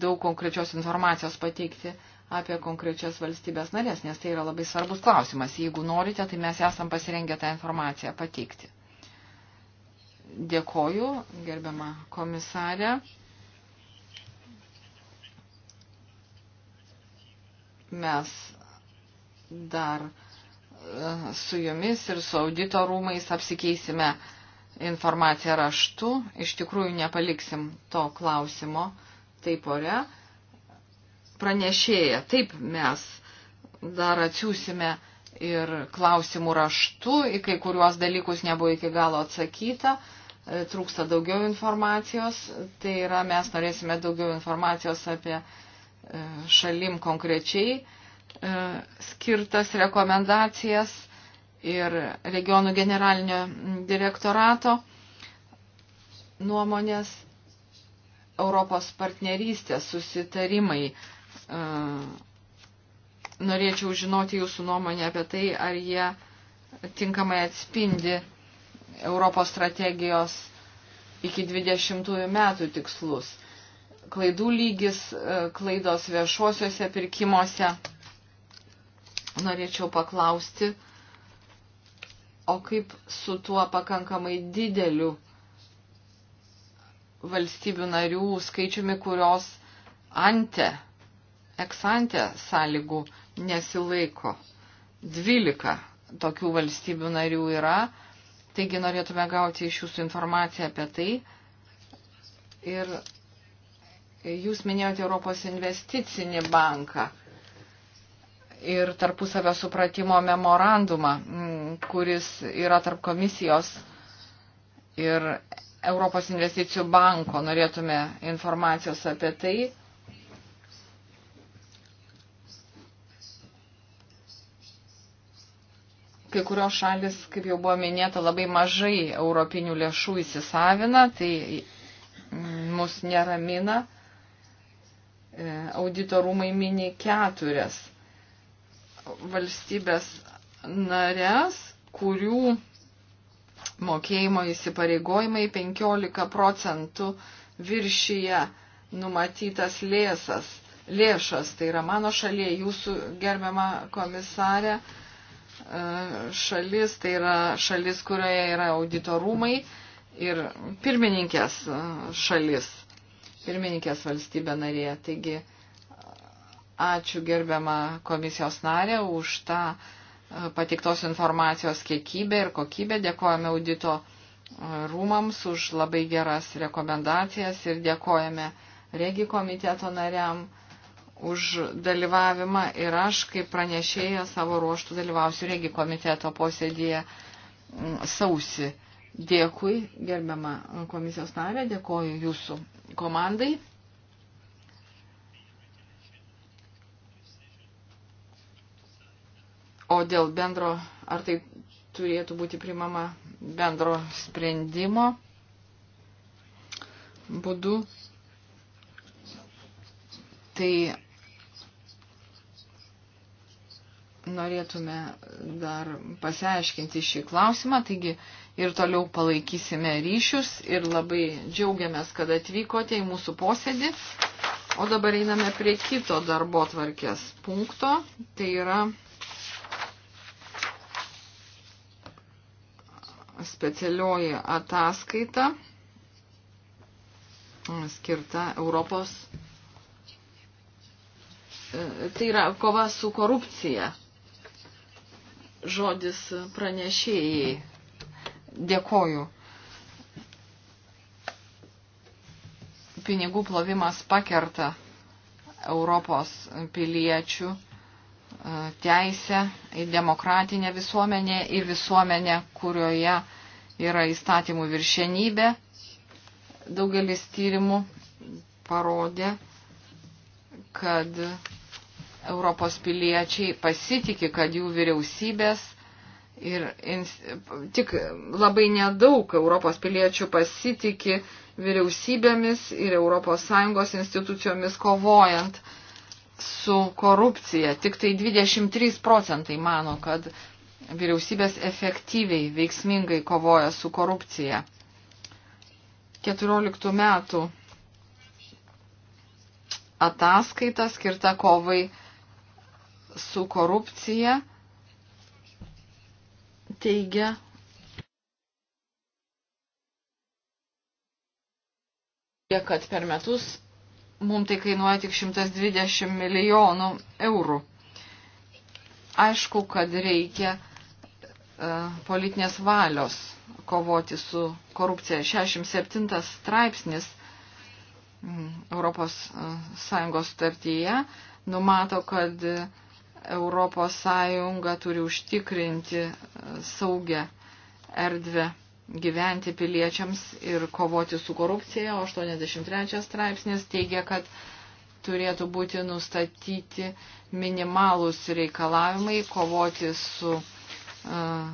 daug konkrečios informacijos pateikti apie konkrečias valstybės narės, nes tai yra labai svarbus klausimas. Jeigu norite, tai mes esam pasirengę tą informaciją pateikti. Dėkoju, gerbiama komisarė. Mes dar e, su jumis ir su audito rūmais apsikeisime informaciją raštu. Iš tikrųjų nepaliksim to klausimo taip ore pranešėja. Taip mes dar atsiūsime ir klausimų raštu, į kai kuriuos dalykus nebuvo iki galo atsakyta, e, trūksta daugiau informacijos, tai yra mes norėsime daugiau informacijos apie e, šalim konkrečiai e, skirtas rekomendacijas ir regionų generalinio direktorato nuomonės Europos partnerystės susitarimai norėčiau žinoti jūsų nuomonę apie tai, ar jie tinkamai atspindi Europos strategijos iki 20 metų tikslus. Klaidų lygis, e, klaidos viešuosiuose pirkimuose. Norėčiau paklausti, o kaip su tuo pakankamai dideliu valstybių narių skaičiumi, kurios ante eksantę sąlygų nesilaiko. 12 tokių valstybių narių yra, taigi norėtume gauti iš jūsų informaciją apie tai. Ir jūs minėjote Europos investicinį banką ir tarpusavio supratimo memorandumą, mm, kuris yra tarp komisijos ir Europos investicijų banko. Norėtume informacijos apie tai. kai kurios šalis, kaip jau buvo minėta, labai mažai europinių lėšų įsisavina, tai mm, mus neramina. E, auditorumai mini keturias valstybės narės, kurių mokėjimo įsipareigojimai 15 procentų viršyje numatytas lėsas, lėšas. Tai yra mano šalyje, jūsų gerbiama komisarė, E, šalis, tai yra šalis, kurioje yra auditorumai ir pirmininkės e, šalis, pirmininkės valstybė narė. Taigi ačiū gerbiamą komisijos narę už tą e, patiktos informacijos kiekybę ir kokybę. Dėkojame audito rūmams už labai geras rekomendacijas ir dėkojame regi komiteto nariam už dalyvavimą ir aš, kaip pranešėja, savo ruoštų dalyvausiu regi komiteto posėdėje mm, sausi. Dėkui, gerbiama komisijos narė, dėkoju jūsų komandai. O dėl bendro, ar tai turėtų būti primama bendro sprendimo būdu, tai norėtume dar pasiaiškinti šį klausimą, taigi ir toliau palaikysime ryšius ir labai džiaugiamės, kad atvykote į mūsų posėdį. O dabar einame prie kito darbo tvarkės punkto, tai yra specialioji ataskaita skirta Europos. E, tai yra kova su korupcija žodis pranešėjai. Dėkoju. Pinigų plovimas pakerta Europos piliečių e, teisę į demokratinę visuomenę, į visuomenę, kurioje yra įstatymų viršenybė. Daugelis tyrimų parodė, kad Europos piliečiai pasitikė, kad jų vyriausybės ir ins, tik labai nedaug Europos piliečių pasitikė vyriausybėmis ir ES institucijomis kovojant su korupcija. Tik tai 23 procentai mano, kad vyriausybės efektyviai, veiksmingai kovoja su korupcija. 14 metų ataskaita skirta kovai su korupcija teigia. kad per metus mums tai kainuoja tik 120 milijonų eurų. Aišku, kad reikia e, politinės valios kovoti su korupcija. 67 straipsnis mm, Europos e, Sąjungos startyje numato, kad ES turi užtikrinti e, saugę erdvę gyventi piliečiams ir kovoti su korupcija, o 83 straipsnis teigia, kad turėtų būti nustatyti minimalūs reikalavimai kovoti su uh,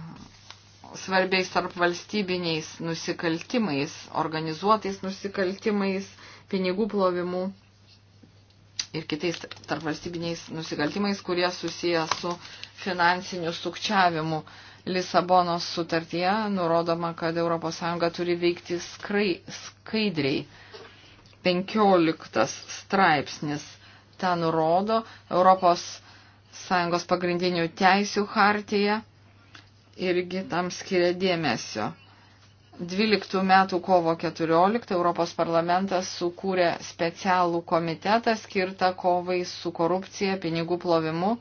svarbiais tarp valstybiniais nusikaltimais, organizuotais nusikaltimais, pinigų plovimu ir kitais tarpvalstybiniais nusikaltimais, kurie susiję su finansiniu sukčiavimu. Lisabonos sutartyje nurodoma, kad ES turi veikti skrai, skaidriai. 15 straipsnis tą nurodo ES pagrindinių teisių hartija irgi tam skiria dėmesio. 12 metų kovo 14 Europos parlamentas sukūrė specialų komitetą skirtą kovai su korupcija, pinigų plovimu.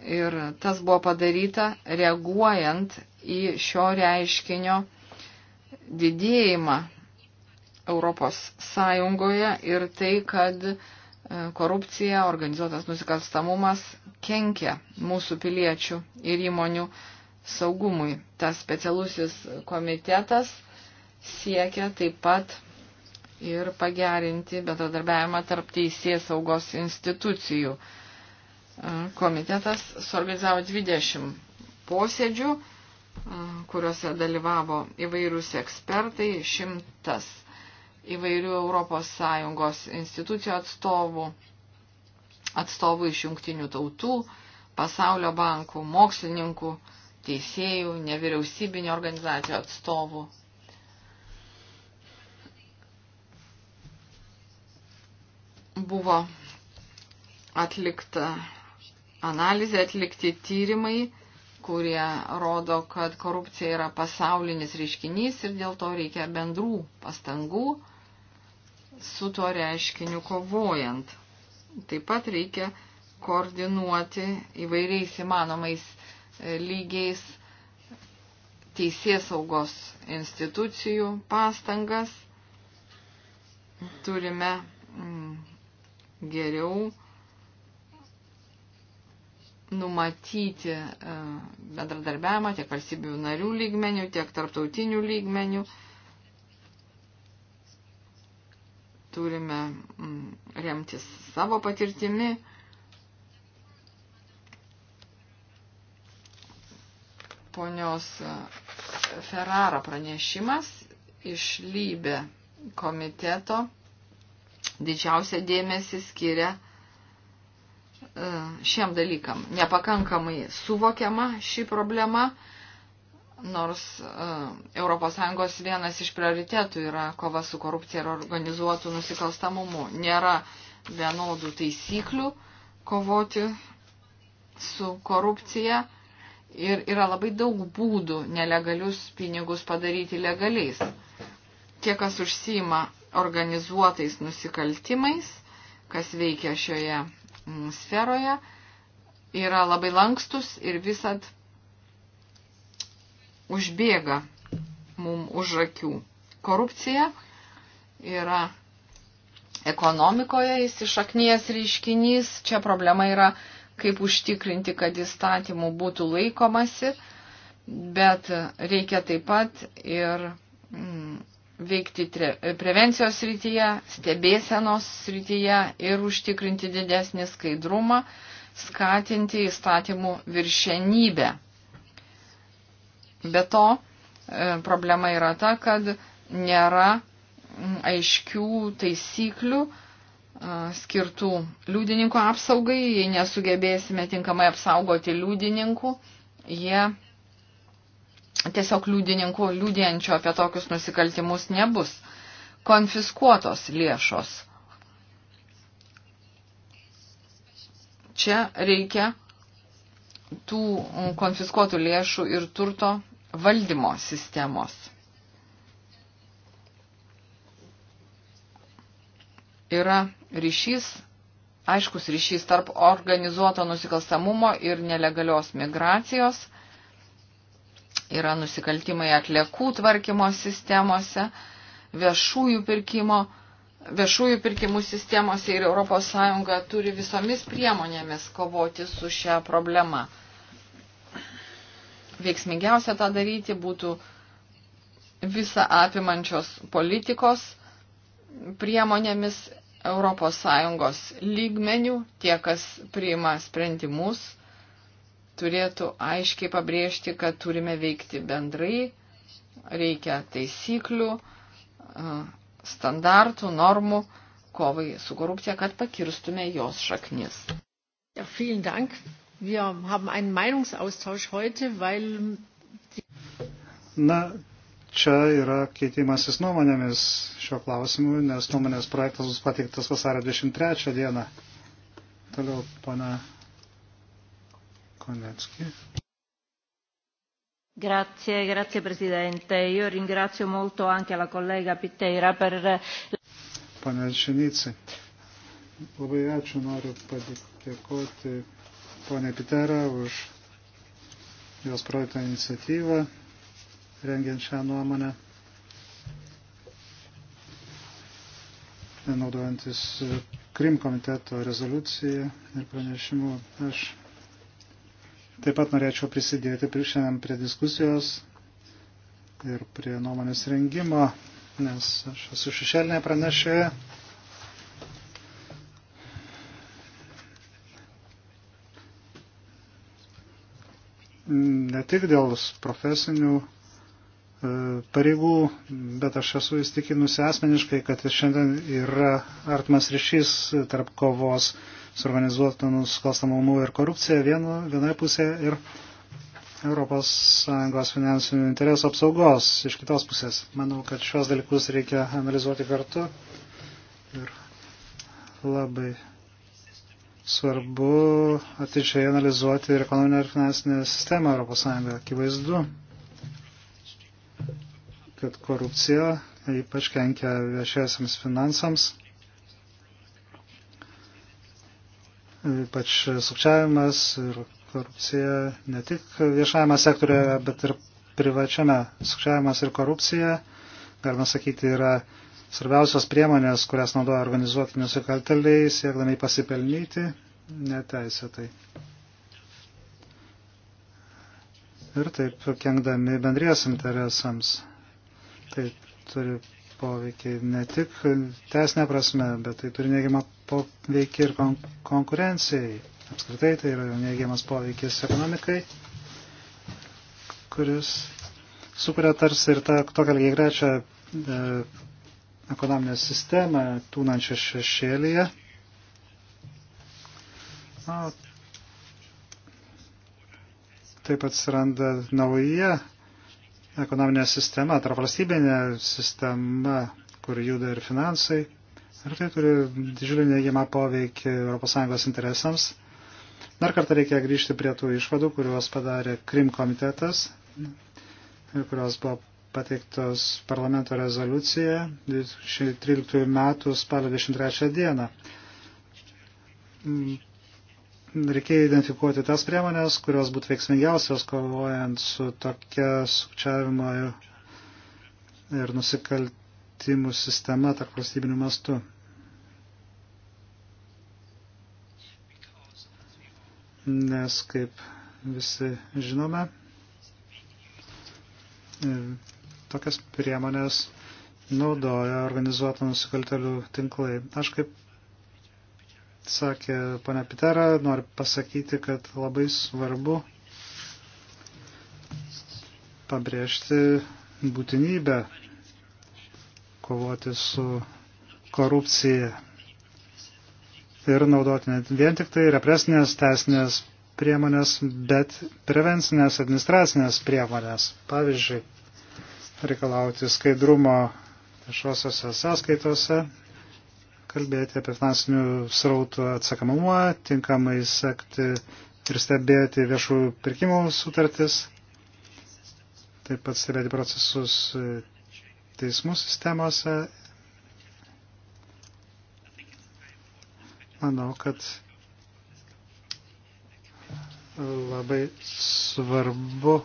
Ir tas buvo padaryta reaguojant į šio reiškinio didėjimą Europos Sąjungoje ir tai, kad e, korupcija, organizuotas nusikalstamumas kenkia mūsų piliečių ir įmonių saugumui. Tas specialusis komitetas siekia taip pat ir pagerinti bendradarbiavimą tarp teisės saugos institucijų. Komitetas suorganizavo 20 posėdžių, kuriuose dalyvavo įvairūs ekspertai, šimtas įvairių ES institucijų atstovų, atstovų iš jungtinių tautų, pasaulio bankų, mokslininkų, teisėjų, nevyriausybinio organizacijų atstovų. Buvo atlikta analizė, atlikti tyrimai, kurie rodo, kad korupcija yra pasaulinis reiškinys ir dėl to reikia bendrų pastangų su tuo reiškiniu kovojant. Taip pat reikia koordinuoti įvairiais įmanomais lygiais teisės saugos institucijų pastangas. Turime mm, geriau numatyti e, bendradarbiavimą tiek valstybių narių lygmenių, tiek tarptautinių lygmenių. Turime mm, remtis savo patirtimi ponios Ferrara pranešimas iš lybė komiteto didžiausia dėmesį skiria e, šiem dalykam. Nepakankamai suvokiama ši problema, nors ES vienas iš prioritetų yra kova su korupcija ir organizuotų nusikalstamumu. Nėra vienodų taisyklių kovoti su korupcija Ir yra labai daug būdų nelegalius pinigus padaryti legaliais. Tie, kas užsima organizuotais nusikaltimais, kas veikia šioje mm, sferoje, yra labai lankstus ir visat užbėga mum už akių. Korupcija yra ekonomikoje įsišaknės reiškinys, čia problema yra kaip užtikrinti, kad įstatymų būtų laikomasi, bet reikia taip pat ir mm, veikti tre, prevencijos srityje, stebėsenos srityje ir užtikrinti didesnį skaidrumą, skatinti įstatymų viršenybę. Be to, e, problema yra ta, kad nėra mm, aiškių taisyklių, skirtų liudininkų apsaugai, jei nesugebėsime tinkamai apsaugoti liudininkų, jie tiesiog liudininkų liudijančių apie tokius nusikaltimus nebus. Konfiskuotos lėšos. Čia reikia tų konfiskuotų lėšų ir turto valdymo sistemos. yra ryšys, aiškus ryšys tarp organizuoto nusikalstamumo ir nelegalios migracijos. Yra nusikaltimai atliekų tvarkymo sistemose, viešųjų, pirkimo, viešųjų pirkimų sistemose ir ES turi visomis priemonėmis kovoti su šią problemą. Veiksmingiausia tą daryti būtų visą apimančios politikos priemonėmis ES lygmenių tie, kas priima sprendimus, turėtų aiškiai pabrėžti, kad turime veikti bendrai, reikia taisyklių, standartų, normų kovai su korupcija, kad pakirstume jos šaknis. Ja, vielen Dank. Wir haben einen Meinungsaustausch heute, weil Na, čia yra keitimasis nuomonėmis šio klausimu, nes nuomonės projektas bus pateiktas vasario 23 dieną. Toliau, pana Konecki. Grazie, grazie Presidente. Io ringrazio molto anche la collega Pitteira per... Pane Činici, labai ačiū, noriu padėkoti ponė Pitera už jos projektą iniciatyvą rengiant šią nuomonę, naudojantis Krim komiteto rezoliuciją ir pranešimu. Aš taip pat norėčiau prisidėti prie šiandien prie diskusijos ir prie nuomonės rengimo, nes aš esu šešėlinė pranešėja. ne tik dėl profesinių E, pareigų, bet aš esu įstikinusi asmeniškai, kad šiandien yra artimas ryšys tarp kovos su organizuotų nusikalstamumu ir korupcija vieno, vienoje pusėje ir ES finansinių interesų apsaugos iš kitos pusės. Manau, kad šios dalykus reikia analizuoti kartu ir labai svarbu atičiai analizuoti ir ekonominę ir finansinę sistemą ES. Akivaizdu, kad korupcija ypač kenkia viešiesiams finansams, ypač sukčiavimas ir korupcija ne tik viešajame sektorioje, bet ir privačiame. Sukčiavimas ir korupcija, galima sakyti, yra svarbiausios priemonės, kurias naudoja organizuoti nusikalteliai, siekdami pasipelnyti neteisėtai. Ir taip kenkdami bendries interesams. Tai turi poveikį ne tik tesnė prasme, bet tai turi neigiamą poveikį ir kon konkurencijai. Apskritai tai yra neigiamas poveikis ekonomikai, kuris sukuria tarsi ir tą tokią lygiai grečią e, ekonominę sistemą tūnančią šešėlyje. Na, taip atsiranda nauja ekonominė sistema, tarp valstybinė sistema, kur juda ir finansai. Ir tai turi didžiulį neįgimą poveikį ES interesams. Dar kartą reikia grįžti prie tų išvadų, kuriuos padarė Krim komitetas ir kurios buvo pateiktos parlamento rezoliucija 13 metų spalio 23 dieną reikėjo identifikuoti tas priemonės, kurios būtų veiksmingiausios kovojant su tokia sukčiavimo ir, ir nusikaltimų sistema tarp valstybinių mastų. Nes, kaip visi žinome, tokias priemonės naudoja organizuotų nusikaltelių tinklai. Aš kaip sakė pana Pitera, noriu pasakyti, kad labai svarbu pabrėžti būtinybę kovoti su korupcija ir naudoti net vien tik tai represinės teisinės priemonės, bet prevencinės administracinės priemonės. Pavyzdžiui, reikalauti skaidrumo viešosiose sąskaitose kalbėti apie finansinių srautų atsakamumą, tinkamai sekti ir stebėti viešų pirkimų sutartis, taip pat stebėti procesus teismų sistemose. Manau, kad labai svarbu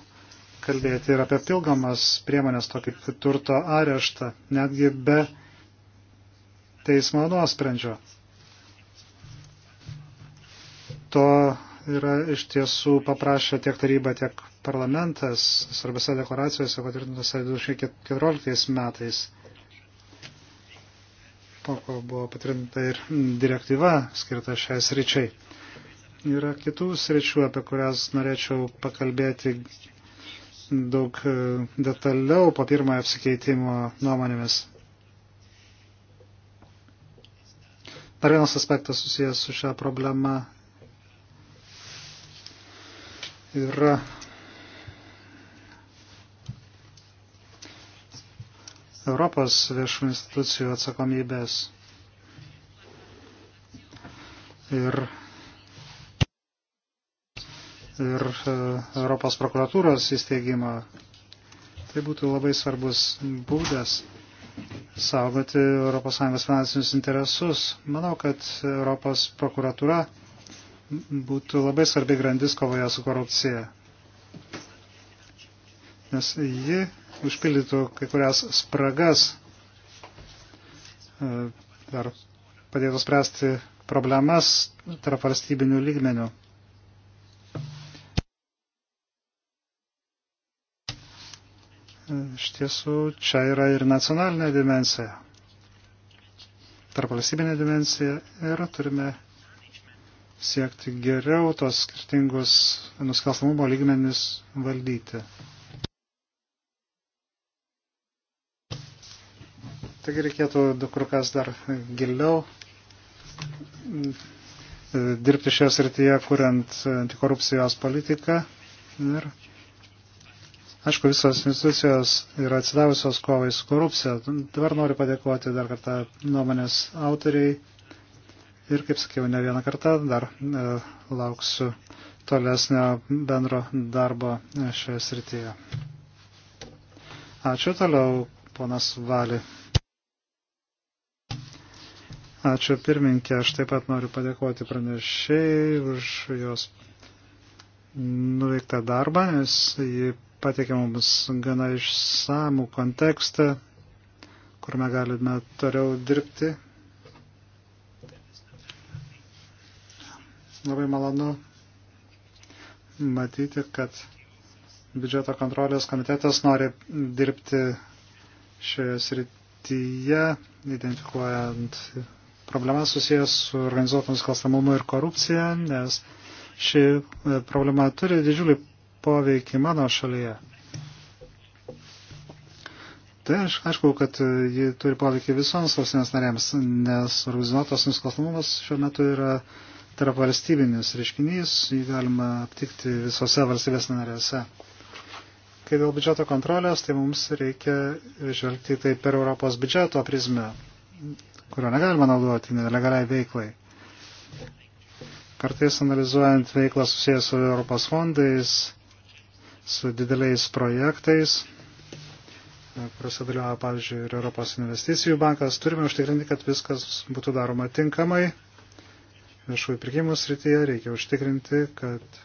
kalbėti ir apie pilgamas priemonės, tokį turto areštą, netgi be teismo nuosprendžio. To yra iš tiesų paprašę tiek taryba, tiek parlamentas svarbiose deklaracijose patvirtintose 2014 metais. Po ko buvo patvirtinta ir direktyva skirta šiai sričiai. Yra kitų sričių, apie kurias norėčiau pakalbėti daug e, detaliau po pirmojo apsikeitimo nuomonėmis. Dar vienas aspektas susijęs su šią problemą yra Europos viešų institucijų atsakomybės ir, ir e, Europos prokuratūros įsteigimo. Tai būtų labai svarbus būdas saugoti ES finansinius interesus. Manau, kad Europos prokuratūra būtų labai svarbi grandis kovoje su korupcija, nes ji užpildytų kai kurias spragas e, ar padėtų spręsti problemas tarp valstybinių lygmenių. iš tiesų čia yra ir nacionalinė dimensija, tarpvalstybinė dimensija ir turime siekti geriau tos skirtingus nusikalstamumo lygmenis valdyti. Taigi reikėtų kur kas dar giliau e, dirbti šioje srityje, kuriant antikorupcijos politiką ir Aišku, visos institucijos yra atsidavusios kovai su korupcija. Dabar noriu padėkoti dar kartą nuomonės autoriai ir, kaip sakiau, ne vieną kartą dar e, lauksiu tolesnio bendro darbo e, šioje srityje. Ačiū toliau, ponas Vali. Ačiū pirminkė, aš taip pat noriu padėkoti pranešėjai už jos nuveiktą darbą, nes ji pateikė mums gana išsamų kontekstą, kuriame galime toliau dirbti. Labai malonu matyti, kad biudžeto kontrolės komitetas nori dirbti šioje srityje, identifikuojant problemas susijęs su organizuotų nusikalstamumu ir korupcija, nes ši e, problema turi didžiulį poveikį mano šalyje. Tai aš, aišku, kad ji turi poveikį visoms valstybės narėms, nes organizuotas nusikalstamumas šiuo metu yra tarp valstybinis reiškinys, jį galima aptikti visose valstybės narėse. Kai dėl biudžeto kontrolės, tai mums reikia žvelgti tai per Europos biudžeto prizmę, kurio negalima naudoti nelegaliai veiklai. Kartais analizuojant veiklą susijęs su Europos fondais, su dideliais projektais, kuriuose dalyvauja, pavyzdžiui, ir Europos investicijų bankas, turime užtikrinti, kad viskas būtų daroma tinkamai. Viešųjų pirkimų srityje reikia užtikrinti, kad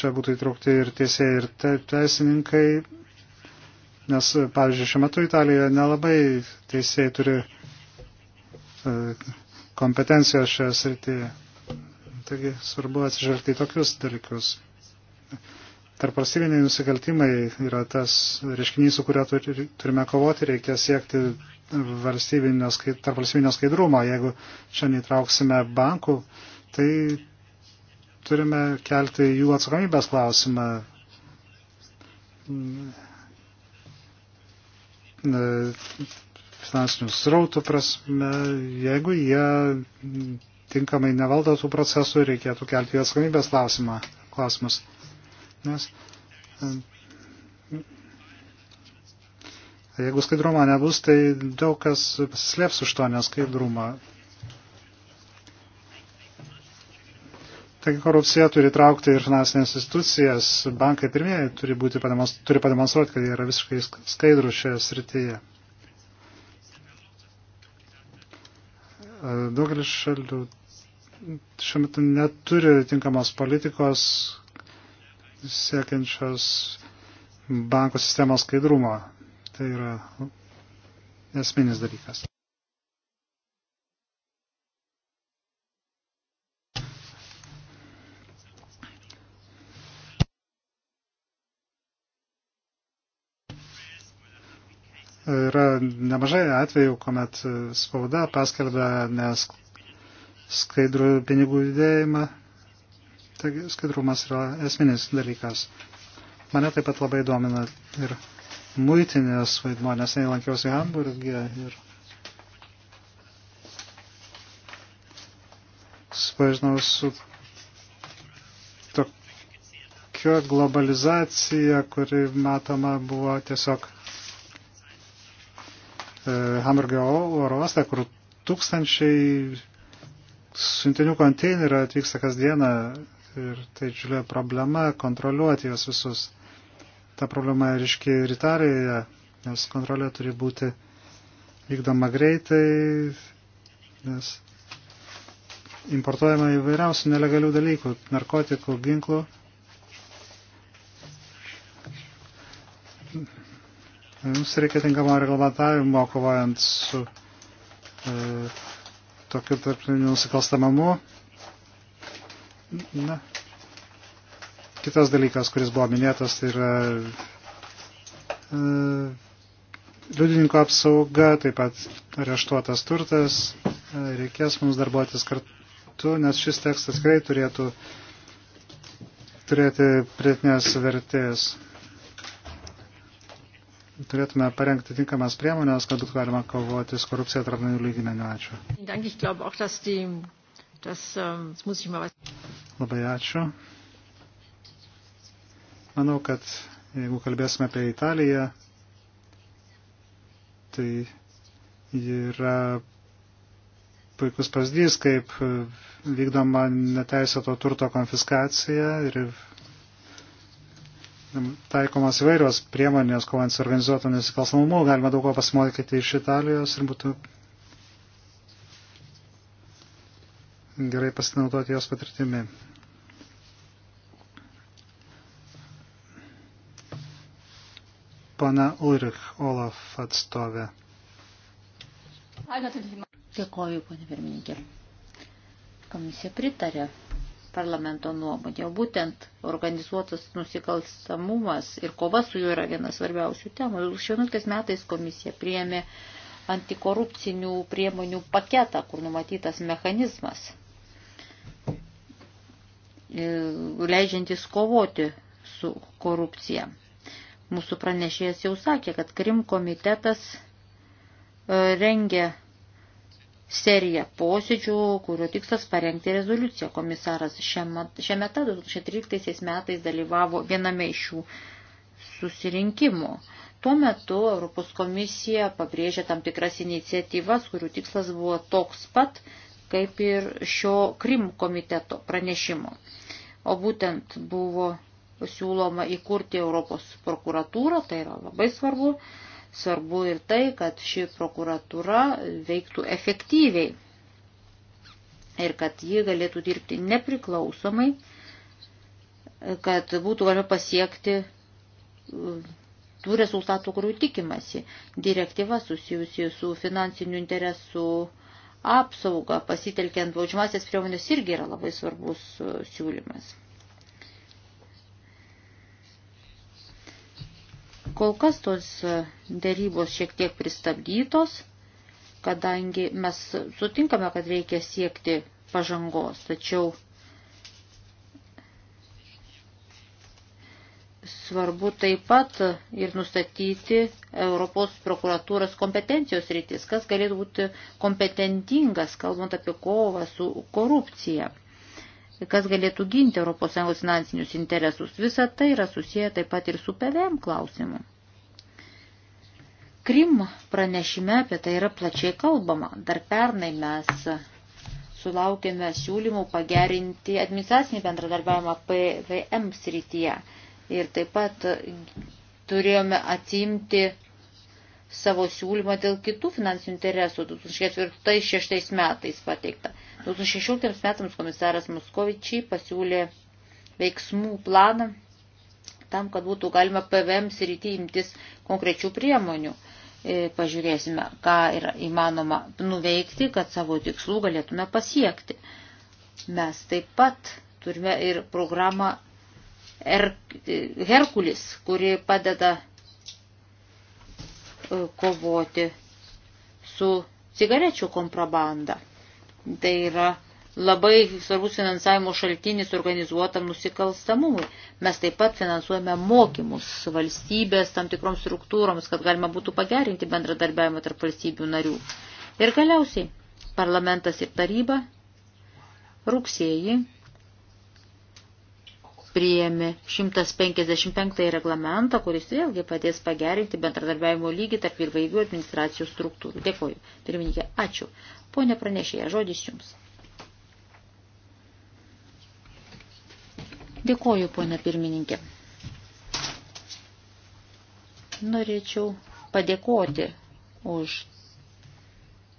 čia būtų įtraukti ir teisėjai, ir te, teisininkai, nes, pavyzdžiui, šiuo metu Italijoje nelabai teisėjai turi e, kompetencijos šioje srityje. Taigi svarbu atsižvelgti į tokius dalykus. Tarp valstybiniai nusikaltimai yra tas reiškinys, su kurio turime kovoti, reikia siekti valstybinio, tarp valstybinio skaidrumo. Jeigu šiandien įtrauksime bankų, tai turime kelti jų atsakomybės klausimą finansinių srautų prasme, jeigu jie tinkamai nevaldo tų procesų, reikėtų kelti atsakomybės klausimą, klausimus. Nes e, jeigu skaidrumo nebus, tai daug kas slėps už to neskaidrumą. Taigi korupcija turi traukti ir finansinės institucijas, bankai pirmieji turi, būti pademonstruoti, turi pademonstruoti, kad jie yra visiškai skaidrų šioje srityje. E, daugelis šalių šiuo metu neturi tinkamos politikos siekiančios bankų sistemos skaidrumo. Tai yra esminis dalykas. Yra nemažai atvejų, kuomet spauda paskelbė nes skaidrų pinigų judėjimą. Taigi skaidrumas yra esminis dalykas. Mane taip pat labai domina ir muitinės vaidmo, nes neįlankiausi Hamburgė ir susipažinau su tokia globalizacija, kuri matoma buvo tiesiog e, Hamburgo oro uoste, kur tūkstančiai siuntinių konteinerio atvyksta kasdieną ir tai didžiulė problema kontroliuoti juos visus. Ta problema ryški ir Italijoje, nes kontrolė turi būti vykdoma greitai, nes importuojama įvairiausių nelegalių dalykų, narkotikų, ginklų. Mums reikia tinkamo reglamentavimo kovojant su e, tokiu tarptautiniu nusikalstamamu. Na. Kitas dalykas, kuris buvo minėtas, tai yra e, liudininko apsauga, taip pat areštuotas turtas. E, reikės mums darbuotis kartu, nes šis tekstas tikrai turėtų turėti pritinės vertės turėtume parengti tinkamas priemonės, kad būtų galima kovoti su korupcija tarptautiniu lygmeniu. Ačiū. Ähm, Labai ačiū. Manau, kad jeigu kalbėsime apie Italiją, tai yra puikus pavyzdys, kaip vykdoma neteisėto turto konfiskacija ir taikomas įvairios priemonės, kovant su organizuotu nusikalstamumu, galima daug ko pasimokyti iš Italijos ir būtų gerai pasinaudoti jos patirtimi. Pana Ulrich Olaf atstovė. Dėkoju, ponė pirmininkė. Komisija pritarė parlamento nuomonė. O būtent organizuotas nusikalstamumas ir kova su juo yra vienas svarbiausių temų. 2011 metais komisija priėmė antikorupcinių priemonių paketą, kur numatytas mechanizmas, e, leidžiantis kovoti su korupcija. Mūsų pranešėjas jau sakė, kad Krim komitetas e, rengia seriją posėdžių, kurio tikslas parengti rezoliuciją. Komisaras šiame, šiame 2013 metais dalyvavo viename iš šių susirinkimų. Tuo metu Europos komisija pabrėžė tam tikras iniciatyvas, kurių tikslas buvo toks pat, kaip ir šio Krim komiteto pranešimo. O būtent buvo siūloma įkurti Europos prokuratūrą, tai yra labai svarbu. Uh, Svarbu ir tai, kad ši prokuratūra veiktų efektyviai ir kad ji galėtų dirbti nepriklausomai, kad būtų galima pasiekti uh, tų rezultatų, kurių tikimasi. Direktyva susijusi su finansiniu interesu apsauga, pasitelkiant baudžiamasias priemonės, irgi yra labai svarbus uh, siūlymas. Kol kas tos e, dėrybos šiek tiek pristabdytos, kadangi mes sutinkame, kad reikia siekti pažangos, tačiau svarbu taip pat ir nustatyti Europos prokuratūros kompetencijos rytis, kas galėtų būti kompetentingas, kalbant apie kovą su korupcija kas galėtų ginti ES finansinius interesus. Visa tai yra susiję taip pat ir su PVM klausimu. Krim pranešime apie tai yra plačiai kalbama. Dar pernai mes sulaukėme siūlymų pagerinti administracinį bendradarbiavimą PVM srityje. Ir taip pat turėjome atsimti savo siūlymą dėl kitų finansinių interesų 2004-2006 metais pateiktą. 2016 metams komisaras Muskovičiai pasiūlė veiksmų planą tam, kad būtų galima PVM srity imtis konkrečių priemonių. E, pažiūrėsime, ką yra įmanoma nuveikti, kad savo tikslų galėtume pasiekti. Mes taip pat turime ir programą Herkulis, kuri padeda e, kovoti su cigarečių kontrabanda. Tai yra labai svarbus finansavimo šaltinis organizuotam nusikalstamumui. Mes taip pat finansuojame mokymus valstybės tam tikroms struktūroms, kad galima būtų pagerinti bendradarbiavimą tarp valstybių narių. Ir galiausiai parlamentas ir taryba rugsėjį priėmė 155 reglamentą, kuris vėlgi padės pagerinti bendradarbiavimo lygį tarp įvaigių administracijų struktūrų. Dėkoju. Pirmininkė, ačiū. Pone pranešėja, žodis jums. Dėkoju, pone pirmininkė. Norėčiau padėkoti už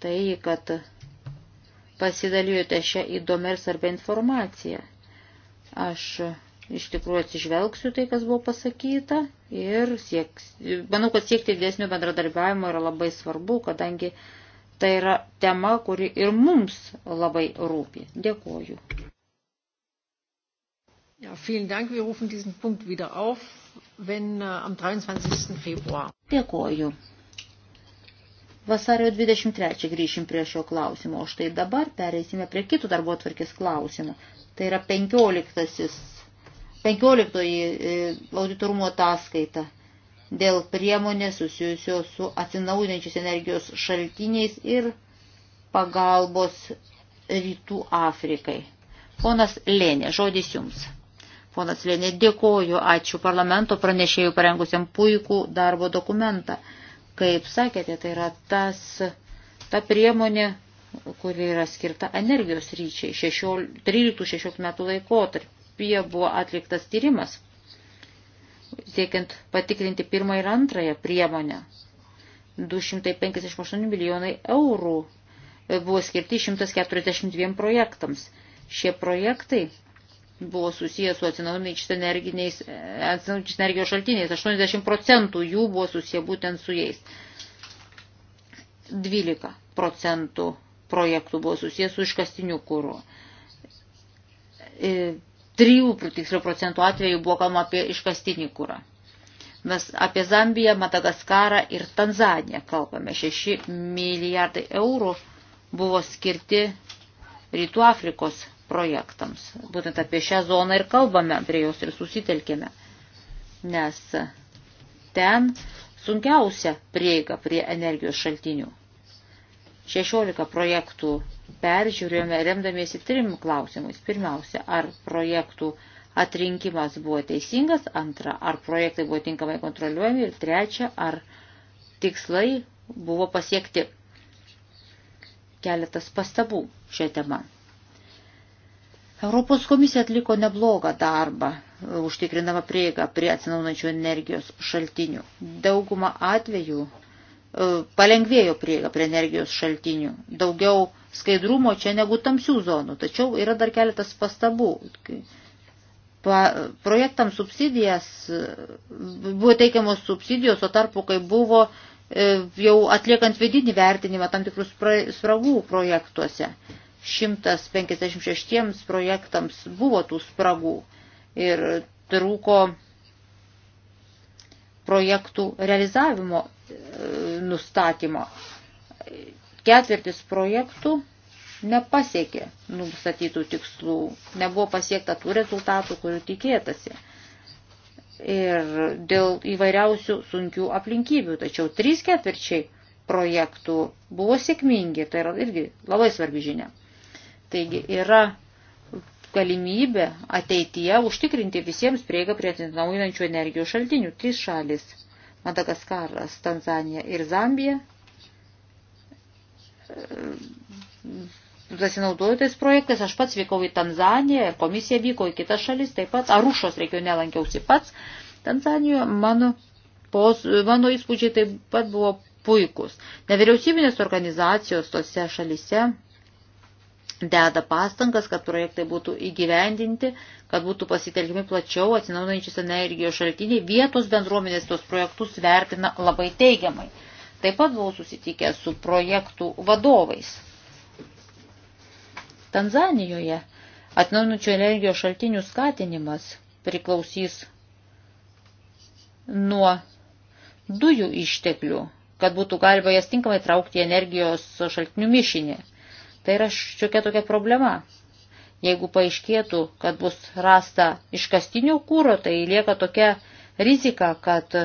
tai, kad pasidalijote šią įdomią ir svarbę informaciją. Aš iš tikrųjų atsižvelgsiu tai, kas buvo pasakyta ir sieks, manau, kad siekti didesnio bendradarbiavimo yra labai svarbu, kadangi tai yra tema, kuri ir mums labai rūpi. Dėkuoju. Ja, vielen Dank. Wir rufen diesen Punkt wieder auf, wenn äh, am 23. Februar. Dėkuoju. Vasario 23 grįšim prie šio klausimo, o štai dabar pereisime prie kitų darbo atvarkės klausimų. Tai yra 15 15 e, auditorumo ataskaita dėl priemonės susijusios su atsinaujinančiais energijos šaltiniais ir pagalbos rytų Afrikai. Ponas Lėnė, žodis jums. Ponas Lėnė, dėkoju, ačiū parlamento pranešėjų parengusiam puikų darbo dokumentą. Kaip sakėte, tai yra tas, ta priemonė, kuri yra skirta energijos ryčiai 13-16 metų laikotarpiu. Etijopija buvo atliktas tyrimas, siekiant patikrinti pirmą ir antrąją priemonę. 258 milijonai eurų e, buvo skirti 142 projektams. Šie projektai buvo susijęs su e, atsinaujinančiais energijos šaltiniais. 80 procentų jų buvo susiję būtent su jais. 12 procentų projektų buvo susijęs su iškastiniu kūru. E, 3 tiksliau procentų atveju buvo kalbama apie iškastinį kūrą. Mes apie Zambiją, Madagaskarą ir Tanzaniją kalbame. 6 milijardai eurų buvo skirti Rytų Afrikos projektams. Būtent apie šią zoną ir kalbame, prie jos ir susitelkėme. Nes ten sunkiausia prieiga prie energijos šaltinių. 16 projektų peržiūrėjome remdamiesi trim klausimais. Pirmiausia, ar projektų atrinkimas buvo teisingas, antra, ar projektai buvo tinkamai kontroliuojami ir trečia, ar tikslai buvo pasiekti. Keletas pastabų šią temą. Europos komisija atliko neblogą darbą, užtikrinama prieiga prie atsinaujančių energijos šaltinių. Dauguma atvejų E, palengvėjo prieiga prie energijos šaltinių. Daugiau skaidrumo čia negu tamsių zonų, tačiau yra dar keletas pastabų. Pa, projektams subsidijas e, buvo teikiamos subsidijos, o tarpu, kai buvo e, jau atliekant vidinį vertinimą tam tikrus spragų projektuose. 156 projektams buvo tų spragų ir trūko projektų realizavimo nustatymo. Ketvirtis projektų nepasiekė nustatytų tikslų, nebuvo pasiekta tų rezultatų, kurių tikėtasi. Ir dėl įvairiausių sunkių aplinkybių, tačiau trys ketvirčiai projektų buvo sėkmingi, tai yra irgi labai svarbi žinia. Taigi yra galimybė ateityje užtikrinti visiems prieigą prie atinaujinančių energijos šaltinių. Trys šalis Madagaskaras, Tanzanija ir Zambija e, pasinaudoju tais projektais, aš pats vykau į Tanzaniją ir komisija vyko į kitas šalis, taip pat Arušos regione lankiausi pats Tanzanijoje, mano, pos, mano įspūdžiai taip pat buvo puikus. Nevyriausybinės organizacijos tose šalise deda pastangas, kad projektai būtų įgyvendinti, kad būtų pasitelkimi plačiau atsinaujančius energijos šaltiniai. Vietos bendruomenės tos projektus vertina labai teigiamai. Taip pat buvau susitikęs su projektų vadovais. Tanzanijoje atsinaujančių energijos šaltinių skatinimas priklausys nuo dujų išteklių, kad būtų galima jas tinkamai traukti į energijos šaltinių mišinį. Tai yra šiokia tokia problema. Jeigu paaiškėtų, kad bus rasta iškastinio kūro, tai lieka tokia rizika, kad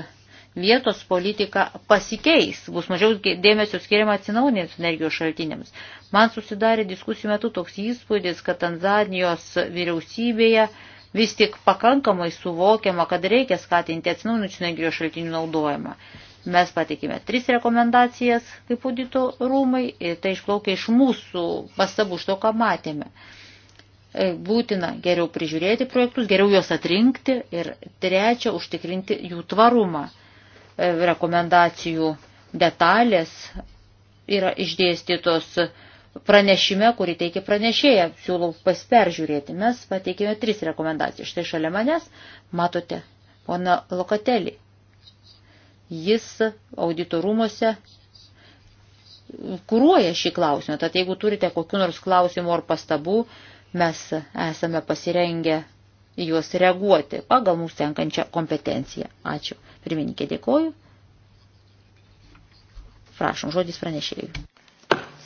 vietos politika pasikeis, bus mažiau dėmesio skiriama atsinaujinėms energijos šaltinėms. Man susidarė diskusijų metu toks įspūdis, kad Tanzanijos vyriausybėje vis tik pakankamai suvokiama, kad reikia skatinti atsinaujinančių energijos šaltinių naudojimą. Mes pateikime tris rekomendacijas kaip audito rūmai ir tai išplaukia iš mūsų pastabų, iš to, ką matėme. E, būtina geriau prižiūrėti projektus, geriau juos atrinkti ir trečia, užtikrinti jų tvarumą. E, rekomendacijų detalės yra išdėstytos pranešime, kurį teikia pranešėja, siūlau pasperžiūrėti. Mes pateikėme tris rekomendacijas. Štai šalia manęs matote poną Lokatelį, Jis auditorumuose kūruoja šį klausimą. Tad jeigu turite kokiu nors klausimu ar pastabų, mes esame pasirengę juos reaguoti pagal mūsų tenkančią kompetenciją. Ačiū. Pirmininkė, dėkoju. Prašom, žodis pranešėjai.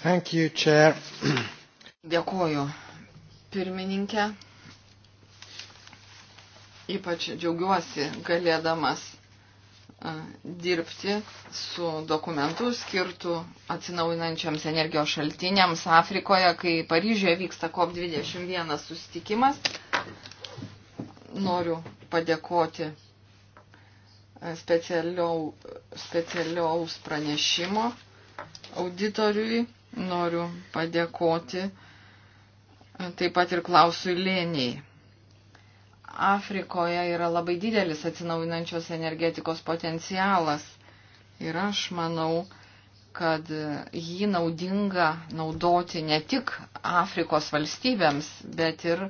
Thank you, chair. Dėkoju, pirmininkė. Ypač džiaugiuosi galėdamas dirbti su dokumentu skirtu atsinaujinančiams energijos šaltiniams Afrikoje, kai Paryžioje vyksta COP21 susitikimas. Noriu padėkoti specialiau, specialiaus pranešimo auditoriui. Noriu padėkoti taip pat ir Klausui Lėniai. Afrikoje yra labai didelis atsinaujinančios energetikos potencialas. Ir aš manau, kad jį naudinga naudoti ne tik Afrikos valstybėms, bet ir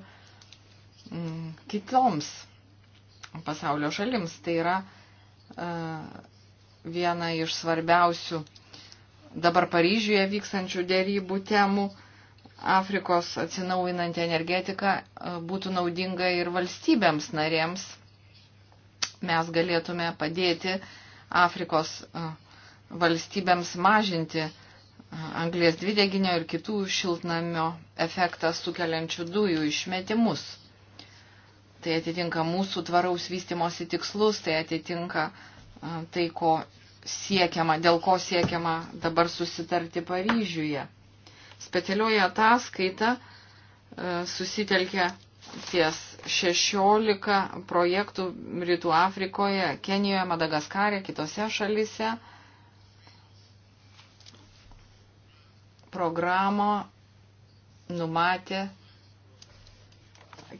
mm, kitoms pasaulio šalims. Tai yra e, viena iš svarbiausių dabar Paryžiuje vykstančių dėrybų temų. E, Afrikos atsinaujinanti energetika e, būtų naudinga ir valstybėms narėms. Mes galėtume padėti Afrikos e, valstybėms mažinti e, anglės dvideginio ir kitų šiltnamio efektą sukeliančių dujų išmetimus. Tai atitinka mūsų tvaraus vystimosi tikslus, tai atitinka tai, ko siekiama, dėl ko siekiama dabar susitarti Paryžiuje. Specialioji ataskaita e, susitelkia ties 16 projektų Rytų Afrikoje, Kenijoje, Madagaskarė, kitose šalise. Programo numatė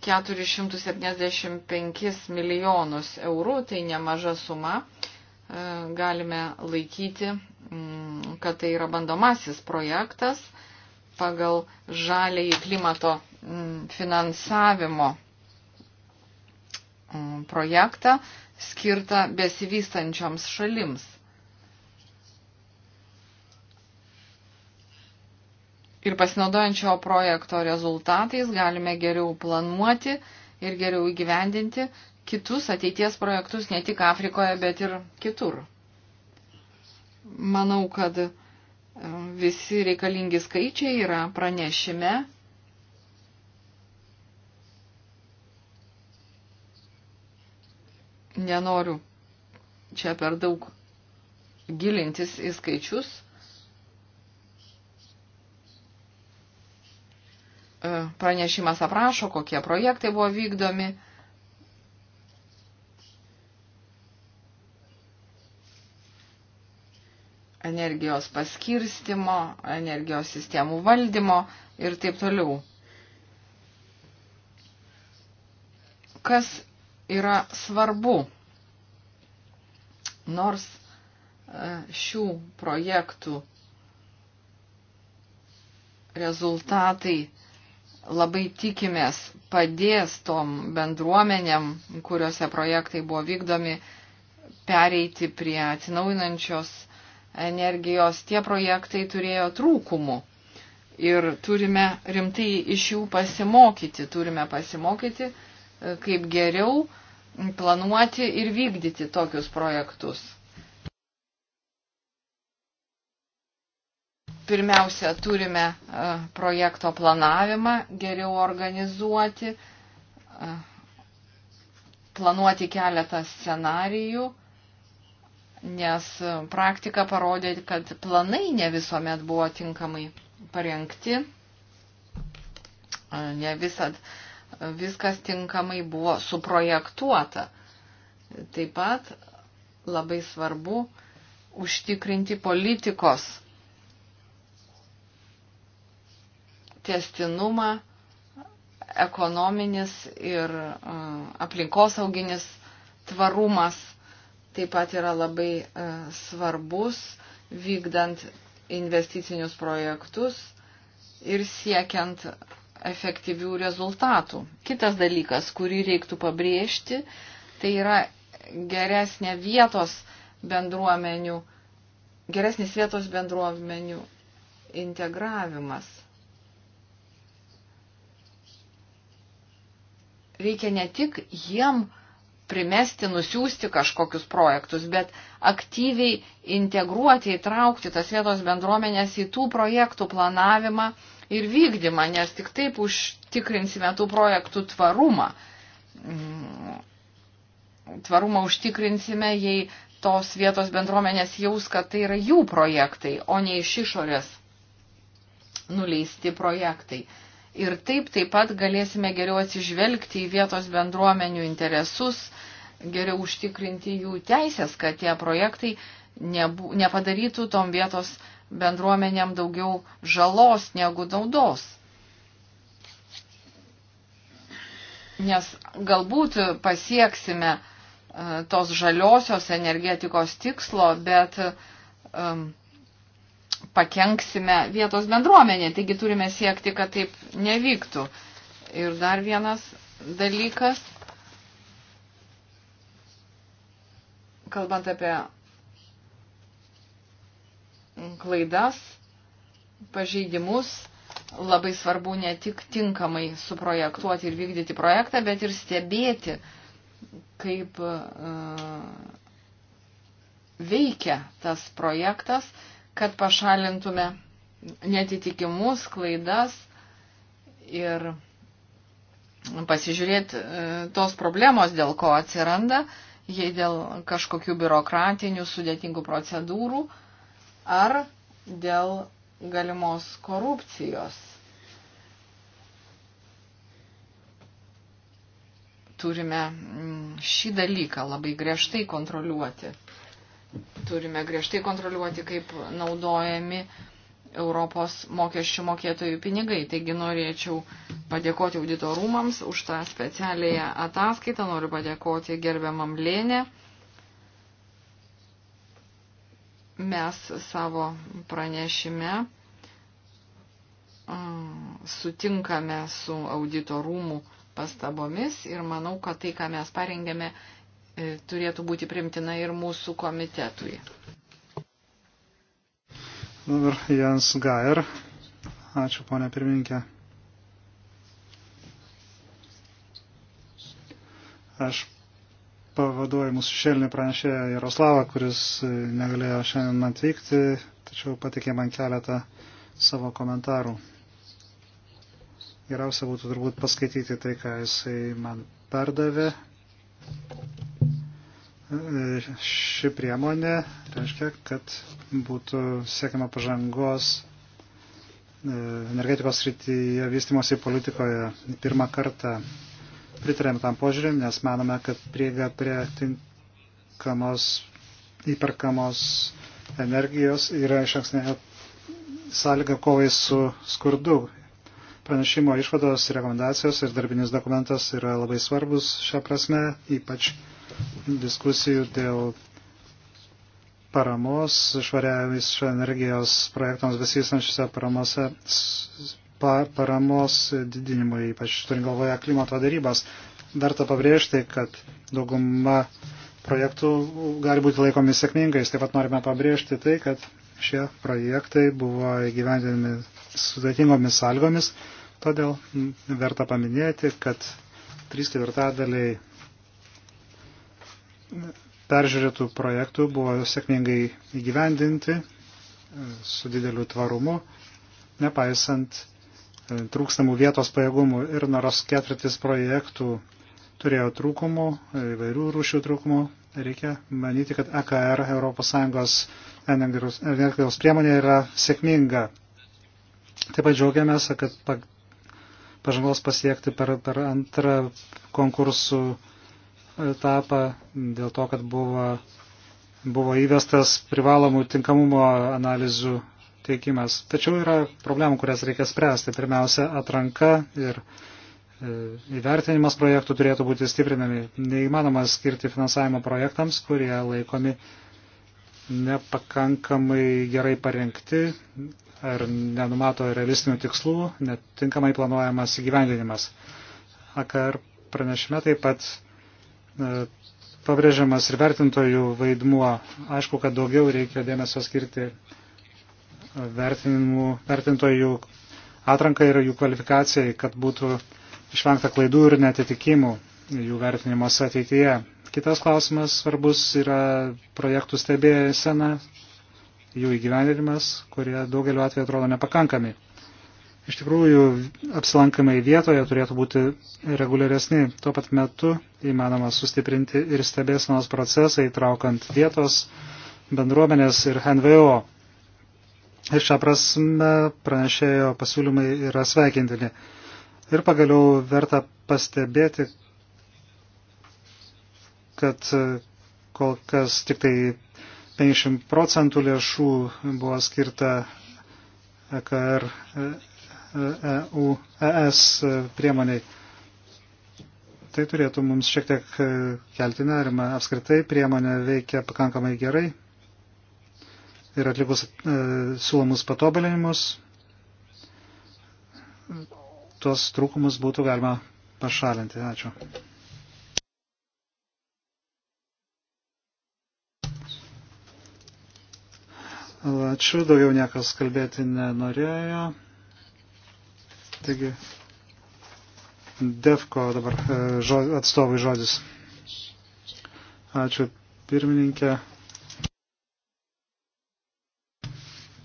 475 milijonus eurų, tai nemaža suma. E, galime laikyti, mm, kad tai yra bandomasis projektas pagal žaliai klimato finansavimo projektą skirtą besivystančioms šalims. Ir pasinaudojančio projekto rezultatais galime geriau planuoti ir geriau įgyvendinti kitus ateities projektus ne tik Afrikoje, bet ir kitur. Manau, kad Visi reikalingi skaičiai yra pranešime. Nenoriu čia per daug gilintis į skaičius. Pranešimas aprašo, kokie projektai buvo vykdomi energijos paskirstimo, energijos sistemų valdymo ir taip toliau. Kas yra svarbu, nors e, šių projektų rezultatai labai tikimės padės tom bendruomenėm, kuriuose projektai buvo vykdomi, pereiti prie atsinaujinančios energijos, tie projektai turėjo trūkumų. Ir turime rimtai iš jų pasimokyti, turime pasimokyti, e, kaip geriau planuoti ir vykdyti tokius projektus. Pirmiausia, turime e, projekto planavimą geriau organizuoti, e, planuoti keletą scenarijų nes praktika parodė, kad planai ne visuomet buvo tinkamai parengti, ne visad viskas tinkamai buvo suprojektuota. Taip pat labai svarbu užtikrinti politikos testinumą, ekonominis ir uh, aplinkosauginis tvarumas taip pat yra labai e, svarbus vykdant investicinius projektus ir siekiant efektyvių rezultatų. Kitas dalykas, kurį reiktų pabrėžti, tai yra geresnė vietos bendruomenių, geresnis vietos bendruomenių integravimas. Reikia ne tik jiem uh, primesti, nusiųsti kažkokius projektus, bet aktyviai integruoti, įtraukti tas vietos bendruomenės į tų projektų planavimą ir vykdymą, nes tik taip užtikrinsime tų projektų tvarumą. Mm, tvarumą užtikrinsime, jei tos vietos bendruomenės jaus, kad tai yra jų projektai, o ne iš išorės nuleisti projektai ir taip taip pat galėsime geriau atsižvelgti į vietos bendruomenių interesus, geriau užtikrinti jų teisės, kad tie projektai nebu, nepadarytų tom vietos bendruomenėm daugiau žalos negu naudos. Nes galbūt pasieksime e, tos žaliosios energetikos tikslo, bet um, pakenksime vietos bendruomenė, taigi turime siekti, kad taip nevyktų. Ir dar vienas dalykas, kalbant apie klaidas, pažeidimus, labai svarbu ne tik tinkamai suprojektuoti ir vykdyti projektą, bet ir stebėti, kaip uh, veikia tas projektas, uh, kad pašalintume netitikimus, klaidas ir pasižiūrėti e, tos problemos, dėl ko atsiranda, jei dėl kažkokių biurokratinių sudėtingų procedūrų ar dėl galimos korupcijos. Turime mm, šį dalyką labai griežtai kontroliuoti turime griežtai kontroliuoti, kaip naudojami Europos mokesčių mokėtojų pinigai. Taigi norėčiau padėkoti auditorumams už tą specialiąją ataskaitą, noriu padėkoti gerbiamam Lėnė. Mes savo pranešime sutinkame su auditorumų pastabomis ir manau, kad tai, ką mes parengėme, E, turėtų būti primtina ir mūsų komitetui. Dabar Jans Gair. Ačiū, ponė pirmininkė. Aš pavaduoju mūsų šešėlinį pranešėją Jaroslavą, kuris negalėjo šiandien atvykti, tačiau patikė man keletą savo komentarų. Geriausia būtų turbūt paskaityti tai, ką jisai man perdavė ši priemonė reiškia, kad būtų siekiama pažangos e, energetikos srityje vystimosi politikoje pirmą kartą pritarėm tam požiūrėm, nes manome, kad prieiga prie tinkamos įperkamos energijos yra iš anksnėje sąlyga kovai su skurdu. Pranešimo išvados, rekomendacijos ir darbinis dokumentas yra labai svarbus šią prasme, ypač diskusijų dėl paramos švariavis energijos projektams besivystančiose paramose pa, paramos didinimui, ypač turint galvoje klimato darybas. Verta pabrėžti, kad dauguma projektų gali būti laikomi sėkmingais. Taip pat norime pabrėžti tai, kad šie projektai buvo įgyvendinami sudėtingomis sąlygomis. Todėl verta paminėti, kad trys ketvirtadaliai peržiūrėtų projektų buvo sėkmingai įgyvendinti e, su dideliu tvarumu, nepaisant e, trūkstamų vietos pajėgumų ir nors ketvirtis projektų turėjo trūkumų, e, įvairių rūšių trūkumų, reikia manyti, kad EKR ES energijos priemonė yra sėkminga. Taip pat džiaugiamės, kad pažangos pasiekti per, per antrą konkursų etapą dėl to, kad buvo, buvo įvestas privalomų tinkamumo analizų teikimas. Tačiau yra problemų, kurias reikia spręsti. Pirmiausia, atranka ir e, įvertinimas projektų turėtų būti stiprinami. Neįmanoma skirti finansavimo projektams, kurie laikomi nepakankamai gerai parengti ar nenumato realistinių tikslų, netinkamai planuojamas įgyvendinimas. AKR pranešime taip pat E, pabrėžiamas ir vertintojų vaidmuo. Aišku, kad daugiau reikia dėmesio skirti vertintojų atrankai ir jų kvalifikacijai, kad būtų išvengta klaidų ir netitikimų jų vertinimuose ateityje. Kitas klausimas svarbus yra projektų stebėjai sena, jų įgyvendinimas, kurie daugeliu atveju atrodo nepakankami iš tikrųjų apsilankamai vietoje turėtų būti reguliaresni. Tuo pat metu įmanoma sustiprinti ir stebėsenos procesą įtraukant vietos bendruomenės ir NVO. Ir šią prasme pranešėjo pasiūlymai yra sveikintini. Ir pagaliau verta pastebėti, kad kol kas tik tai 50 procentų lėšų buvo skirta EKR EU, e, ES e, priemoniai. Tai turėtų mums šiek tiek e, kelti nerimą. Apskritai priemonė veikia pakankamai gerai ir atlikus e, siūlomus patobulinimus, tuos trūkumus būtų galima pašalinti. Ačiū. Ačiū, daugiau niekas kalbėti nenorėjo. Taigi, DEFCO dabar e, atstovai žodis. Ačiū pirmininkė.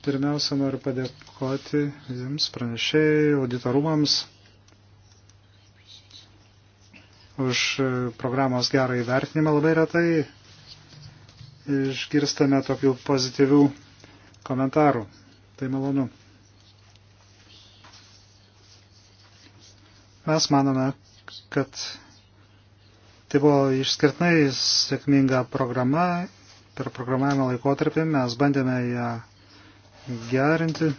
Pirmiausia, noriu padėkoti jums, pranešėjai, auditorumams už e, programos gerą įvertinimą. Labai retai išgirstame tokių pozityvių komentarų. Tai malonu. Mes manome, kad tai buvo išskirtinai sėkminga programa. Per programavimo laikotarpį mes bandėme ją gerinti.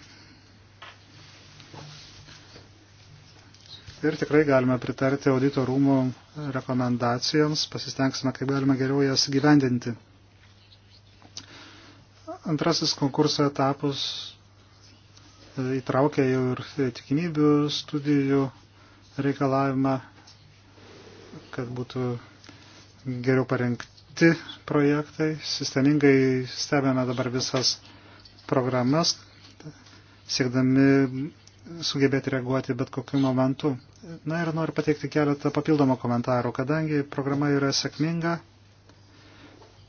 Ir tikrai galime pritarti audito rūmų rekomendacijoms, pasistengsime, kaip galima geriau jas gyvendinti. Antrasis konkurso etapus įtraukia jau ir tikimybių studijų reikalavimą, kad būtų geriau parengti projektai. Sistemingai stebėme dabar visas programas, siekdami sugebėti reaguoti bet kokiu momentu. Na ir noriu pateikti keletą papildomų komentarų, kadangi programa yra sėkminga.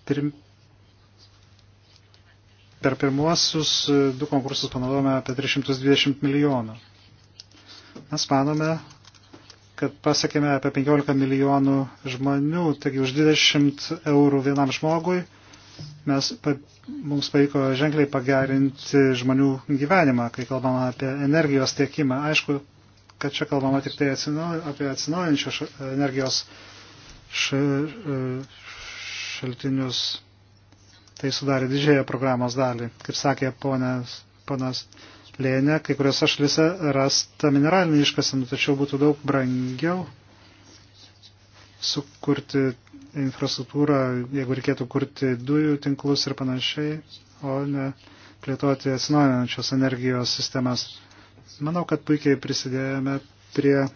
Pirm... Per pirmuosius du konkursus panaudojame apie 320 milijonų. Mes manome, kad pasakėme apie 15 milijonų žmonių, taigi už 20 eurų vienam žmogui mes, pa, mums pavyko ženkliai pagerinti žmonių gyvenimą, kai kalbama apie energijos tiekimą. Aišku, kad čia kalbama tik tai atsino, apie atsinaujančios energijos š, e, šaltinius. Tai sudarė didžiąją programos dalį, kaip sakė ponas, ponas plėne, kai kuriuose šalise rasta mineralinį iškasinų, tačiau būtų daug brangiau sukurti infrastruktūrą, jeigu reikėtų kurti dujų tinklus ir panašiai, o ne plėtoti atsinaujinančios energijos sistemas. Manau, kad puikiai prisidėjome prie e,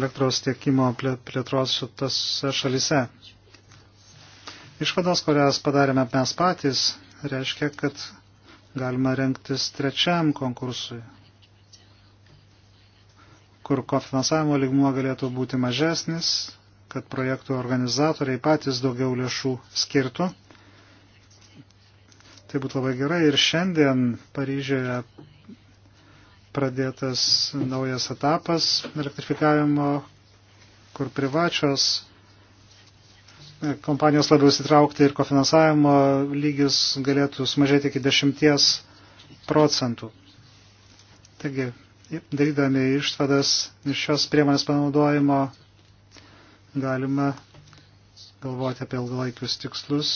elektros tiekimo plėtros šitose šalise. Išvados, kurias padarėme mes patys, reiškia, kad galima renktis trečiam konkursui, kur kofinansavimo ligmuo galėtų būti mažesnis, kad projektų organizatoriai patys daugiau lėšų skirtų. Tai būtų labai gerai ir šiandien Paryžioje pradėtas naujas etapas elektrifikavimo, kur privačios kompanijos labiau įsitraukti ir kofinansavimo lygis galėtų sumažėti iki 10 procentų. Taigi, darydami išvadas iš šios priemonės panaudojimo, galima galvoti apie ilgalaikius tikslus,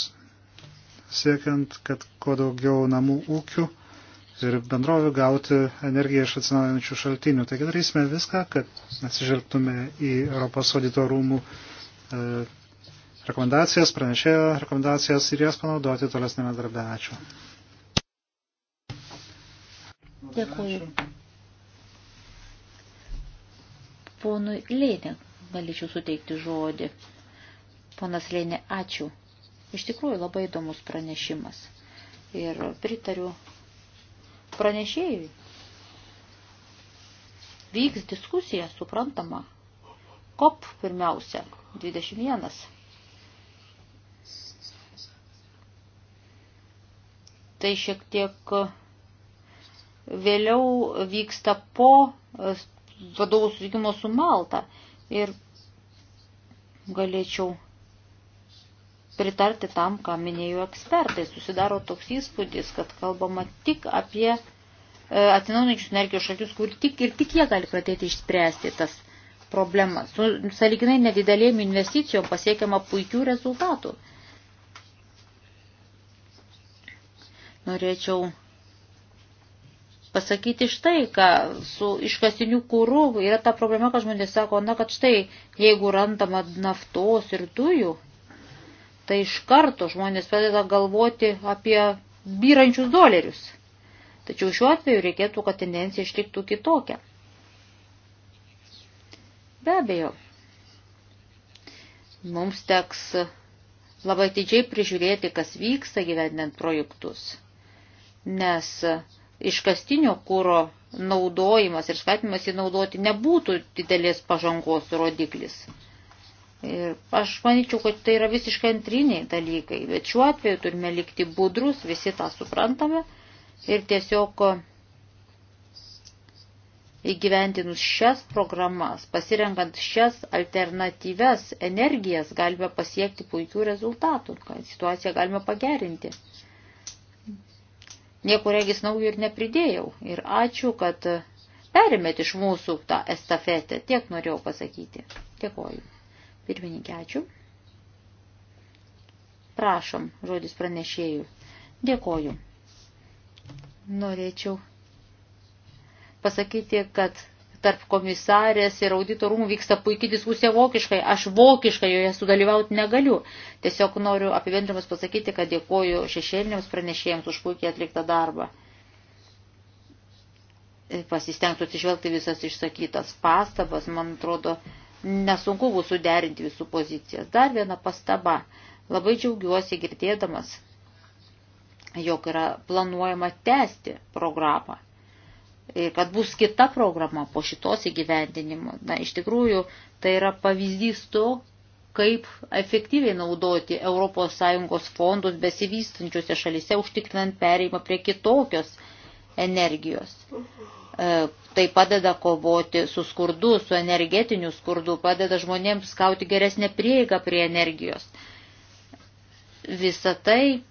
siekiant, kad kuo daugiau namų ūkių ir bendrovių gauti energiją iš atsinaujančių šaltinių. Taigi darysime viską, kad atsižvelgtume į Europos audito rūmų e, rekomendacijas, pranešėjo rekomendacijas ir jas panaudoti tolesnėme darbe. Ačiū. Dėkuoju. Ponui Lėnė galėčiau suteikti žodį. Ponas Lėnė, ačiū. Iš tikrųjų labai įdomus pranešimas. Ir pritariu pranešėjui. Vyks diskusija, suprantama. COP pirmiausia, 21. tai šiek tiek e, vėliau vyksta po e, vadovų sutikimo su Malta. Ir galėčiau pritarti tam, ką minėjo ekspertai. Susidaro toks įspūdis, kad kalbama tik apie e, atsinaujinančius energijos šaltinius, kur tik ir tik jie gali pradėti išspręsti tas problemas. Su saliginai nedidelėm investicijom pasiekiama puikių rezultatų. Norėčiau pasakyti štai, ką su iškasiniu kūru yra ta problema, kad žmonės sako, na, kad štai, jeigu randama naftos ir dujų, tai iš karto žmonės pradeda galvoti apie byrančius dolerius. Tačiau šiuo atveju reikėtų, kad tendencija išliktų kitokią. Be abejo, mums teks labai didžiai prižiūrėti, kas vyksta gyvendant projektus nes iškastinio kūro naudojimas ir skatimas jį naudoti nebūtų didelės pažangos rodiklis. Ir aš manyčiau, kad tai yra visiškai antriniai dalykai, bet šiuo atveju turime likti budrus, visi tą suprantame ir tiesiog įgyventinus šias programas, pasirenkant šias alternatyves energijas, galime pasiekti puikių rezultatų, kad situaciją galime pagerinti nieko regis naujo ir nepridėjau. Ir ačiū, kad perimėt iš mūsų tą estafetę. Tiek norėjau pasakyti. Dėkoju. Pirmininkė, ačiū. Prašom, žodis pranešėjų. Dėkoju. Norėčiau pasakyti, kad tarp komisarės ir auditorumų vyksta puikiai diskusija vokiškai. Aš vokiškai joje sudalyvauti negaliu. Tiesiog noriu apibendrimas pasakyti, kad dėkoju šešėliniams pranešėjams už puikiai atliktą darbą. Pasistengsiu atsižvelgti visas išsakytas pastabas. Man atrodo, nesunku bus suderinti visų pozicijas. Dar viena pastaba. Labai džiaugiuosi girdėdamas, jog yra planuojama tęsti programą ir e, kad bus kita programa po šitos įgyvendinimo. Na, iš tikrųjų, tai yra pavyzdys to, kaip efektyviai naudoti ES fondus besivystančiose šalise, užtikrinant pereimą prie kitokios energijos. E, tai padeda kovoti su skurdu, su energetiniu skurdu, padeda žmonėms gauti geresnę prieigą prie energijos. Visą tai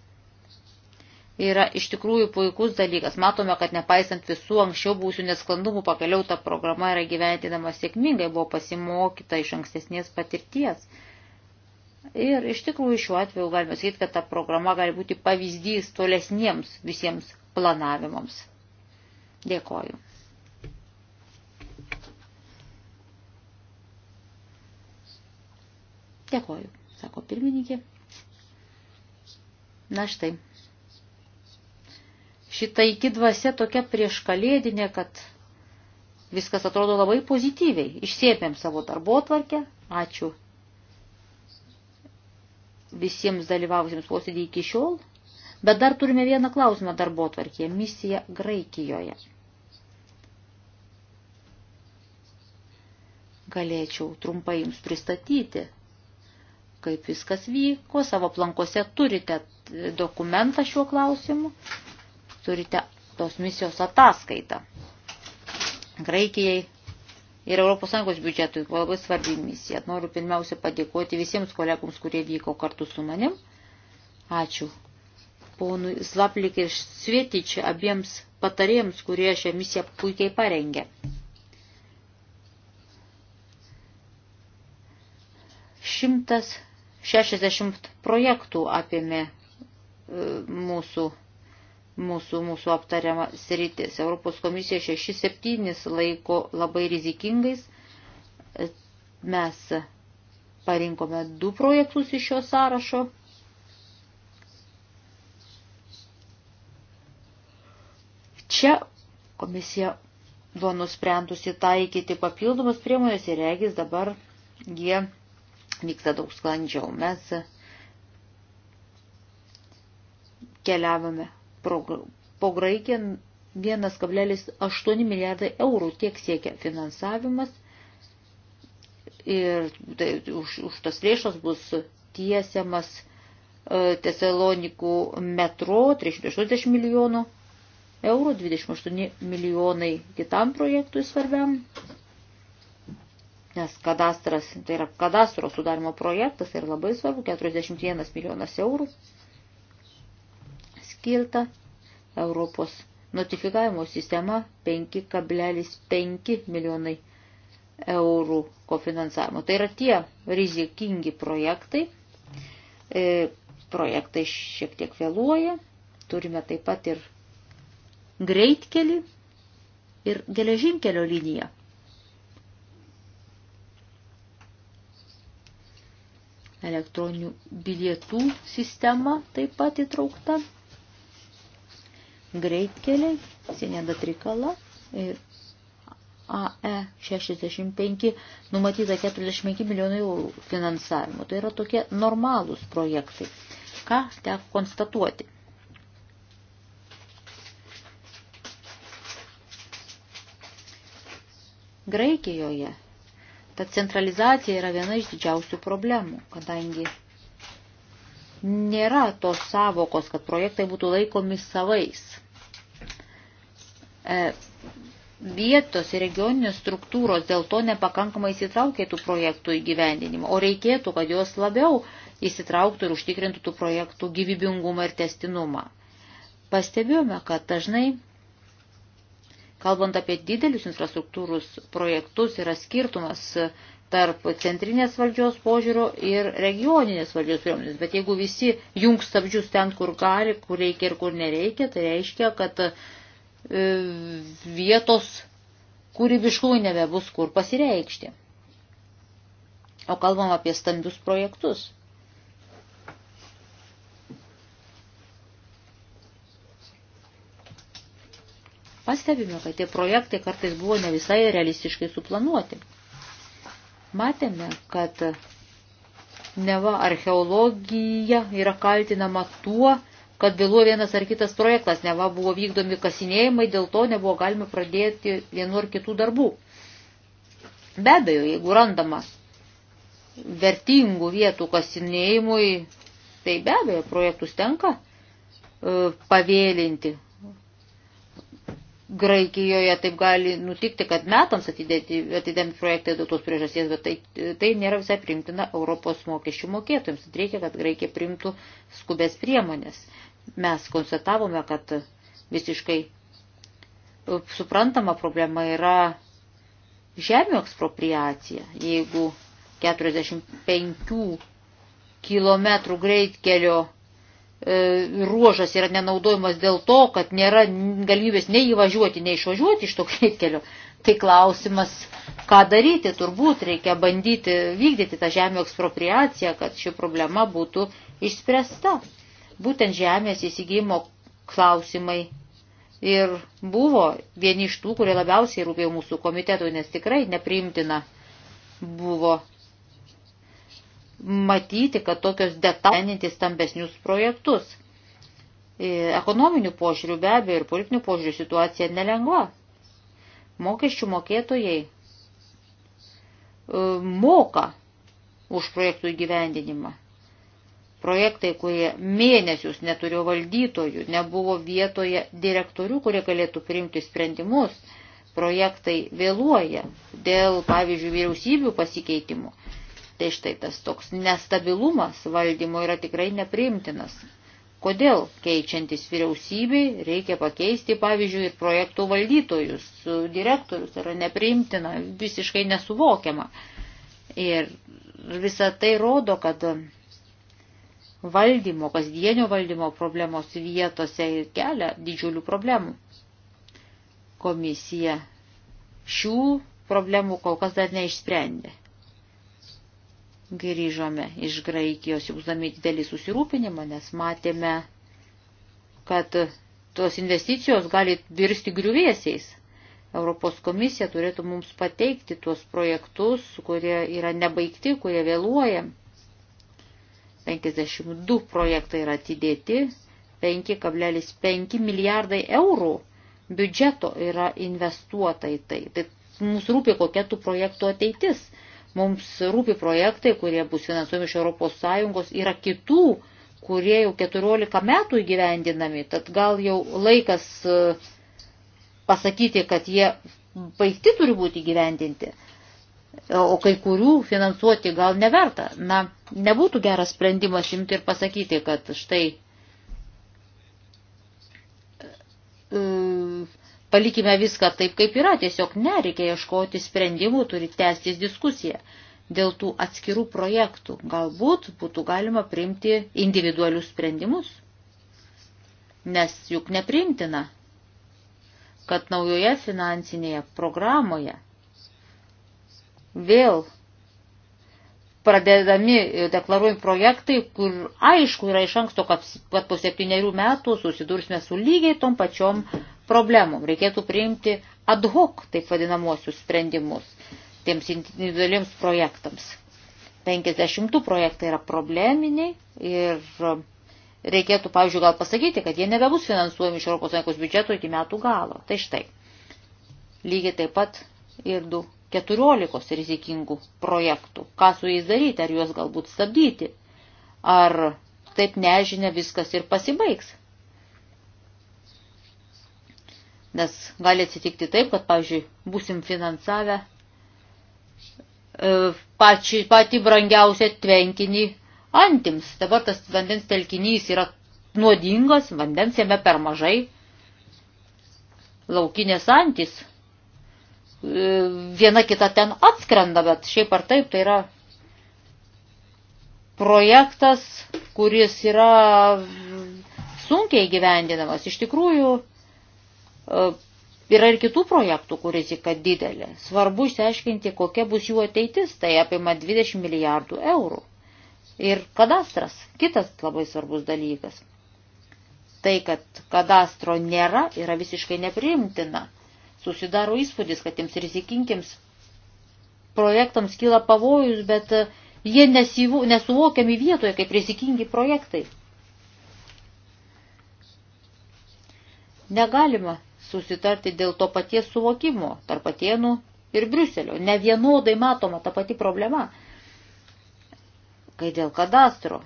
yra iš tikrųjų puikus dalykas. Matome, kad nepaisant visų anksčiau būsių nesklandumų, pakeliau ta programa yra gyventinama sėkmingai, buvo pasimokyta iš ankstesnės patirties. Ir iš tikrųjų šiuo atveju galime sakyti, kad ta programa gali būti pavyzdys tolesniems visiems planavimams. Dėkoju. Dėkoju, sako pirmininkė. Na štai šitą iki dvasia tokia prieškalėdinė, kad viskas atrodo labai pozityviai. Išsiepėm savo darbo tvarkę. Ačiū visiems dalyvavusiems posėdį iki šiol. Bet dar turime vieną klausimą darbo tvarkėje. Misija Graikijoje. Galėčiau trumpai jums pristatyti, kaip viskas vyko. Savo plankose turite dokumentą šiuo klausimu turite tos misijos ataskaitą. Graikijai ir ES biudžetui buvo labai svarbi misija. Noriu pirmiausia padėkoti visiems kolegoms, kurie vyko kartu su manim. Ačiū. Ponui Slaplik ir Svietičiai abiems patarėjams, kurie šią misiją puikiai parengė. Šimtas šešiasdešimt projektų apėmė e, mūsų mūsų, mūsų aptariama sritis. Europos komisija 6-7 laiko labai rizikingais. Mes parinkome du projektus iš šio sąrašo. Čia komisija buvo nusprendusi taikyti papildomas priemonės ir regis dabar jie vyksta daug sklandžiau. Mes keliavome po Graikiją 1,8 milijardai eurų tiek siekia finansavimas ir tai, už, už tas lėšas bus tiesiamas e, Tesalonikų metro 380 milijonų eurų, 28 milijonai kitam projektui svarbiam, nes kadastras, tai yra kadastro sudarimo projektas ir tai labai svarbu, 41 milijonas eurų tiltą, Europos notifikavimo sistema 5,5 milijonai eurų kofinansavimo. Tai yra tie rizikingi projektai. E, projektai šiek tiek vėluoja. Turime taip pat ir greitkelį ir geležinkelio liniją. Elektroninių bilietų sistema taip pat įtraukta greitkeliai, Sienėda Trikala ir AE65 numatyta 45 milijonų eurų finansavimo. Tai yra tokie normalūs projektai. Ką teko konstatuoti? Graikijoje ta centralizacija yra viena iš didžiausių problemų, kadangi nėra tos savokos, kad projektai būtų laikomi savais E, vietos ir regioninės struktūros dėl to nepakankamai įsitraukia tų projektų įgyvendinimą, o reikėtų, kad jos labiau įsitrauktų ir užtikrintų tų projektų gyvybingumą ir testinumą. Pastebėjome, kad dažnai, kalbant apie didelius infrastruktūrus projektus, yra skirtumas tarp centrinės valdžios požiūrio ir regioninės valdžios priemonės. Bet jeigu visi jungs stabdžius ten, kur gali, kur reikia ir kur nereikia, tai reiškia, kad E, vietos kūrybiškumui nebebus kur pasireikšti. O kalbam apie stambius projektus. Pastebime, kad tie projektai kartais buvo ne visai realistiškai suplanuoti. Matėme, kad neva archeologija yra kaltinama tuo, kad vėluo vienas ar kitas projektas, neva buvo vykdomi kasinėjimai, dėl to nebuvo galima pradėti vienu ar kitų darbų. Be abejo, jeigu randama vertingų vietų kasinėjimui, tai be abejo, projektus tenka e, pavėlinti. Graikijoje taip gali nutikti, kad metams atidėti, atidėti projektai dėl tos priežasties, bet tai, tai nėra visai primtina Europos mokesčių mokėtojams. Reikia, kad Graikija primtų skubės priemonės. E, Mes konstatavome, kad visiškai e, suprantama problema yra žemio ekspropriacija. Jeigu 45 km greitkelio e, ruožas yra nenaudojamas dėl to, kad nėra galimybės nei įvažiuoti, nei išvažiuoti iš to greitkelio. Tai klausimas, ką daryti, turbūt reikia bandyti vykdyti tą žemio ekspropriaciją, kad ši problema būtų išspręsta. Būtent žemės įsigymo klausimai ir buvo vieni iš tų, kurie labiausiai rūpėjo mūsų komitetui, nes tikrai nepriimtina buvo matyti, kad tokios detalinintys stambesnius projektus. E, ekonominių požiūrių be abejo ir politinių požiūrių situacija nelengva. Mokesčių mokėtojai e, moka už projektų įgyvendinimą projektai, kurie mėnesius neturėjo valdytojų, nebuvo vietoje direktorių, kurie galėtų priimti sprendimus, projektai vėluoja dėl, pavyzdžiui, vyriausybių pasikeitimų. Tai štai tas toks nestabilumas valdymo yra tikrai nepriimtinas. Kodėl keičiantis vyriausybei reikia pakeisti, pavyzdžiui, ir projektų valdytojus, direktorius yra nepriimtina, visiškai nesuvokiama. Ir visa tai rodo, kad valdymo, kasdienio valdymo problemos vietose ir kelia didžiulių problemų. Komisija šių problemų kol kas dar neišsprendė. Grįžome iš Graikijos, jausdami didelį susirūpinimą, nes matėme, kad tos investicijos gali virsti griuvėsiais. Europos komisija turėtų mums pateikti tuos projektus, kurie yra nebaigti, kurie vėluoja. 52 projektai yra atidėti, 5,5 milijardai eurų biudžeto yra investuota į tai. Tai mums rūpi kokia tų projektų ateitis. Mums rūpi projektai, kurie bus finansuojami iš Europos Sąjungos, yra kitų, kurie jau 14 metų įgyvendinami. Tad gal jau laikas e, pasakyti, kad jie baigti turi būti įgyvendinti o kai kurių finansuoti gal neverta. Na, nebūtų geras sprendimas imti ir pasakyti, kad štai e, palikime viską taip, kaip yra, tiesiog nereikia ieškoti sprendimų, turi tęstis diskusija. Dėl tų atskirų projektų galbūt būtų galima priimti individualius sprendimus, nes juk nepriimtina, kad naujoje finansinėje programoje vėl pradedami e, deklaruojami projektai, kur aišku yra iš anksto, kad po septyniarių metų susidursime su lygiai tom pačiom problemom. Reikėtų priimti ad hoc, taip vadinamosius sprendimus, tiems individualiems projektams. 50 projektai yra probleminiai ir e, reikėtų, pavyzdžiui, gal pasakyti, kad jie nebebus finansuojami iš ES biudžeto iki metų galo. Tai štai. Lygiai taip pat ir du 14 rizikingų projektų. Ką su jais daryti, ar juos galbūt stabdyti, ar taip nežinia viskas ir pasibaigs. Nes gali atsitikti taip, kad, pavyzdžiui, busim finansavę e, pači, patį brangiausią tvenkinį antims. Dabar tas vandens telkinys yra nuodingas, vandens jame per mažai. Laukinės antis viena kita ten atskrenda, bet šiaip ar taip tai yra projektas, kuris yra sunkiai gyvendinamas. Iš tikrųjų, e, yra ir kitų projektų, kur rizika didelė. Svarbu išsiaiškinti, kokia bus jų ateitis, tai apima 20 milijardų eurų. Ir kadastras, kitas labai svarbus dalykas. Tai, kad kadastro nėra, yra visiškai nepriimtina susidaro įspūdis, kad tiems rizikinkiems projektams kyla pavojus, bet e, jie nesivu, nesuvokiami vietoje kaip rizikingi projektai. Negalima susitarti dėl to paties suvokimo tarp Atenų ir Briuselio. Ne vienodai matoma ta pati problema, kai dėl kadastro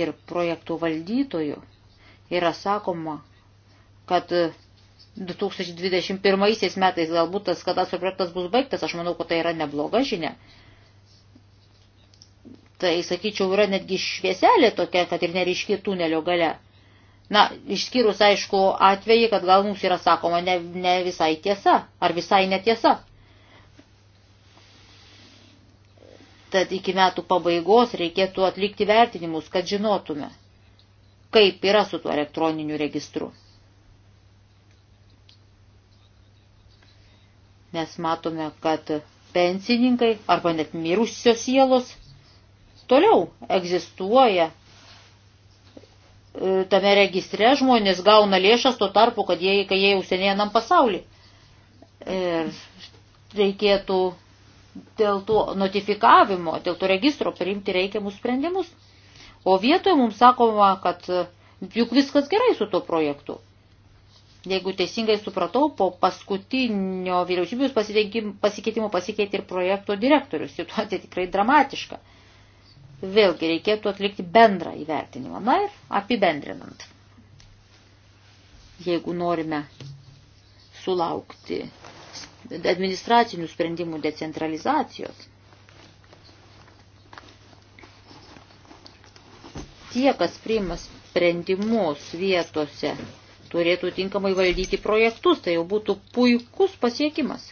ir projektų valdytojų yra sakoma, kad e, 2021 metais galbūt tas kadastro projektas bus baigtas, aš manau, kad tai yra nebloga žinia. Tai, sakyčiau, yra netgi švieselė tokia, kad ir neriški tunelio gale. Na, išskyrus, aišku, atvejį, kad gal mums yra sakoma ne, ne visai tiesa, ar visai netiesa. Tad iki metų pabaigos reikėtų atlikti vertinimus, kad žinotume, kaip yra su tuo elektroniniu registru. Mes matome, kad pensininkai arba net mirusios sielos toliau egzistuoja. E, tame registre žmonės gauna lėšas tuo tarpu, kad jie, kai jie jau senėjanam pasaulį. Ir reikėtų dėl to notifikavimo, dėl to registro priimti reikiamus sprendimus. O vietoje mums sakoma, kad juk viskas gerai su tuo projektu. Jeigu teisingai supratau, po paskutinio vyriausybės pasikeitimo pasikeitė ir projekto direktorius. Situacija tikrai dramatiška. Vėlgi reikėtų atlikti bendrą įvertinimą. Na ir apibendrinant. Jeigu norime sulaukti administracinių sprendimų decentralizacijos, tie, kas priima sprendimus vietose, turėtų tinkamai valdyti projektus, tai jau būtų puikus pasiekimas.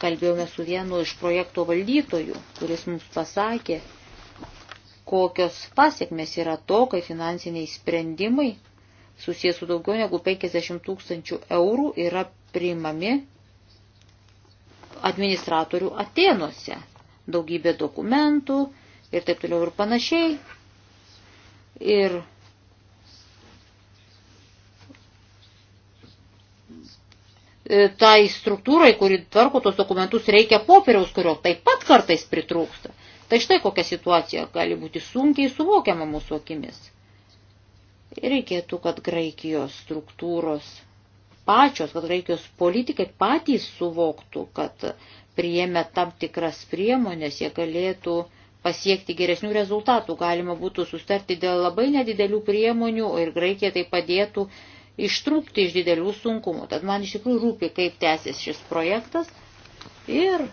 Kalbėjome su vienu iš projekto valdytojų, kuris mums pasakė, kokios pasiekmes yra to, kai finansiniai sprendimai susijęs su daugiau negu 50 tūkstančių eurų yra priimami administratorių Atenuose. Daugybė dokumentų ir taip toliau ir panašiai. Ir E, tai struktūrai, kuri tvarko tos dokumentus, reikia popieriaus, kurio taip pat kartais pritrūksta. Tai štai kokia situacija gali būti sunkiai suvokiama mūsų akimis. Reikėtų, kad Graikijos struktūros pačios, kad Graikijos politikai patys suvoktų, kad priėmė tam tikras priemonės, jie galėtų pasiekti geresnių rezultatų. Galima būtų sustarti dėl labai nedidelių priemonių ir Graikija tai padėtų ištrūkti iš didelių sunkumų. Tad man iš tikrųjų rūpi, kaip tęsis šis projektas ir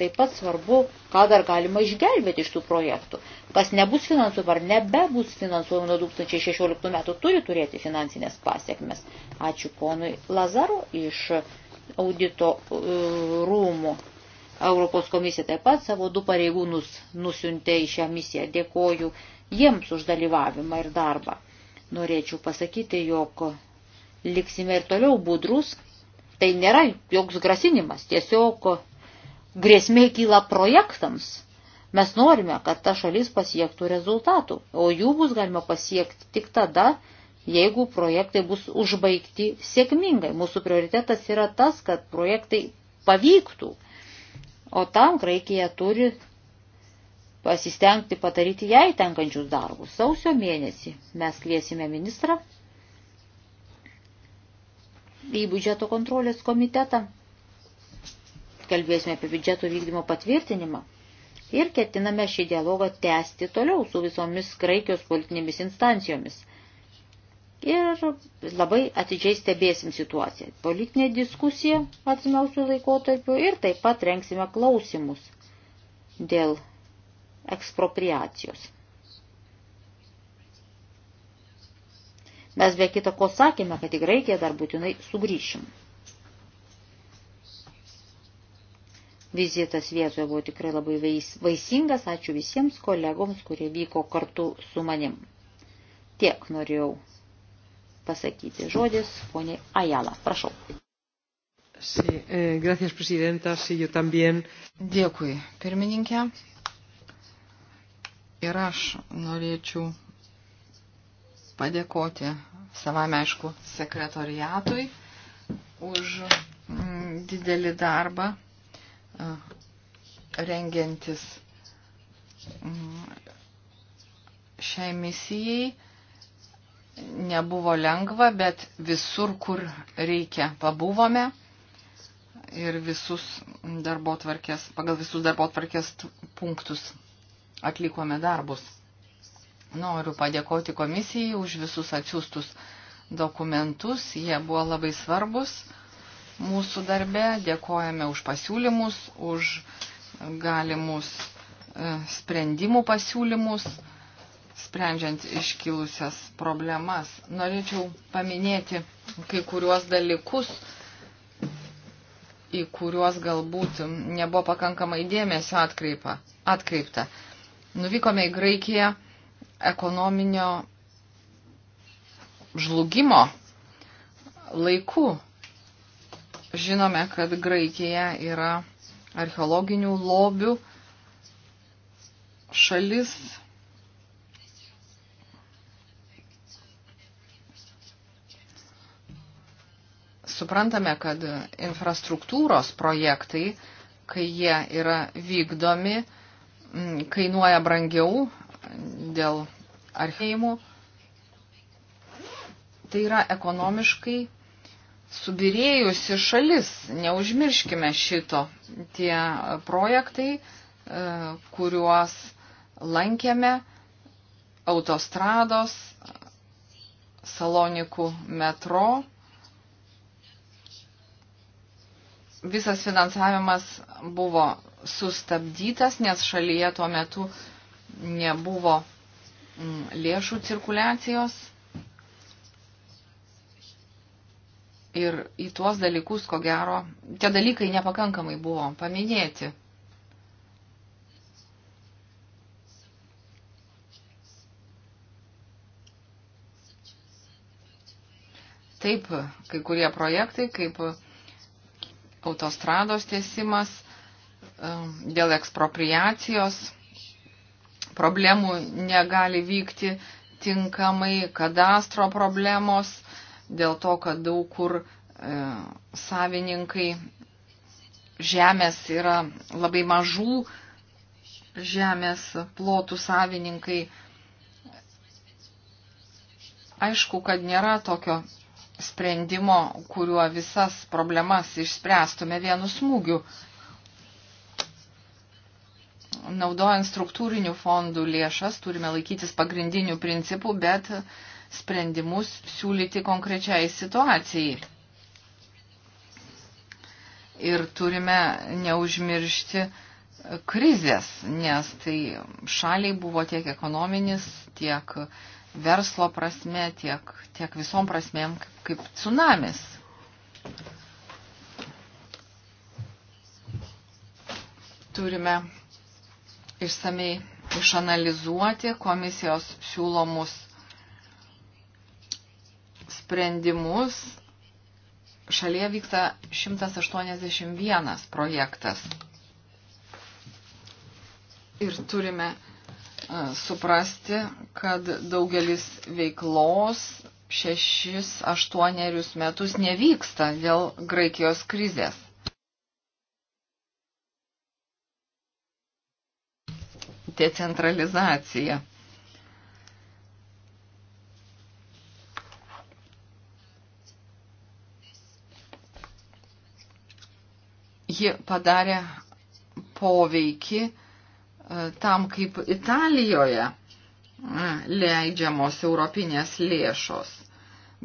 taip pat svarbu, ką dar galima išgelbėti iš tų projektų. Kas nebus finansuojama ar nebebus finansuojama nuo 2016 metų, turi turėti finansinės pasiekmes. Ačiū ponui Lazaro iš audito e, rūmų. Europos komisija taip pat savo du pareigūnus nusiuntė į šią misiją. Dėkoju jiems už dalyvavimą ir darbą. Norėčiau pasakyti, jog liksime ir toliau budrus. Tai nėra joks grasinimas, tiesiog grėsmė kyla projektams. Mes norime, kad ta šalis pasiektų rezultatų, o jų bus galima pasiekti tik tada, jeigu projektai bus užbaigti sėkmingai. Mūsų prioritetas yra tas, kad projektai pavyktų, o tam Graikija turi pasistengti padaryti jai tenkančius darbus. Sausio mėnesį mes kviesime ministrą į biudžeto kontrolės komitetą. Kalbėsime apie biudžeto vykdymo patvirtinimą ir ketiname šį dialogą tęsti toliau su visomis Graikijos politinėmis instancijomis. Ir labai atidžiai stebėsim situaciją. Politinė diskusija atsimiausių laikotarpių ir taip pat renksime klausimus dėl ekspropriacijos. Mes be kita ko sakėme, kad į Graikiją dar būtinai sugrįšim. Vizitas vietoje buvo tikrai labai vaisingas. Ačiū visiems kolegoms, kurie vyko kartu su manim. Tiek norėjau pasakyti žodis, ponė Ajala. Prašau. Sí, eh, gracias, presidenta. Sí, yo también. Dėkui, pirmininkė. Ir aš norėčiau padėkoti savame, aišku, sekretoriatui už mm, didelį darbą e, rengiantis mm, šiai misijai. Nebuvo lengva, bet visur, kur reikia, pabuvome ir visus darbo tvarkės, pagal visus darbo tvarkės punktus atlikome darbus. Noriu padėkoti komisijai už visus atsiųstus dokumentus, jie buvo labai svarbus mūsų darbe, dėkojame už pasiūlymus, už galimus e, sprendimų pasiūlymus, sprendžiant iškilusias problemas. Norėčiau paminėti kai kuriuos dalykus, į kuriuos galbūt nebuvo pakankamai dėmesio atkreipa, atkreipta. Nuvykome į Graikiją ekonominio žlugimo laiku. Žinome, kad Graikija yra archeologinių lobių šalis. Suprantame, kad infrastruktūros projektai, kai jie yra vykdomi, Mm, kainuoja brangiau dėl archeimų. Tai yra ekonomiškai subirėjusi šalis, neužmirškime šito. Tie projektai, e, kuriuos lankėme, autostrados, Salonikų metro, visas finansavimas buvo sustabdytas, nes šalyje tuo metu nebuvo mm, lėšų cirkuliacijos. Ir į tuos dalykus, ko gero, tie dalykai nepakankamai buvo paminėti. Taip, kai kurie projektai, kaip autostrados tiesimas, dėl ekspropriacijos problemų negali vykti tinkamai, kadastro problemos, dėl to, kad daug kur e, savininkai žemės yra labai mažų, žemės plotų savininkai. Aišku, kad nėra tokio sprendimo, kuriuo visas problemas išspręstume vienu smūgiu naudojant struktūrinių fondų lėšas turime laikytis pagrindinių principų, bet sprendimus siūlyti konkrečiai situacijai. Ir turime neužmiršti krizės, nes tai šaliai buvo tiek ekonominis, tiek verslo prasme, tiek, tiek visom prasmėm kaip tsunamis. Turime išsamei išanalizuoti komisijos siūlomus sprendimus. Šalyje vyksta 181 projektas. Ir turime e, suprasti, kad daugelis veiklos šešis, aštuonerius metus nevyksta dėl Graikijos krizės. decentralizacija. Ji padarė poveikį e, tam, kaip Italijoje e, leidžiamos europinės lėšos.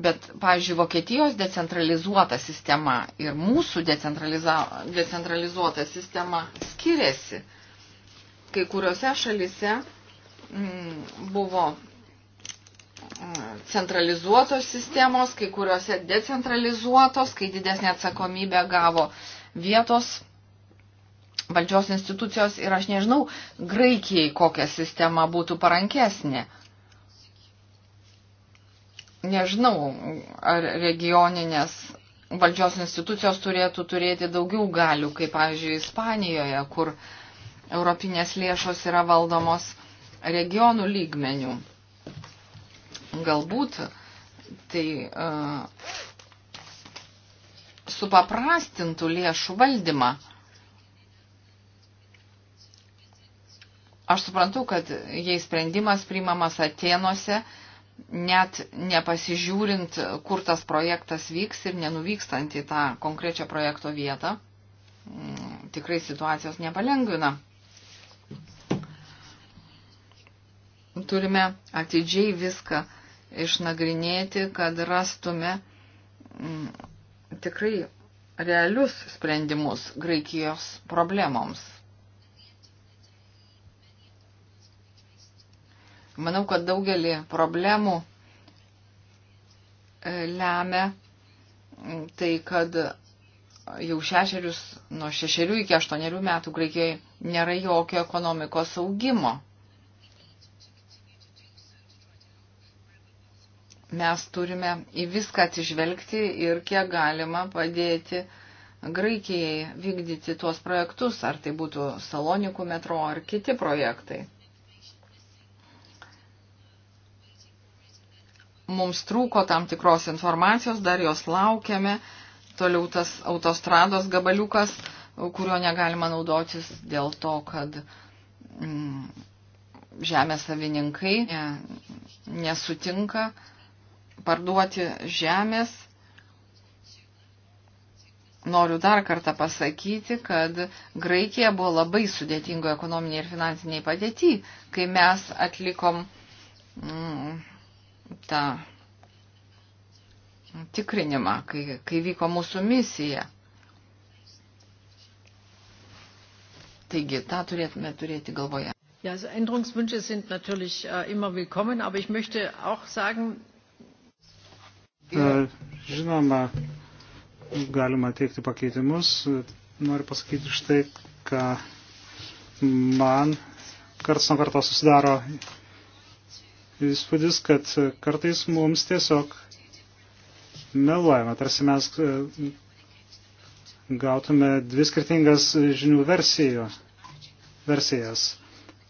Bet, pavyzdžiui, Vokietijos decentralizuota sistema ir mūsų decentralizuota sistema skiriasi kai kuriuose šalise mm, buvo mm, centralizuotos sistemos, kai kuriuose decentralizuotos, kai didesnė atsakomybė gavo vietos valdžios institucijos ir aš nežinau, Graikijai kokia sistema būtų parankesnė. Nežinau, ar regioninės valdžios institucijos turėtų turėti daugiau galių, kaip, pavyzdžiui, Ispanijoje, kur uh, europinės lėšos yra valdomos regionų lygmenių. Galbūt tai uh, supaprastintų lėšų valdymą. Aš suprantu, kad jei sprendimas priimamas Atenuose, net nepasižiūrint, kur tas projektas vyks ir nenuvykstant į tą konkrečią projekto vietą, tikrai situacijos nepalengvina. turime atidžiai viską išnagrinėti, kad rastume m, mm, tikrai realius sprendimus Graikijos problemoms. Manau, kad daugelį problemų e, lemia mm, tai, kad jau šešerius, nuo šešerių iki aštuonerių metų Graikijoje nėra jokio ekonomikos augimo. mes turime į viską atsižvelgti ir kiek galima padėti Graikijai vykdyti tuos projektus, ar tai būtų Salonikų metro ar kiti projektai. Mums trūko tam tikros informacijos, dar jos laukiame. Toliau tas autostrados gabaliukas, kurio negalima naudotis dėl to, kad mm, žemės savininkai nesutinka. Ne parduoti žemės. Noriu dar kartą pasakyti, kad Graikija buvo labai sudėtingoje ekonominėje ir finansinėje padėtyje, kai mes atlikom mm, tą tikrinimą, kai, kai vyko mūsų misija. Taigi, tą turėtume turėti galvoje. Ja, also Änderungswünsche sind natürlich äh, immer willkommen, aber ich möchte auch sagen, Žinoma, galima teikti pakeitimus. Noriu pasakyti štai, ką man karts nuo karto susidaro įspūdis, kad kartais mums tiesiog meluojama, tarsi mes e, gautume dvi skirtingas žinių versijų, versijas,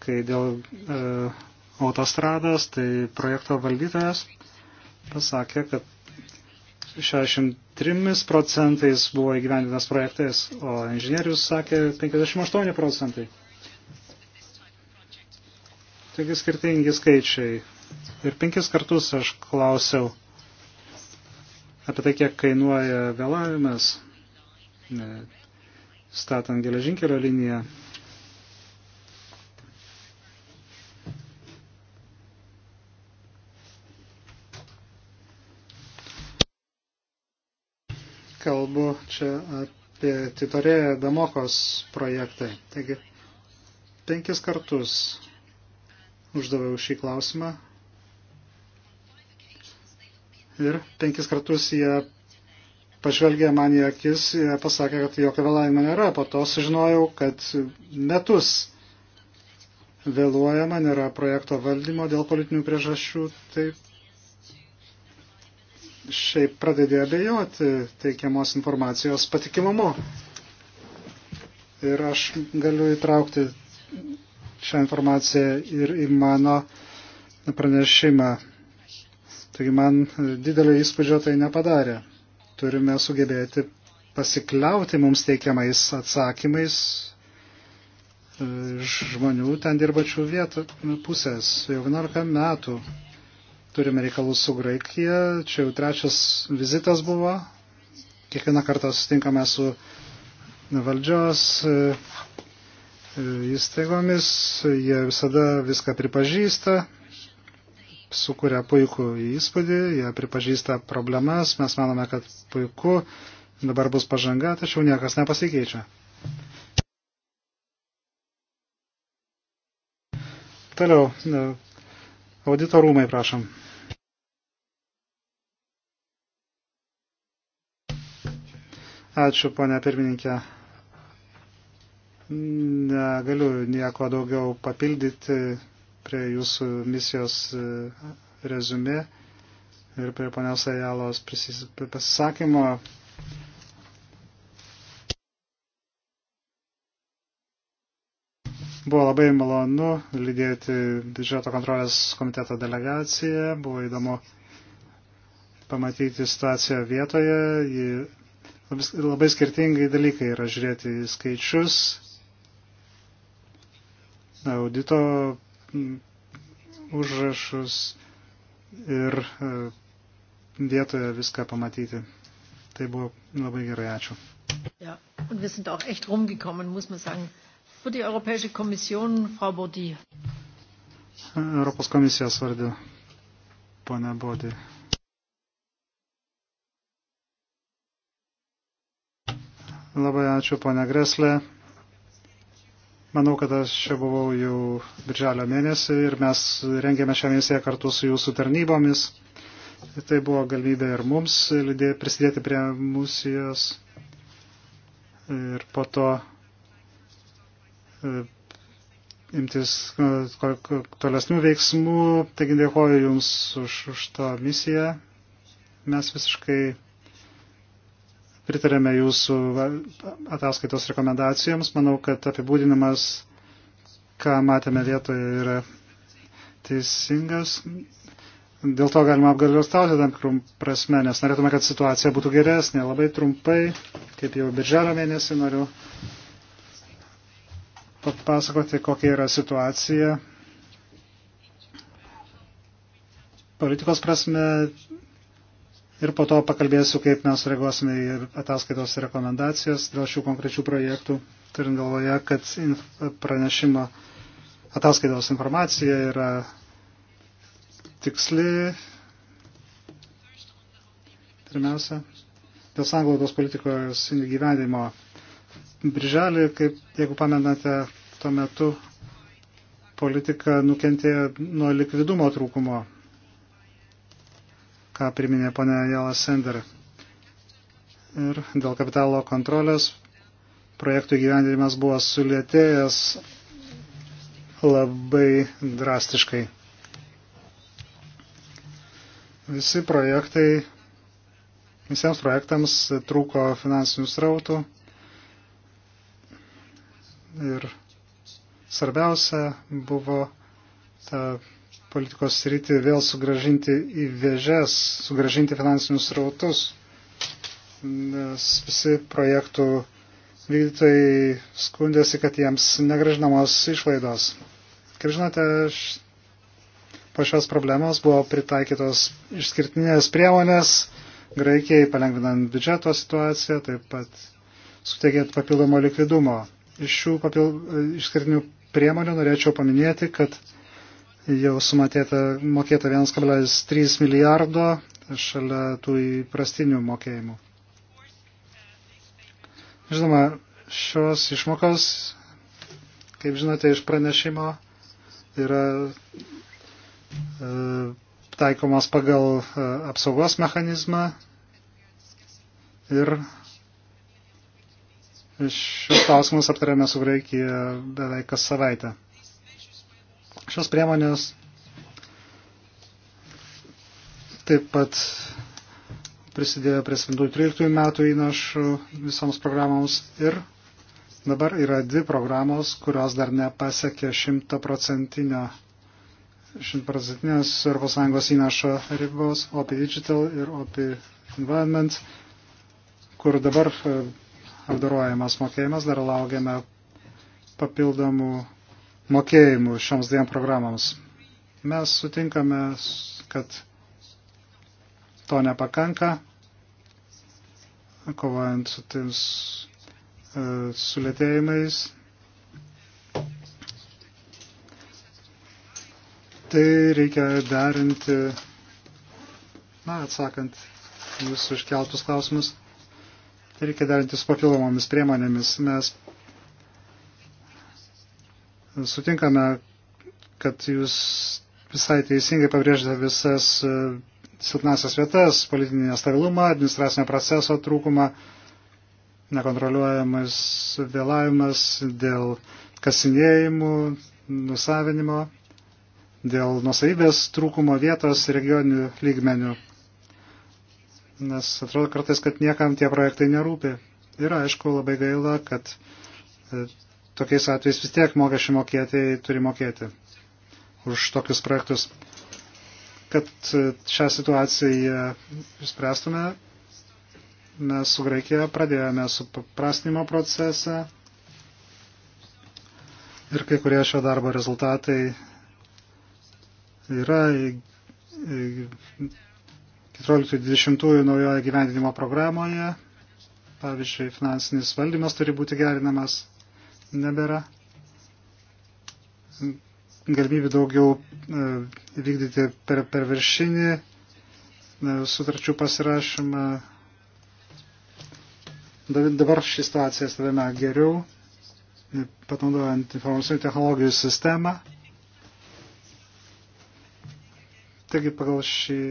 kai dėl e, autostradas, tai projekto valdytojas pasakė, kad 63 procentais buvo įgyvendintas projektas, o inžinierius sakė 58 procentai. Taigi skirtingi skaičiai. Ir penkis kartus aš klausiau apie tai, kiek kainuoja vėlavimas statant geležinkelio liniją kalbu čia apie Titorėje Damokos projektai. Taigi, penkis kartus uždaviau šį klausimą ir penkis kartus jie pažvelgė man į akis, jie pasakė, kad jokio vėlavimo nėra. Po to sužinojau, kad metus vėluojama, nėra projekto valdymo dėl politinių priežasčių. Taip šiaip pradedė abejoti teikiamos informacijos patikimumu. Ir aš galiu įtraukti šią informaciją ir į mano pranešimą. Taigi man didelio įspūdžio tai nepadarė. Turime sugebėti pasikliauti mums teikiamais atsakymais e, žmonių ten dirbačių vietų pusės. Jau 11 metų turime reikalų su Graikija. Čia jau trečias vizitas buvo. Kiekvieną kartą susitinkame su valdžios e, e, įstaigomis. Jie visada viską pripažįsta, sukuria puikų įspūdį, jie pripažįsta problemas. Mes manome, kad puiku, dabar bus pažanga, tačiau niekas nepasikeičia. Toliau, e, audito rūmai, prašom. Ačiū, ponė pirmininkė. Negaliu nieko daugiau papildyti prie jūsų misijos e, rezumė ir prie ponios Ajalos pasisakymo. Buvo labai malonu lydėti biudžeto kontrolės komiteto delegaciją, buvo įdomu pamatyti situaciją vietoje, ji Nu, labai skirtingai dalykai yra žiūrėti į skaičius, audito užrašus ir e, vietoje viską pamatyti. Tai buvo labai gerai, ačiū. Ja, und wir sind auch echt rumgekommen, muss man sagen. Für die Europäische Kommission, Frau Bodi. Europos komisijos vardu, ponia Bodi. Labai ačiū, ponia Greslė. Manau, kad aš čia buvau jau birželio mėnesį ir mes rengėme šią misiją kartu su jūsų tarnybomis. Tai buvo galimybė ir mums lydė, prisidėti prie misijos. Ir po to e, imtis e, tolesnių veiksmų. Taigi dėkoju Jums už, už tą misiją. Mes visiškai pritarėme jūsų ataskaitos rekomendacijoms. Manau, kad apibūdinimas, ką matėme vietoje, yra teisingas. Dėl to galima apgalvestauti tam tikrum prasme, nes norėtume, kad situacija būtų geresnė. Labai trumpai, kaip jau birželio mėnesį, noriu papasakoti, kokia yra situacija. Politikos prasme Ir po to pakalbėsiu, kaip mes reaguosime į ataskaitos rekomendacijas dėl šių konkrečių projektų, turint galvoje, kad pranešimo ataskaitos informacija yra tiksli. Pirmiausia, dėl sanglaudos politikos įgyvendimo. Birželį, kaip jeigu pamenate, tuo metu politika nukentėjo nuo likvidumo trūkumo ką priminė ponia Jela Sender. Ir dėl kapitalo kontrolės projektų gyvendinimas buvo sulėtėjęs labai drastiškai. Visi projektai, visiems projektams trūko finansinių srautų ir svarbiausia buvo ta politikos sritį vėl sugražinti į vėžes, sugražinti finansinius rautus, nes visi projektų vykdytojai skundėsi, kad jiems negražinamos išlaidos. Kaip žinote, po šios problemos buvo pritaikytos išskirtinės priemonės Graikijai, palengvinant biudžeto situaciją, taip pat suteikėt papildomo likvidumo. Iš šių papil... išskirtinių priemonių norėčiau paminėti, kad jau sumatėta, mokėta 1,3 milijardo šalia tų įprastinių mokėjimų. Žinoma, šios išmokos, kaip žinote, iš pranešimo yra e, taikomas pagal e, apsaugos mechanizmą ir šios klausimus aptarėme su Graikija beveik kas savaitę. Šios priemonės taip pat prisidėjo prie 2013 metų įnašų visoms programoms ir dabar yra dvi programos, kurios dar nepasiekė 100 procentinio 100% ES įnašo ribos OP Digital ir OP Environment, kur dabar e, apdarojamas mokėjimas, dar laukiame papildomų mokėjimų šioms dviem programams. Mes sutinkame, kad to nepakanka, kovojant su tiems e, sulėtėjimais. Tai reikia derinti, na, atsakant jūsų iškeltus klausimus, tai reikia derinti su papildomomis priemonėmis. Mes sutinkame, kad jūs visai teisingai pabrėžėte visas e, silpnasias vietas, politinį nestabilumą, administracinio proceso trūkumą, nekontroliuojamas vėlavimas dėl kasinėjimų, nusavinimo, dėl nusavybės trūkumo vietos regioninių lygmenių. Nes atrodo kartais, kad niekam tie projektai nerūpi. Ir aišku, labai gaila, kad e, tokiais atvejais vis tiek mokesčių mokėtėjai turi mokėti už tokius projektus. Kad e, šią situaciją išspręstume, mes su Graikija pradėjome su prasnimo procesą ir kai kurie šio darbo rezultatai yra 14-20 naujoje gyvendinimo programoje. Pavyzdžiui, finansinis valdymas turi būti gerinamas nebėra galimybių daugiau e, vykdyti per, per viršinį e, sutarčių pasirašymą. Dabar šį situaciją stebime geriau, e, panaudojant informacinių technologijų sistemą. Taigi pagal šį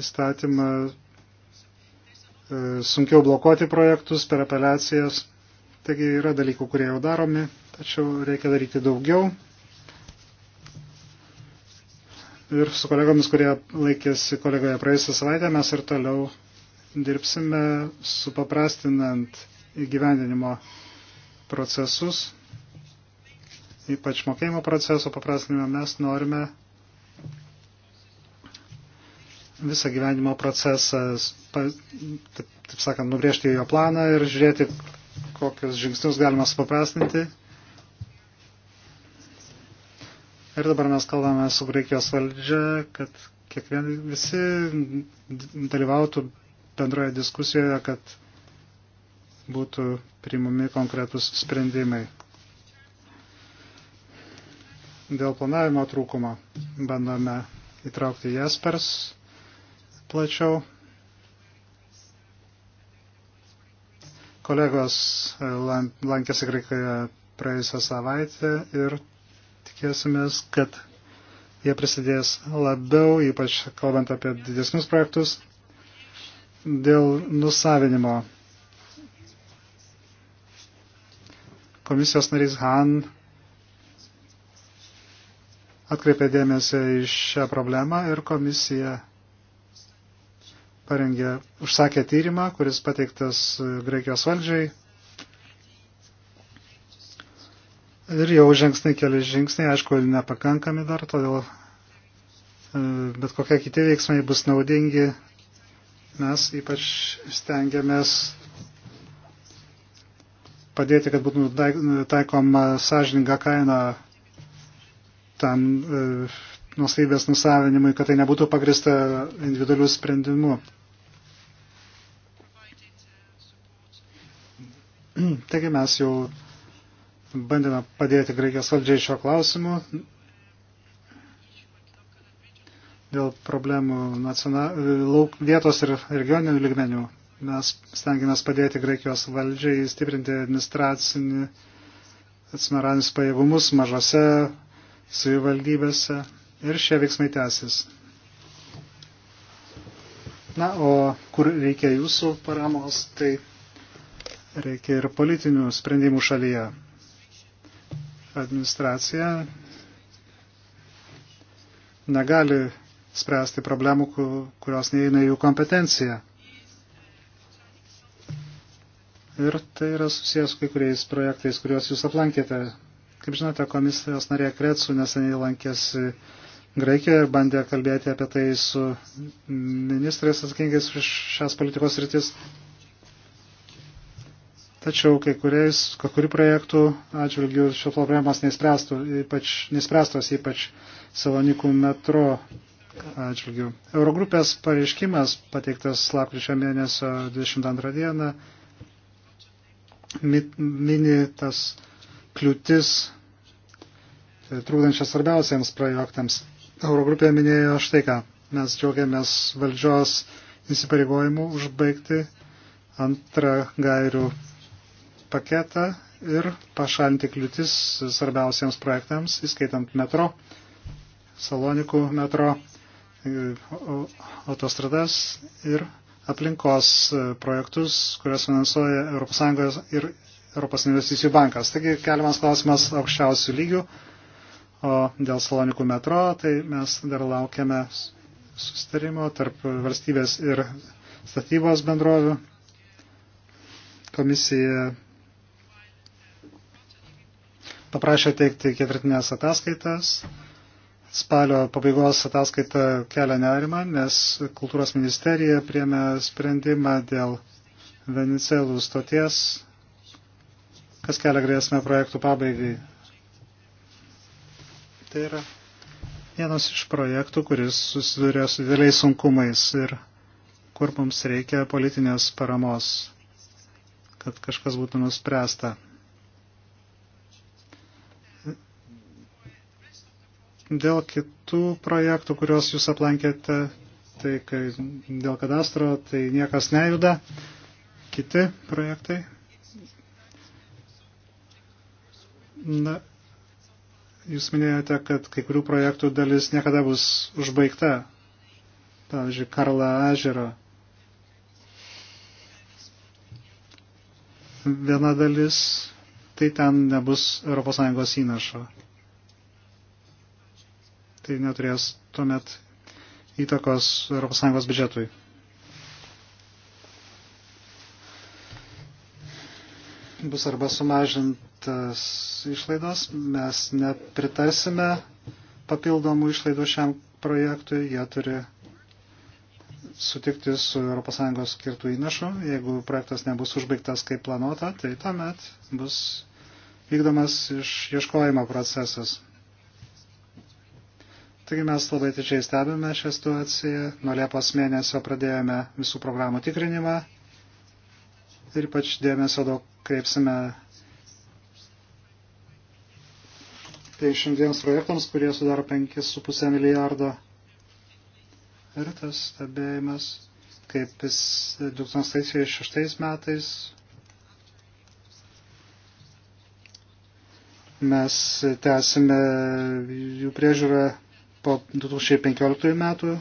įstatymą sunkiau blokuoti projektus per apeliacijas Taigi yra dalykų, kurie jau daromi, tačiau reikia daryti daugiau. Ir su kolegomis, kurie laikėsi kolegoje praėjusią savaitę, mes ir toliau dirbsime supaprastinant įgyvendinimo procesus, ypač mokėjimo proceso paprastinimą. Mes norime visą gyvenimo procesą, taip sakant, nubriežti jo planą ir žiūrėti, kokius žingsnius galima supaprastinti. Ir dabar mes kalbame su Graikijos valdžia, kad kiekvien visi dalyvautų bendroje diskusijoje, kad būtų priimami konkretus sprendimai. Dėl planavimo trūkumo bandome įtraukti jaspers plačiau. Kolegos e, lankėsi Graikijoje praėjusią savaitę ir tikėsimės, kad jie prisidės labiau, ypač kalbant apie didesnius projektus, dėl nusavinimo. Komisijos narys Han atkreipė dėmesį į šią problemą ir komisija parengė, užsakė tyrimą, kuris pateiktas e, Graikijos valdžiai. Ir jau žingsniai, keli žingsniai, aišku, nepakankami dar, todėl e, bet kokie kiti veiksmai bus naudingi. Mes ypač stengiamės padėti, kad būtų taikoma sąžininga kaina tam e, nusavybės nusavinimui, kad tai nebūtų pagrista individualių sprendimų. Taigi mes jau bandėme padėti Graikijos valdžiai šio klausimu dėl problemų nacional... vietos ir regioninių lygmenių. Mes stengiamės padėti Graikijos valdžiai stiprinti administracinį atsmeranius pajėgumus mažose savivaldybėse ir šie veiksmai tęsis. Na, o kur reikia jūsų paramos, tai reikia ir politinių sprendimų šalyje. Administracija negali spręsti problemų, kurios neįeina jų kompetencija. Ir tai yra susijęs su kai kuriais projektais, kuriuos jūs aplankėte. Kaip žinote, komisijos narė Kretsų neseniai lankėsi Graikijoje ir bandė kalbėti apie tai su ministrės atsakingais už šias politikos rytis. Tačiau kai kuriais, kai kurių projektų atžvilgių šio problemos ypač, nespręstos, ypač Salonikų metro atžvilgių. Eurogrupės pareiškimas pateiktas lapkričio mėnesio 22 dieną mini tas kliūtis e, trūkdančias svarbiausiams projektams. Eurogrupė minėjo štai ką. Mes džiaugiamės valdžios įsipareigojimu užbaigti antrą gairių paketą ir pašalinti kliūtis svarbiausiems projektams, įskaitant metro, Salonikų metro, autostradas ir aplinkos projektus, kurias finansuoja ES ir Europos investicijų bankas. Taigi keliamas klausimas aukščiausių lygių, o dėl Salonikų metro, tai mes dar laukiame sustarimo tarp valstybės ir statybos bendrovių. Komisija paprašė teikti ketvirtinės ataskaitas. Spalio pabaigos ataskaita kelia nerimą, nes kultūros ministerija priemė sprendimą dėl Venicelų stoties, kas kelia grėsmę projektų pabaigai. Tai yra vienas iš projektų, kuris susiduria su dideliais sunkumais ir kur mums reikia politinės paramos, kad kažkas būtų nuspręsta. Dėl kitų projektų, kuriuos jūs aplankėte, tai kai dėl kadastro, tai niekas nejuda. Kiti projektai. Na, jūs minėjote, kad kai kurių projektų dalis niekada bus užbaigta. Pavyzdžiui, Karla ežero. Viena dalis, tai ten nebus ES įnašo tai neturės tuomet įtakos ES biudžetui. Bus arba sumažintas išlaidos, mes nepritarsime papildomų išlaidų šiam projektui, jie turi sutikti su ES skirtų įnašų. Jeigu projektas nebus užbaigtas kaip planuota, tai tuomet bus vykdomas išieškojimo procesas. Taigi mes labai tyčiai stebime šią situaciją. Nuo Liepos mėnesio pradėjome visų programų tikrinimą ir ypač dėmesio daug kreipsime 52 tai projektams, kurie sudaro 5,5 milijardo. Ir tas stebėjimas, kaip jis 2006 metais mes tęsime jų priežiūrą po 2015 metų.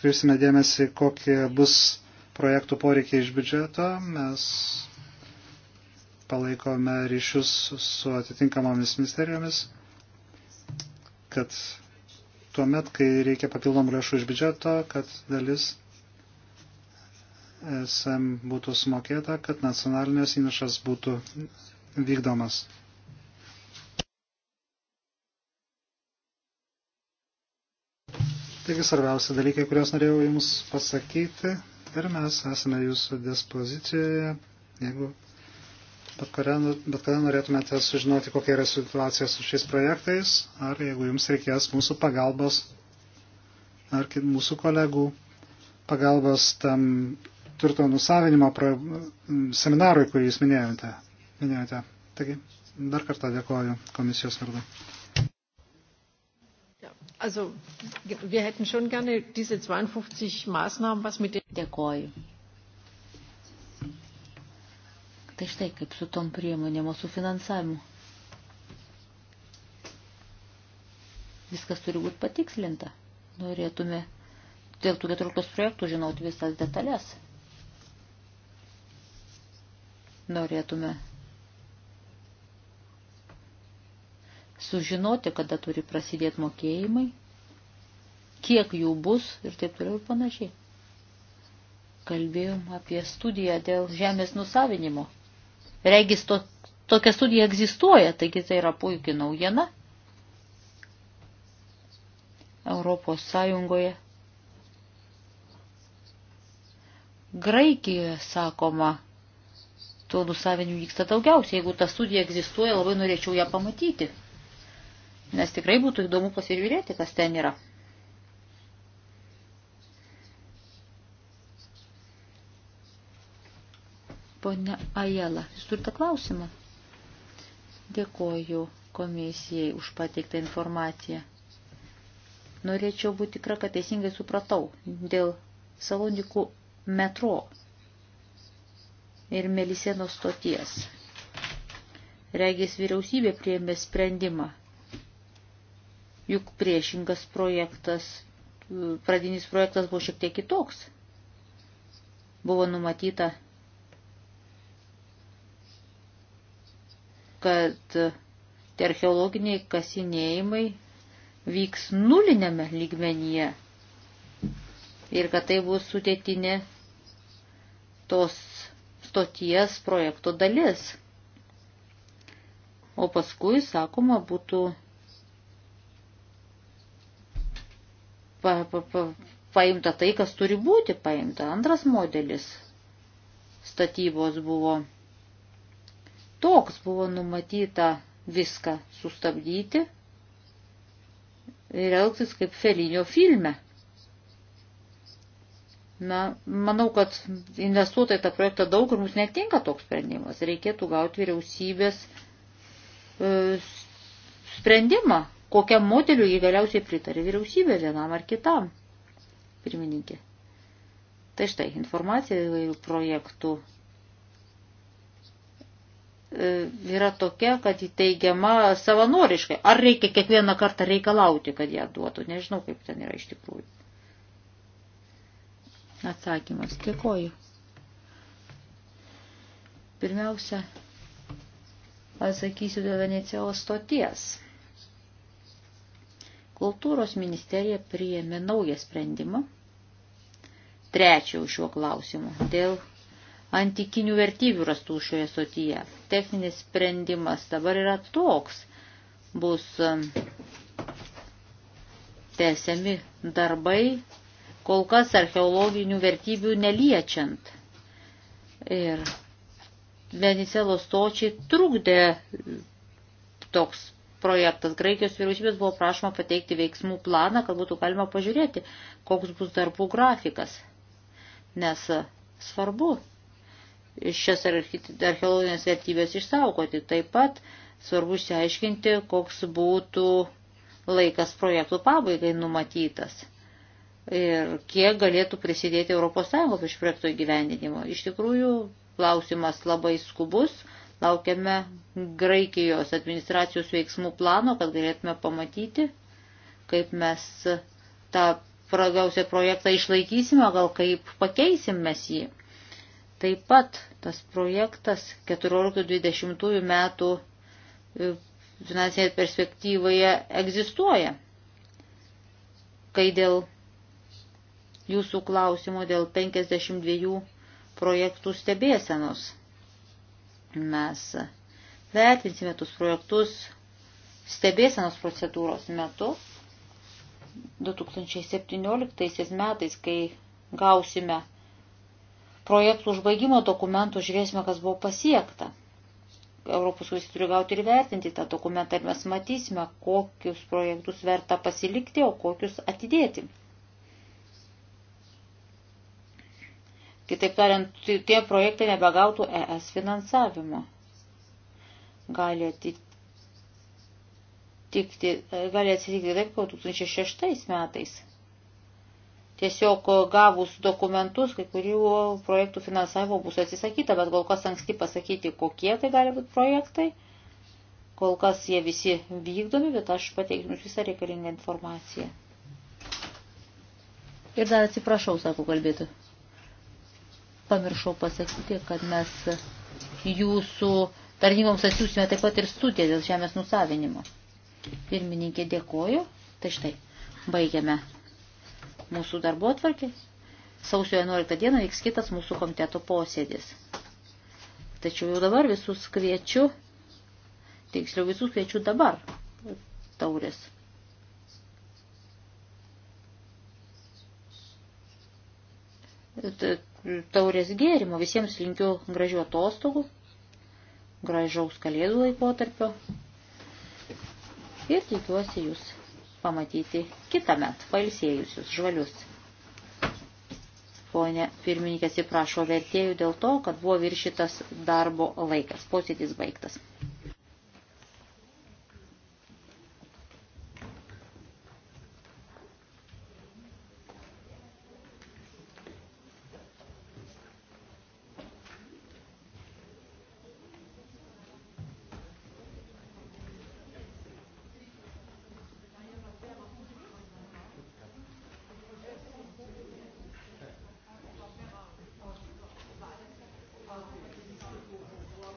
Krisime dėmesį, kokie bus projektų poreikiai iš biudžeto. Mes palaikome ryšius su atitinkamomis ministerijomis, kad tuomet, kai reikia papildomų lėšų iš biudžeto, kad dalis SM būtų sumokėta, kad nacionalinės įnašas būtų vykdomas. Taigi svarbiausia dalykai, kuriuos norėjau Jums pasakyti ir mes esame Jūsų dispozicijoje, jeigu bet kada, bet kada norėtumėte sužinoti, kokia yra situacija su šiais projektais, ar jeigu Jums reikės mūsų pagalbos ar mūsų kolegų pagalbos tam turto nusavinimo pra, seminarui, kurį Jūs minėjote. minėjote. Taigi, dar kartą dėkoju komisijos vardu. Also, wir hätten schon gerne diese 52 Maßnahmen, was mit den... Dėkoju. Tai štai kaip su tom priemonėm, o su finansavimu. Viskas turi būti patikslinta. Norėtume dėl tų 14 projektų žinot visas detalės. Norėtume sužinoti, kada turi prasidėti mokėjimai, kiek jų bus ir taip toliau ir panašiai. Kalbėjom apie studiją dėl žemės nusavinimo. Regis to, tokia studija egzistuoja, taigi tai yra puikiai naujiena. Europos Sąjungoje. Graikijoje, sakoma, to nusavinimų vyksta daugiausiai. Jeigu ta studija egzistuoja, labai norėčiau ją pamatyti. Nes tikrai būtų įdomu pasižiūrėti, kas ten yra. Pone Ajela, jūs turite klausimą? Dėkoju komisijai už pateiktą informaciją. Norėčiau būti tikra, kad teisingai supratau dėl Salonikų metro ir Meliseno stoties. Regis vyriausybė priėmė sprendimą Juk priešingas projektas, pradinis projektas buvo šiek tiek kitoks. Buvo numatyta, kad tie archeologiniai kasinėjimai vyks nulinėme lygmenyje ir kad tai bus sudėtinė tos stoties projekto dalis. O paskui, sakoma, būtų pa, pa, pa, paimta tai, kas turi būti paimta. Antras modelis statybos buvo toks, buvo numatyta viską sustabdyti ir elgtis kaip felinio filme. Na, manau, kad investuotojai tą projektą daug ir mums netinka toks sprendimas. Reikėtų gauti vyriausybės e, sprendimą, kokiam modeliu jį galiausiai pritarė vyriausybė vienam ar kitam. Pirmininkė. Tai štai, informacija įvairių projektų e, yra tokia, kad įteigiama savanoriškai. Ar reikia kiekvieną kartą reikalauti, kad ją duotų? Nežinau, kaip ten yra iš tikrųjų. Atsakymas. Dėkoju. Pirmiausia, atsakysiu dėl Venecijos stoties. Kultūros ministerija priėmė naują sprendimą, trečią už šiuo klausimu, dėl antikinių vertybių rastų šioje sotyje. Techninis sprendimas dabar yra toks, bus um, tęsiami darbai, kol kas archeologinių vertybių neliečiant. Ir Venicelos točiai trukdė toks projektas. Graikijos vyriausybės buvo prašoma pateikti veiksmų planą, kad būtų galima pažiūrėti, koks bus darbų grafikas. Nes svarbu šias archeologinės vertybės išsaugoti. Taip pat svarbu išsiaiškinti, koks būtų laikas projektų pabaigai numatytas ir kiek galėtų prisidėti ES iš projekto įgyvendinimo. Iš tikrųjų, klausimas labai skubus Laukiame Graikijos administracijos veiksmų plano, kad galėtume pamatyti, kaip mes tą pragausią projektą išlaikysime, gal kaip pakeisim mes jį. Taip pat tas projektas 14-20 metų e, finansinėje perspektyvoje egzistuoja. Kai dėl jūsų klausimo dėl 52 projektų stebėsenos. Mes vertinsime tus projektus stebėsenos procedūros metu 2017 metais, kai gausime projektų užbaigimo dokumentų, žiūrėsime, kas buvo pasiekta. Europos komisija turi gauti ir vertinti tą dokumentą ir mes matysime, kokius projektus verta pasilikti, o kokius atidėti. Kitaip tariant, tie projektai nebegautų ES finansavimo. Gali atsitikti, gali atsitikti taip, kad 2006 metais. Tiesiog gavus dokumentus, kai kurių projektų finansavimo bus atsisakyta, bet kol kas anksti pasakyti, kokie tai gali būti projektai. Kol kas jie visi vykdomi, bet aš pateiksiu jums visą reikalingą informaciją. Ir dar atsiprašau, sako kalbėtų. Pamiršau pasakyti, kad mes jūsų tarnyboms atsiūsime taip pat ir studiją dėl žemės nusavinimo. Pirmininkė dėkoju. Tai štai, baigiame mūsų darbo atvarkį. Sausio 11 dieną vyks kitas mūsų komiteto posėdis. Tačiau jau dabar visus kviečiu, tiksliau visus kviečiu dabar taurės taurės gėrimo. Visiems linkiu gražių atostogų, gražaus kalėdų laikotarpio ir tikiuosi jūs pamatyti kitą met pailsėjusius žvalius. Pone pirmininkė atsiprašo vertėjų dėl to, kad buvo viršytas darbo laikas. Posėdis baigtas.